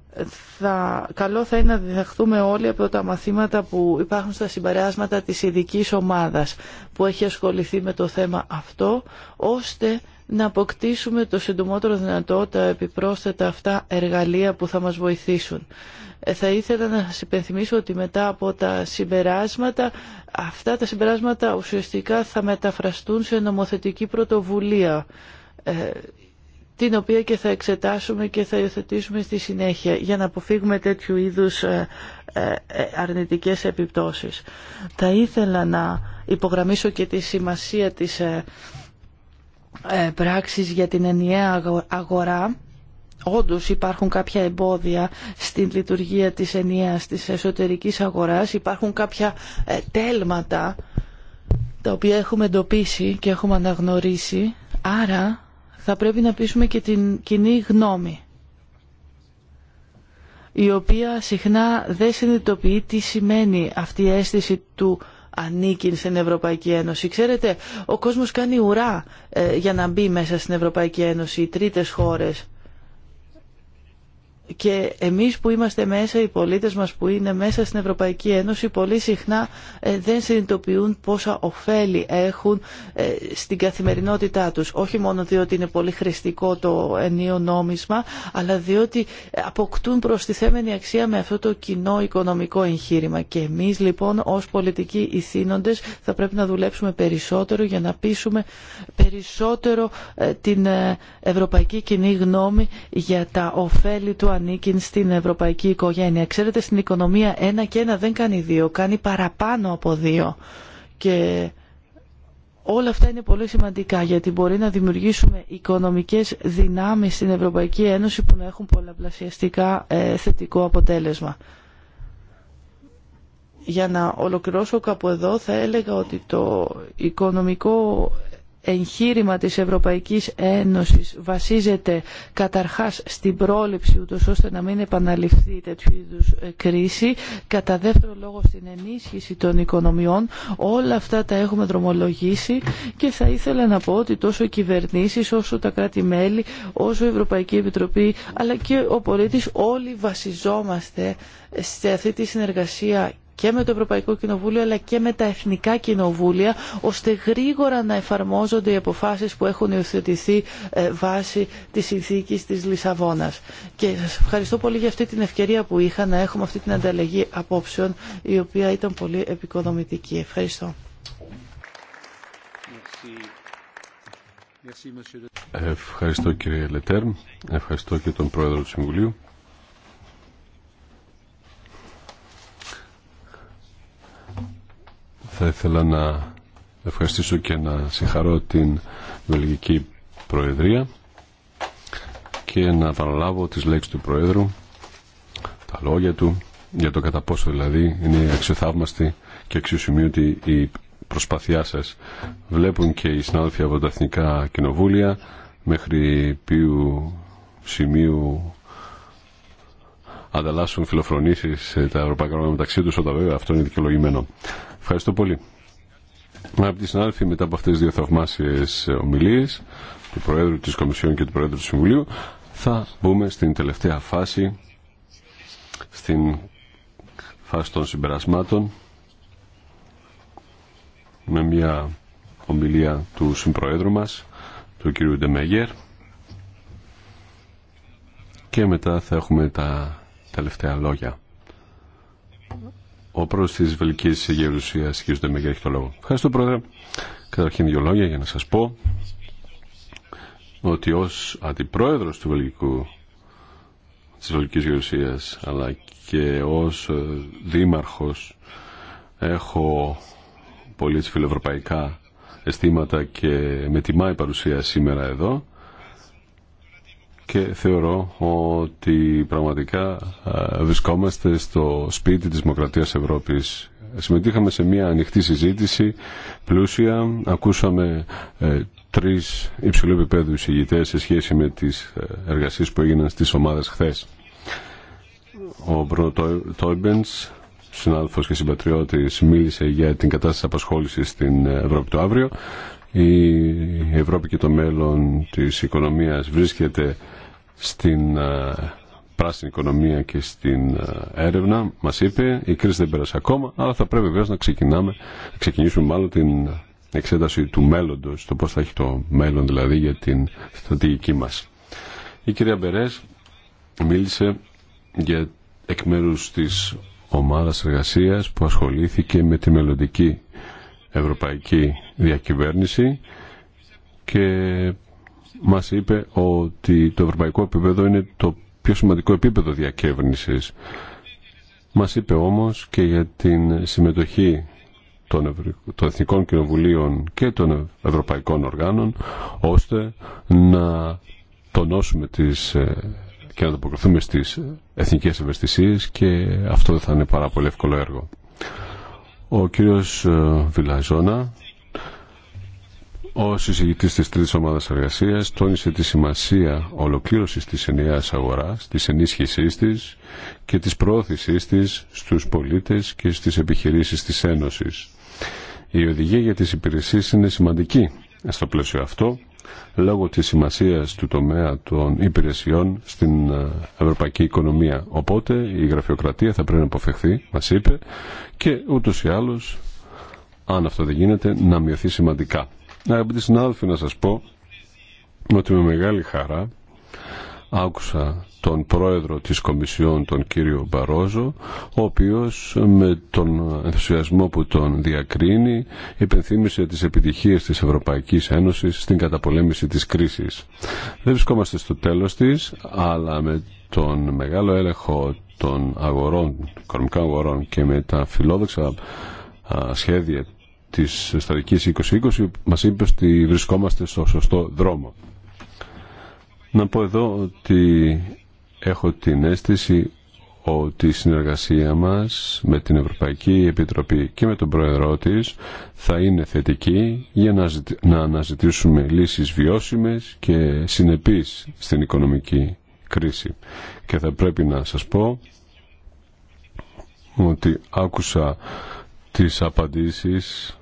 θα, καλό θα είναι να διδαχθούμε όλοι από τα μαθήματα που υπάρχουν στα συμπεράσματα της ειδική ομάδας που έχει ασχοληθεί με το θέμα αυτό, ώστε να αποκτήσουμε το συντομότερο δυνατό τα επιπρόσθετα αυτά εργαλεία που θα μας βοηθήσουν. Ε, θα ήθελα να σας υπενθυμίσω ότι μετά από τα συμπεράσματα, αυτά τα συμπεράσματα ουσιαστικά θα μεταφραστούν σε νομοθετική πρωτοβουλία ε, την οποία και θα εξετάσουμε και θα υιοθετήσουμε στη συνέχεια για να αποφύγουμε τέτοιου είδους ε, ε, ε, αρνητικές επιπτώσεις. Θα ήθελα να υπογραμμίσω και τη σημασία της πράξης για την ενιαία αγορά όντως υπάρχουν κάποια εμπόδια στην λειτουργία της ενιαίας της εσωτερικής αγοράς, υπάρχουν κάποια τέλματα τα οποία έχουμε εντοπίσει και έχουμε αναγνωρίσει, άρα θα πρέπει να πείσουμε και την κοινή γνώμη η οποία συχνά δεν συνειδητοποιεί τι σημαίνει αυτή η αίσθηση του ανήκει στην Ευρωπαϊκή Ένωση. Ξέρετε, ο κόσμος κάνει ουρά ε, για να μπει μέσα στην Ευρωπαϊκή Ένωση, οι τρίτες χώρες και εμείς που είμαστε μέσα, οι πολίτες μας που είναι μέσα στην Ευρωπαϊκή Ένωση πολύ συχνά ε, δεν συνειδητοποιούν πόσα ωφέλη έχουν ε, στην καθημερινότητά τους. Όχι μόνο διότι είναι πολύ χρηστικό το ενίο νόμισμα, αλλά διότι αποκτούν προστιθέμενη αξία με αυτό το κοινό οικονομικό εγχείρημα. Και εμείς λοιπόν ως πολιτικοί ηθήνοντες θα πρέπει να δουλέψουμε περισσότερο για να πείσουμε περισσότερο ε, την ευρωπαϊκή κοινή γνώμη για τα ωφέλη του ανήκει στην ευρωπαϊκή οικογένεια. Ξέρετε, στην οικονομία ένα και ένα δεν κάνει δύο, κάνει παραπάνω από δύο. Και όλα αυτά είναι πολύ σημαντικά γιατί μπορεί να δημιουργήσουμε οικονομικές δυνάμεις στην Ευρωπαϊκή Ένωση που να έχουν πολλαπλασιαστικά ε, θετικό αποτέλεσμα. Για να ολοκληρώσω κάπου εδώ θα έλεγα ότι το οικονομικό εγχείρημα της Ευρωπαϊκής Ένωσης βασίζεται καταρχάς στην πρόληψη ούτως ώστε να μην επαναληφθεί τέτοιου είδου ε, κρίση, κατά δεύτερο λόγο στην ενίσχυση των οικονομιών. Όλα αυτά τα έχουμε δρομολογήσει και θα ήθελα να πω ότι τόσο οι κυβερνήσεις όσο τα κράτη-μέλη, όσο η Ευρωπαϊκή Επιτροπή αλλά και ο πολίτης όλοι βασιζόμαστε σε αυτή τη συνεργασία και με το Ευρωπαϊκό Κοινοβούλιο αλλά και με τα Εθνικά Κοινοβούλια ώστε γρήγορα να εφαρμόζονται οι αποφάσεις που έχουν υιοθετηθεί ε, βάσει της συνθήκης της Λισαβόνας. Και σας ευχαριστώ πολύ για αυτή την ευκαιρία που είχα να έχουμε αυτή την ανταλλαγή απόψεων η οποία ήταν πολύ επικοδομητική. Ευχαριστώ. Ευχαριστώ κύριε Λετέρν, ευχαριστώ και τον Πρόεδρο του Συμβουλίου. Θα ήθελα να ευχαριστήσω και να συγχαρώ την Βελγική Προεδρία και να παραλάβω τις λέξεις του Προέδρου, τα λόγια του, για το κατά πόσο δηλαδή είναι αξιοθαύμαστη και αξιοσημείωτη η προσπάθειά σας. Βλέπουν και οι συνάδελφοι από τα Εθνικά Κοινοβούλια μέχρι ποιου σημείου ανταλλάσσουν φιλοφρονήσεις τα ευρωπαϊκά μεταξύ τους, όταν βέβαια αυτό είναι δικαιολογημένο. Ευχαριστώ πολύ. Αγαπητοί συνάδελφοι, μετά από αυτές τις δύο θαυμάσιες ομιλίες του Προέδρου της Κομισιόν και του Προέδρου του Συμβουλίου, θα μπούμε στην τελευταία φάση, στην φάση των συμπερασμάτων, με μια ομιλία του Συμπροέδρου μας, του κ. Ντεμεγέρ, και μετά θα έχουμε τα τελευταία λόγια ο πρόεδρο τη Βελική Γερουσία, κ. Ντεμέγερ, έχει το λόγο. Ευχαριστώ, πρόεδρε. Καταρχήν δύο λόγια για να σας πω ότι ως αντιπρόεδρος του Βελγικού της Βελγικής αλλά και ως ε, δήμαρχος έχω πολύ φιλοευρωπαϊκά αισθήματα και με τιμά η παρουσία σήμερα εδώ και θεωρώ ότι πραγματικά βρισκόμαστε στο σπίτι της Δημοκρατίας Ευρώπης. Συμμετείχαμε σε μια ανοιχτή συζήτηση, πλούσια, ακούσαμε ε, τρεις υψηλού επίπεδου εισηγητέ σε σχέση με τις ε, εργασίες που έγιναν στις ομάδες χθες. Ο Μπρονο Τόιμπενς, συνάδελφος και συμπατριώτης, μίλησε για την κατάσταση απασχόλησης στην Ευρώπη το αύριο. Η Ευρώπη και το μέλλον της οικονομίας βρίσκεται στην ε, πράσινη οικονομία και στην ε, έρευνα μα είπε η κρίση δεν πέρασε ακόμα αλλά θα πρέπει βέβαια να ξεκινάμε, να ξεκινήσουμε μάλλον την εξέταση του μέλλοντο, το πώ θα έχει το μέλλον δηλαδή για την στρατηγική μας. Η κυρία Μπερέ μίλησε για εκ μέρου της ομάδας εργασία που ασχολήθηκε με τη μελλοντική ευρωπαϊκή διακυβέρνηση και μας είπε ότι το ευρωπαϊκό επίπεδο είναι το πιο σημαντικό επίπεδο διακέβρινσης. Μας είπε όμως και για την συμμετοχή των, Εθνικών Κοινοβουλίων και των Ευρωπαϊκών Οργάνων ώστε να τονώσουμε τις ε, και να ανταποκριθούμε στις εθνικές ευαισθησίες και αυτό θα είναι πάρα πολύ εύκολο έργο. Ο κύριος ε, Βιλαζόνα ο συζητητής της τρίτης ομάδας εργασίας τόνισε τη σημασία ολοκλήρωσης της ενιαίας αγοράς, της ενίσχυσής της και της προώθησής της στους πολίτες και στις επιχειρήσεις της Ένωσης. Η οδηγία για τις υπηρεσίες είναι σημαντική στο πλαίσιο αυτό, λόγω της σημασίας του τομέα των υπηρεσιών στην ε, ευρωπαϊκή οικονομία. Οπότε η γραφειοκρατία θα πρέπει να αποφευχθεί, μας είπε, και ούτως ή άλλως, αν αυτό δεν γίνεται, να μειωθεί σημαντικά. Αγαπητοί συνάδελφοι, να σας πω ότι με μεγάλη χαρά άκουσα τον πρόεδρο της Κομισιόν, τον κύριο Μπαρόζο, ο οποίος με τον ενθουσιασμό που τον διακρίνει υπενθύμησε τις επιτυχίες της Ευρωπαϊκής Ένωσης στην καταπολέμηση της κρίσης. Δεν βρισκόμαστε στο τέλος της, αλλά με τον μεγάλο έλεγχο των αγορών, οικονομικών αγορών και με τα φιλόδοξα σχέδια Τη Στρατική 2020 μας είπε ότι βρισκόμαστε στο σωστό δρόμο. Να πω εδώ ότι έχω την αίσθηση ότι η συνεργασία μας με την Ευρωπαϊκή Επιτροπή και με τον Πρόεδρό της θα είναι θετική για να αναζητήσουμε λύσεις βιώσιμες και συνεπείς στην οικονομική κρίση. Και θα πρέπει να σας πω ότι άκουσα τις απαντήσεις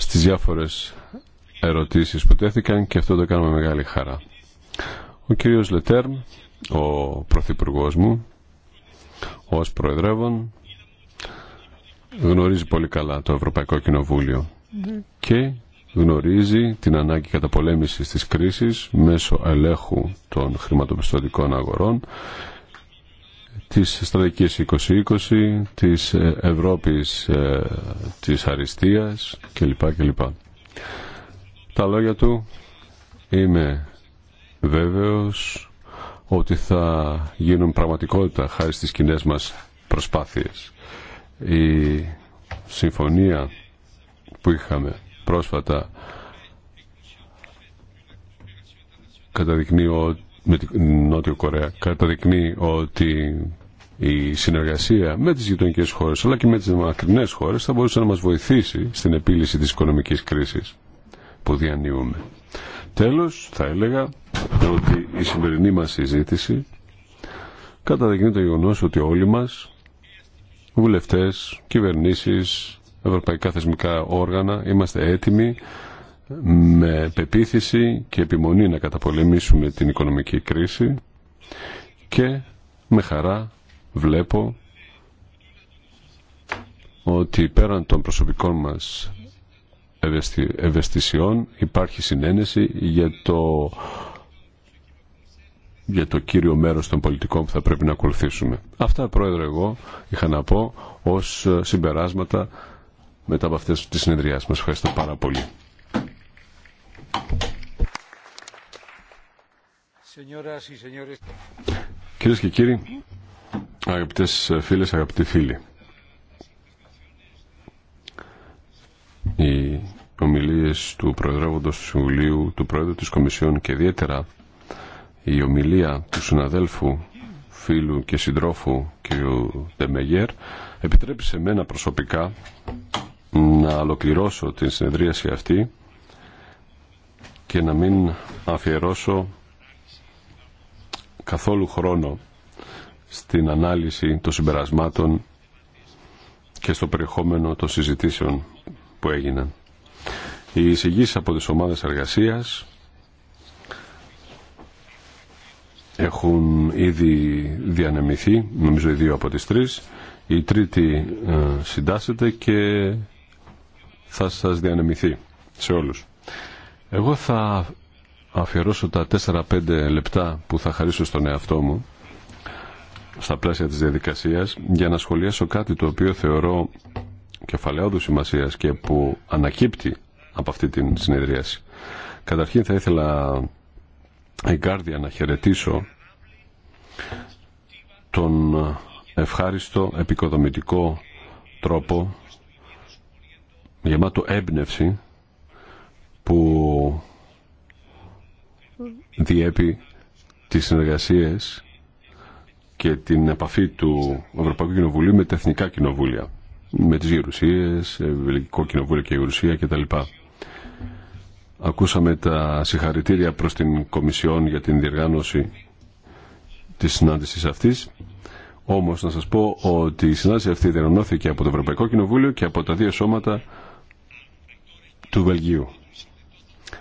στις διάφορες ερωτήσεις που τέθηκαν και αυτό το κάνουμε μεγάλη χαρά. Ο κύριος Λετέρν, ο πρωθυπουργό μου, ως προεδρεύων, γνωρίζει πολύ καλά το Ευρωπαϊκό Κοινοβούλιο και γνωρίζει την ανάγκη καταπολέμησης της κρίσης μέσω ελέγχου των χρηματοπιστωτικών αγορών της στρατηγικής 2020, της ε, Ευρώπης ε, της αριστείας κλπ. κλπ. Τα λόγια του είμαι βέβαιος ότι θα γίνουν πραγματικότητα χάρη στις κοινέ μας προσπάθειες. Η συμφωνία που είχαμε πρόσφατα καταδεικνύει ότι με την Νότιο Κορέα καταδεικνύει ότι η συνεργασία με τις γειτονικέ χώρες αλλά και με τις μακρινές χώρες θα μπορούσε να μας βοηθήσει στην επίλυση της οικονομικής κρίσης που διανύουμε. Τέλος, θα έλεγα ότι η σημερινή μας συζήτηση καταδεικνύει το γεγονός ότι όλοι μας, βουλευτές, κυβερνήσεις, ευρωπαϊκά θεσμικά όργανα, είμαστε έτοιμοι με πεποίθηση και επιμονή να καταπολεμήσουμε την οικονομική κρίση και με χαρά βλέπω ότι πέραν των προσωπικών μας ευαισθησιών υπάρχει συνένεση για το, για το κύριο μέρος των πολιτικών που θα πρέπει να ακολουθήσουμε. Αυτά, Πρόεδρε, εγώ είχα να πω ως συμπεράσματα μετά από αυτές τις συνεδριάσεις μας. Ευχαριστώ πάρα πολύ. Κυρίες και κύριοι, Αγαπητές φίλες, αγαπητοί φίλοι. Οι ομιλίες του Προεδρεύοντος του Συμβουλίου, του Πρόεδρου της Κομισιόν και ιδιαίτερα η ομιλία του συναδέλφου, φίλου και συντρόφου κ. Ντεμεγέρ επιτρέπει σε μένα προσωπικά να ολοκληρώσω την συνεδρίαση αυτή και να μην αφιερώσω καθόλου χρόνο στην ανάλυση των συμπερασμάτων και στο περιεχόμενο των συζητήσεων που έγιναν. Οι εισηγήσεις από τις ομάδες εργασίας έχουν ήδη διανεμηθεί, νομίζω οι δύο από τις τρεις. Η τρίτη ε, συντάσσεται και θα σας διανεμηθεί σε όλους. Εγώ θα αφιερώσω τα 4-5 λεπτά που θα χαρίσω στον εαυτό μου στα πλαίσια της διαδικασίας για να σχολιάσω κάτι το οποίο θεωρώ κεφαλαίου σημασία και που ανακύπτει από αυτή την συνεδρίαση. Καταρχήν θα ήθελα η Γκάρδια να χαιρετήσω τον ευχάριστο επικοδομητικό τρόπο γεμάτο έμπνευση που διέπει τις συνεργασίες και την επαφή του Ευρωπαϊκού Κοινοβουλίου με τα εθνικά κοινοβούλια, με τις Γερουσίες, Βελγικό Κοινοβούλιο και Γερουσία κτλ. Ακούσαμε τα συγχαρητήρια προς την Κομισιόν για την διεργάνωση της συνάντησης αυτής. Όμως να σας πω ότι η συνάντηση αυτή διεργανώθηκε από το Ευρωπαϊκό Κοινοβούλιο και από τα δύο σώματα του Βελγίου.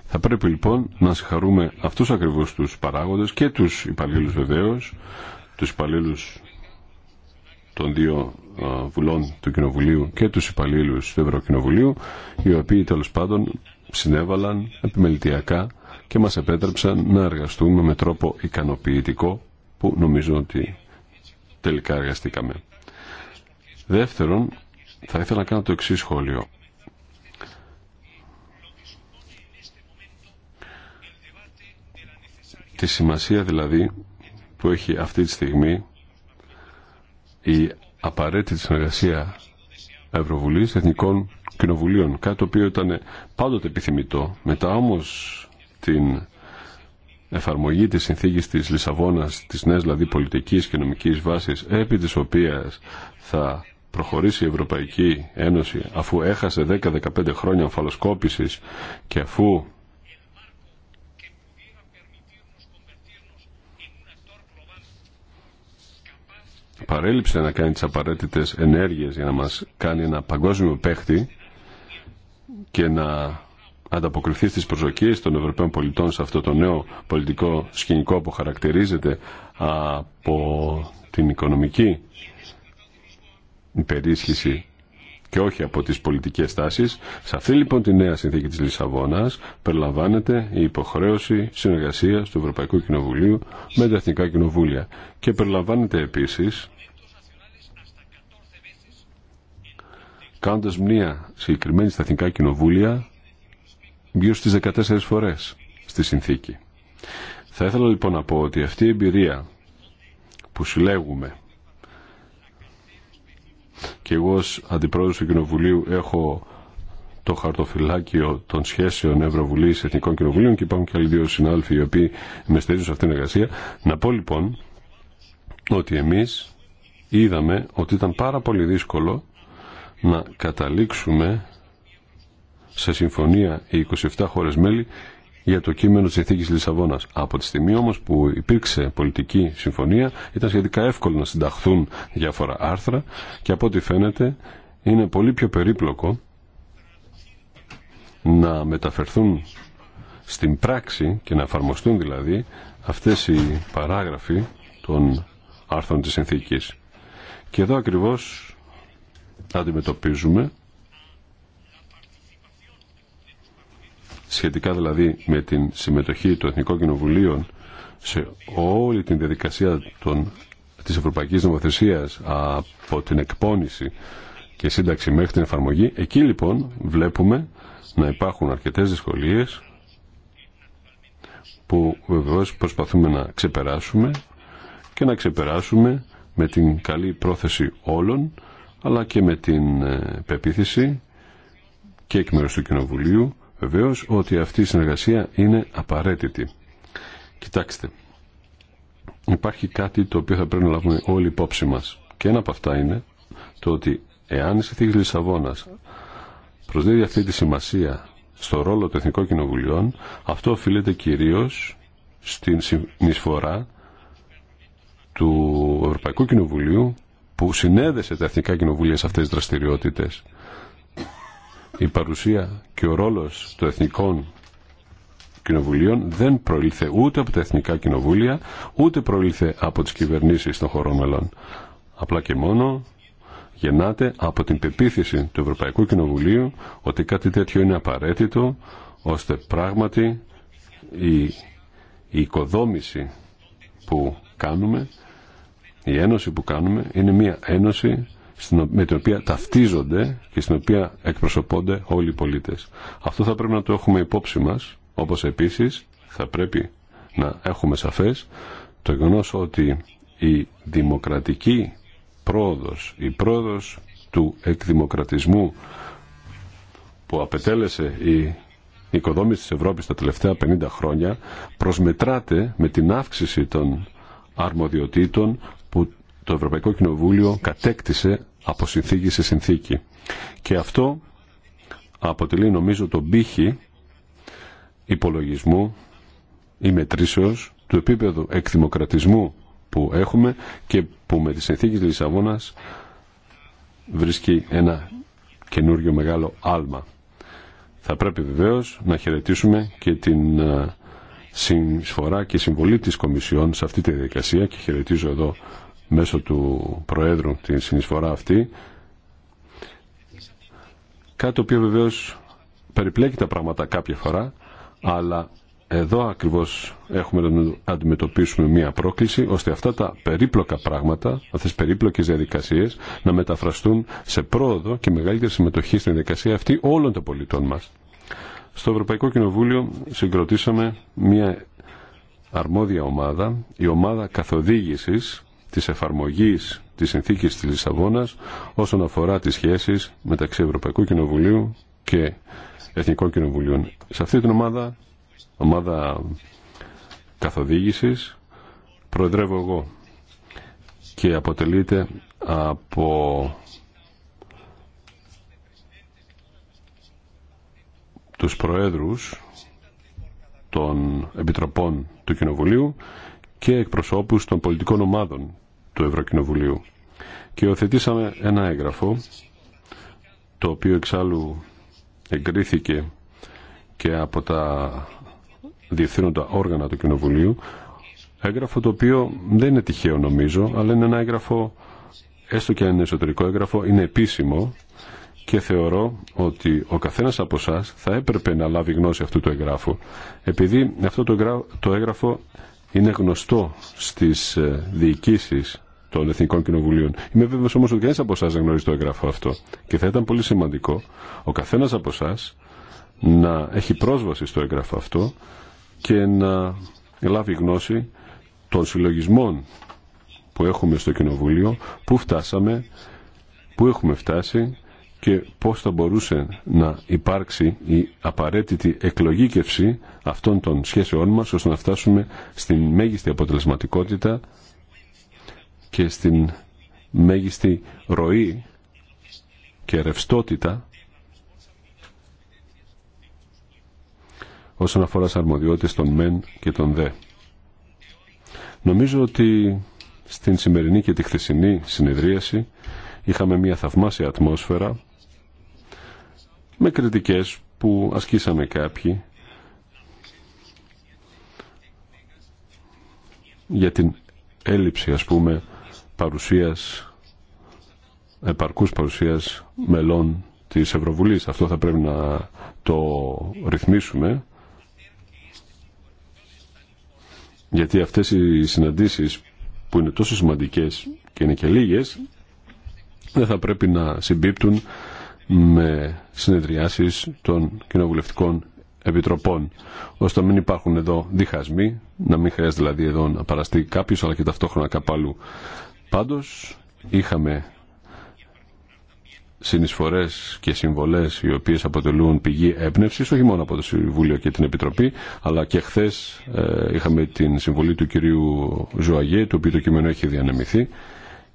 Θα πρέπει λοιπόν να συγχαρούμε αυτούς ακριβώς τους παράγοντες και τους υπαλλήλους βεβαίω τους υπαλλήλου των δύο βουλών του Κοινοβουλίου και τους υπαλλήλου του Ευρωκοινοβουλίου, οι οποίοι τέλος πάντων συνέβαλαν επιμελητιακά και μας επέτρεψαν να εργαστούμε με τρόπο ικανοποιητικό που νομίζω ότι τελικά εργαστήκαμε. Δεύτερον, θα ήθελα να κάνω το εξή σχόλιο. Τη σημασία δηλαδή που έχει αυτή τη στιγμή η απαραίτητη συνεργασία Ευρωβουλής Εθνικών Κοινοβουλίων, κάτι το οποίο ήταν πάντοτε επιθυμητό. Μετά όμως την εφαρμογή της συνθήκης της Λισαβόνας, της νέας δηλαδή πολιτικής και νομικής βάσης, επί της οποίας θα προχωρήσει η Ευρωπαϊκή Ένωση, αφού έχασε 10-15 χρόνια αμφαλοσκόπησης και αφού παρέλειψε να κάνει τις απαραίτητες ενέργειες για να μας κάνει ένα παγκόσμιο παίχτη και να ανταποκριθεί στις προσδοκίες των Ευρωπαίων πολιτών σε αυτό το νέο πολιτικό σκηνικό που χαρακτηρίζεται από την οικονομική υπερίσχυση και όχι από τις πολιτικές τάσεις. Σε αυτή λοιπόν τη νέα συνθήκη της Λισαβόνας περιλαμβάνεται η υποχρέωση συνεργασίας του Ευρωπαϊκού Κοινοβουλίου με τα Εθνικά Κοινοβούλια και περιλαμβάνεται επίσης κάνοντας μία συγκεκριμένη στα εθνικά κοινοβούλια γύρω στις 14 φορές στη συνθήκη. Θα ήθελα λοιπόν να πω ότι αυτή η εμπειρία που συλλέγουμε και εγώ ως αντιπρόεδρος του Κοινοβουλίου έχω το χαρτοφυλάκιο των σχέσεων ευρωβουλης Εθνικών Κοινοβουλίων και υπάρχουν και άλλοι δύο συνάδελφοι οι οποίοι με στηρίζουν σε αυτήν την εργασία. Να πω λοιπόν ότι εμείς είδαμε ότι ήταν πάρα πολύ δύσκολο να καταλήξουμε σε συμφωνία οι 27 χώρες μέλη για το κείμενο της Εθήκης Λισαβόνας. Από τη στιγμή όμως που υπήρξε πολιτική συμφωνία ήταν σχετικά εύκολο να συνταχθούν διάφορα άρθρα και από ό,τι φαίνεται είναι πολύ πιο περίπλοκο να μεταφερθούν στην πράξη και να εφαρμοστούν δηλαδή αυτές οι παράγραφοι των άρθρων της συνθήκης. Και εδώ ακριβώς αντιμετωπίζουμε σχετικά δηλαδή με την συμμετοχή των Εθνικών Κοινοβουλίων σε όλη την διαδικασία των, της Ευρωπαϊκής Νομοθεσίας από την εκπόνηση και σύνταξη μέχρι την εφαρμογή. Εκεί λοιπόν βλέπουμε να υπάρχουν αρκετές δυσκολίες που βεβαίως προσπαθούμε να ξεπεράσουμε και να ξεπεράσουμε με την καλή πρόθεση όλων αλλά και με την ε, πεποίθηση και εκ μέρους του Κοινοβουλίου βεβαίως ότι αυτή η συνεργασία είναι απαραίτητη. Κοιτάξτε, υπάρχει κάτι το οποίο θα πρέπει να λάβουμε όλοι υπόψη μας και ένα από αυτά είναι το ότι εάν η συνθήκη Λισαβόνας προσδίδει αυτή τη σημασία στο ρόλο των Εθνικών Κοινοβουλίων, αυτό οφείλεται κυρίως στην συνεισφορά του Ευρωπαϊκού Κοινοβουλίου που συνέδεσε τα Εθνικά Κοινοβούλια σε αυτές τις δραστηριότητες. Η παρουσία και ο ρόλος των Εθνικών Κοινοβουλίων δεν προήλθε ούτε από τα Εθνικά Κοινοβούλια, ούτε προήλθε από τις κυβερνήσεις των χωρών μελών. Απλά και μόνο γεννάται από την πεποίθηση του Ευρωπαϊκού Κοινοβουλίου ότι κάτι τέτοιο είναι απαραίτητο ώστε πράγματι η, η οικοδόμηση που κάνουμε η ένωση που κάνουμε είναι μια ένωση με την οποία ταυτίζονται και στην οποία εκπροσωπώνται όλοι οι πολίτες. Αυτό θα πρέπει να το έχουμε υπόψη μας, όπως επίσης θα πρέπει να έχουμε σαφές το γεγονό ότι η δημοκρατική πρόοδος, η πρόοδος του εκδημοκρατισμού που απετέλεσε η οικοδόμηση της Ευρώπης τα τελευταία 50 χρόνια προσμετράται με την αύξηση των αρμοδιοτήτων το Ευρωπαϊκό Κοινοβούλιο κατέκτησε από συνθήκη σε συνθήκη. Και αυτό αποτελεί νομίζω τον πύχη υπολογισμού ή μετρήσεως του επίπεδου εκδημοκρατισμού που έχουμε και που με τις συνθήκες της Λισαβόνας βρίσκει ένα καινούριο μεγάλο άλμα. Θα πρέπει βεβαίως να χαιρετήσουμε και την ε, συμφορά και συμβολή της Κομισιόν σε αυτή τη διαδικασία και χαιρετίζω εδώ μέσω του Προέδρου την συνεισφορά αυτή. Κάτι το οποίο βεβαίως περιπλέκει τα πράγματα κάποια φορά, αλλά εδώ ακριβώς έχουμε να αντιμετωπίσουμε μία πρόκληση, ώστε αυτά τα περίπλοκα πράγματα, αυτές τις περίπλοκες διαδικασίες, να μεταφραστούν σε πρόοδο και μεγαλύτερη συμμετοχή στην διαδικασία αυτή όλων των πολιτών μας. Στο Ευρωπαϊκό Κοινοβούλιο συγκροτήσαμε μία αρμόδια ομάδα, η ομάδα καθοδήγησης της εφαρμογής της συνθήκης της Λισαβόνας όσον αφορά τις σχέσεις μεταξύ Ευρωπαϊκού Κοινοβουλίου και Εθνικών Κοινοβουλίων. Σε αυτή την ομάδα, ομάδα καθοδήγησης, προεδρεύω εγώ και αποτελείται από τους προέδρους των Επιτροπών του Κοινοβουλίου και εκπροσώπους των πολιτικών ομάδων του Ευρωκοινοβουλίου και οθετήσαμε ένα έγγραφο το οποίο εξάλλου εγκρίθηκε και από τα διευθύνοντα όργανα του Κοινοβουλίου έγγραφο το οποίο δεν είναι τυχαίο νομίζω αλλά είναι ένα έγγραφο έστω και αν είναι εσωτερικό έγγραφο είναι επίσημο και θεωρώ ότι ο καθένας από εσά θα έπρεπε να λάβει γνώση αυτού του εγγράφου επειδή αυτό το έγγραφο είναι γνωστό στις ε, διοικήσεις των Εθνικών Κοινοβουλίων. Είμαι βέβαιο όμω ότι κανείς από εσά δεν γνωρίζει το έγγραφο αυτό και θα ήταν πολύ σημαντικό ο καθένα από εσά να έχει πρόσβαση στο έγγραφο αυτό και να λάβει γνώση των συλλογισμών που έχουμε στο Κοινοβούλιο, πού φτάσαμε, πού έχουμε φτάσει και πώς θα μπορούσε να υπάρξει η απαραίτητη εκλογήκευση αυτών των σχέσεών μας ώστε να φτάσουμε στην μέγιστη αποτελεσματικότητα και στην μέγιστη ροή και ρευστότητα όσον αφορά τις αρμοδιότητες των μεν και των δε. Νομίζω ότι στην σημερινή και τη χθεσινή συνεδρίαση είχαμε μια θαυμάσια ατμόσφαιρα με κριτικές που ασκήσαμε κάποιοι για την έλλειψη ας πούμε παρουσίας, επαρκούς παρουσίας μελών της Ευρωβουλής. Αυτό θα πρέπει να το ρυθμίσουμε γιατί αυτές οι συναντήσεις που είναι τόσο σημαντικές και είναι και λίγες δεν θα πρέπει να συμπίπτουν με συνεδριάσεις των κοινοβουλευτικών επιτροπών ώστε να μην υπάρχουν εδώ διχασμοί να μην χρειάζεται δηλαδή εδώ να παραστεί κάποιος αλλά και ταυτόχρονα κάπου Πάντως είχαμε συνεισφορές και συμβολές οι οποίες αποτελούν πηγή έμπνευση όχι μόνο από το Συμβούλιο και την Επιτροπή αλλά και χθε ε, είχαμε την συμβολή του κυρίου Ζουαγέ το οποίο το κείμενο έχει διανεμηθεί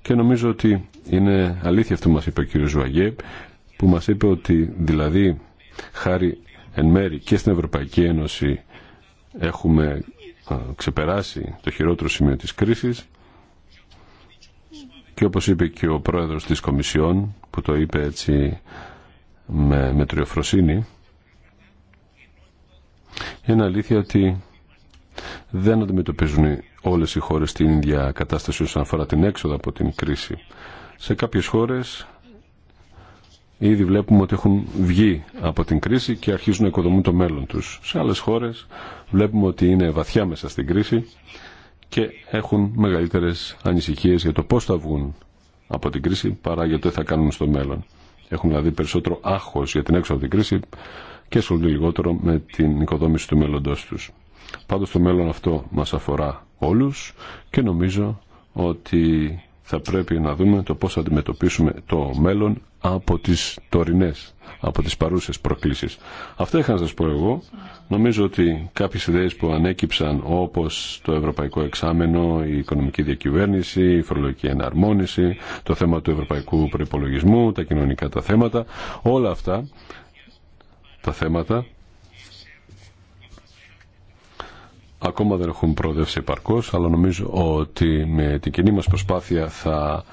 και νομίζω ότι είναι αλήθεια αυτό που μας είπε ο κύριος Ζουαγέ που μας είπε ότι δηλαδή χάρη εν μέρη και στην Ευρωπαϊκή Ένωση έχουμε ξεπεράσει το χειρότερο σημείο της κρίσης και όπως είπε και ο πρόεδρος της Κομισιόν που το είπε έτσι με τριοφροσύνη είναι αλήθεια ότι δεν αντιμετωπίζουν όλες οι χώρες την ίδια κατάσταση όσον αφορά την έξοδο από την κρίση. Σε κάποιες χώρες ήδη βλέπουμε ότι έχουν βγει από την κρίση και αρχίζουν να οικοδομούν το μέλλον τους. Σε άλλες χώρες βλέπουμε ότι είναι βαθιά μέσα στην κρίση και έχουν μεγαλύτερες ανησυχίες για το πώς θα βγουν από την κρίση παρά για το τι θα κάνουν στο μέλλον. Έχουν δηλαδή περισσότερο άγχος για την έξω από την κρίση και ασχολούνται λιγότερο με την οικοδόμηση του μέλλοντός τους. Πάντως το μέλλον αυτό μας αφορά όλους και νομίζω ότι θα πρέπει να δούμε το πώς θα αντιμετωπίσουμε το μέλλον από τις τωρινές, από τις παρούσες προκλήσεις. Αυτά είχα να σας πω εγώ. Νομίζω ότι κάποιες ιδέες που ανέκυψαν όπως το Ευρωπαϊκό Εξάμενο, η Οικονομική Διακυβέρνηση, η Φορολογική Εναρμόνιση, το θέμα του Ευρωπαϊκού Προϋπολογισμού, τα κοινωνικά τα θέματα, όλα αυτά τα θέματα ακόμα δεν έχουν προοδεύσει επαρκώς, αλλά νομίζω ότι με την κοινή μας προσπάθεια θα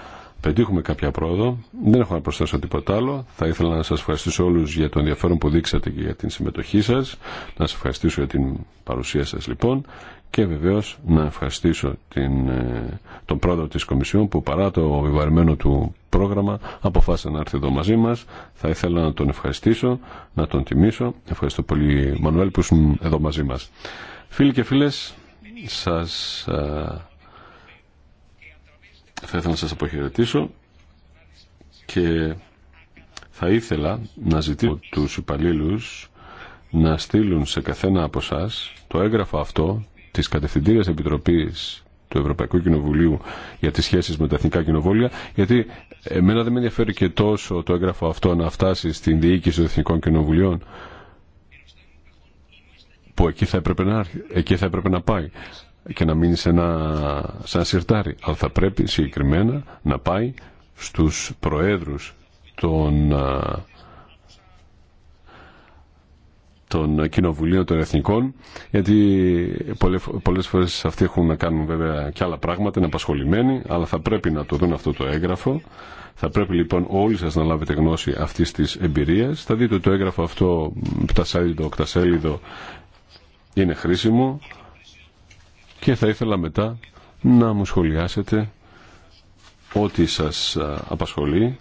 πετύχουμε κάποια πρόοδο. Δεν έχω να προσθέσω τίποτα άλλο. Θα ήθελα να σας ευχαριστήσω όλους για το ενδιαφέρον που δείξατε και για την συμμετοχή σας. Να σας ευχαριστήσω για την παρουσία σας λοιπόν και βεβαίως να ευχαριστήσω την, ε, τον πρόεδρο της Κομισιόν που παρά το βιβαρημένο του πρόγραμμα αποφάσισε να έρθει εδώ μαζί μας. Θα ήθελα να τον ευχαριστήσω, να τον τιμήσω. Ευχαριστώ πολύ Μανουέλ που ήσουν εδώ μαζί μας. Φίλοι και φίλες, σας ε, θα ήθελα να σας αποχαιρετήσω και θα ήθελα να ζητήσω τους υπαλλήλου να στείλουν σε καθένα από εσά το έγγραφο αυτό της Κατευθυντήριας Επιτροπής του Ευρωπαϊκού Κοινοβουλίου για τις σχέσεις με τα Εθνικά Κοινοβούλια, γιατί εμένα δεν με ενδιαφέρει και τόσο το έγγραφο αυτό να φτάσει στην διοίκηση των Εθνικών Κοινοβουλίων, που εκεί θα να, εκεί θα έπρεπε να πάει και να μείνει σε ένα, σε σιρτάρι. Αλλά θα πρέπει συγκεκριμένα να πάει στους προέδρους των, των κοινοβουλίων των εθνικών γιατί πολλές φορές αυτοί έχουν να κάνουν βέβαια και άλλα πράγματα, είναι απασχολημένοι αλλά θα πρέπει να το δουν αυτό το έγγραφο θα πρέπει λοιπόν όλοι σας να λάβετε γνώση αυτής της εμπειρίας θα δείτε το έγγραφο αυτό αυτό οκτασέλιδο είναι χρήσιμο και θα ήθελα μετά να μου σχολιάσετε ό,τι σας απασχολεί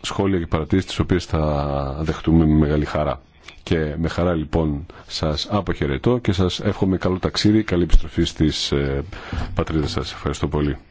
σχόλια και παρατήσεις τις οποίες θα δεχτούμε με μεγάλη χαρά. Και με χαρά λοιπόν σας αποχαιρετώ και σας εύχομαι καλό ταξίδι, καλή επιστροφή στις ε, πατρίδες σας. Ευχαριστώ πολύ.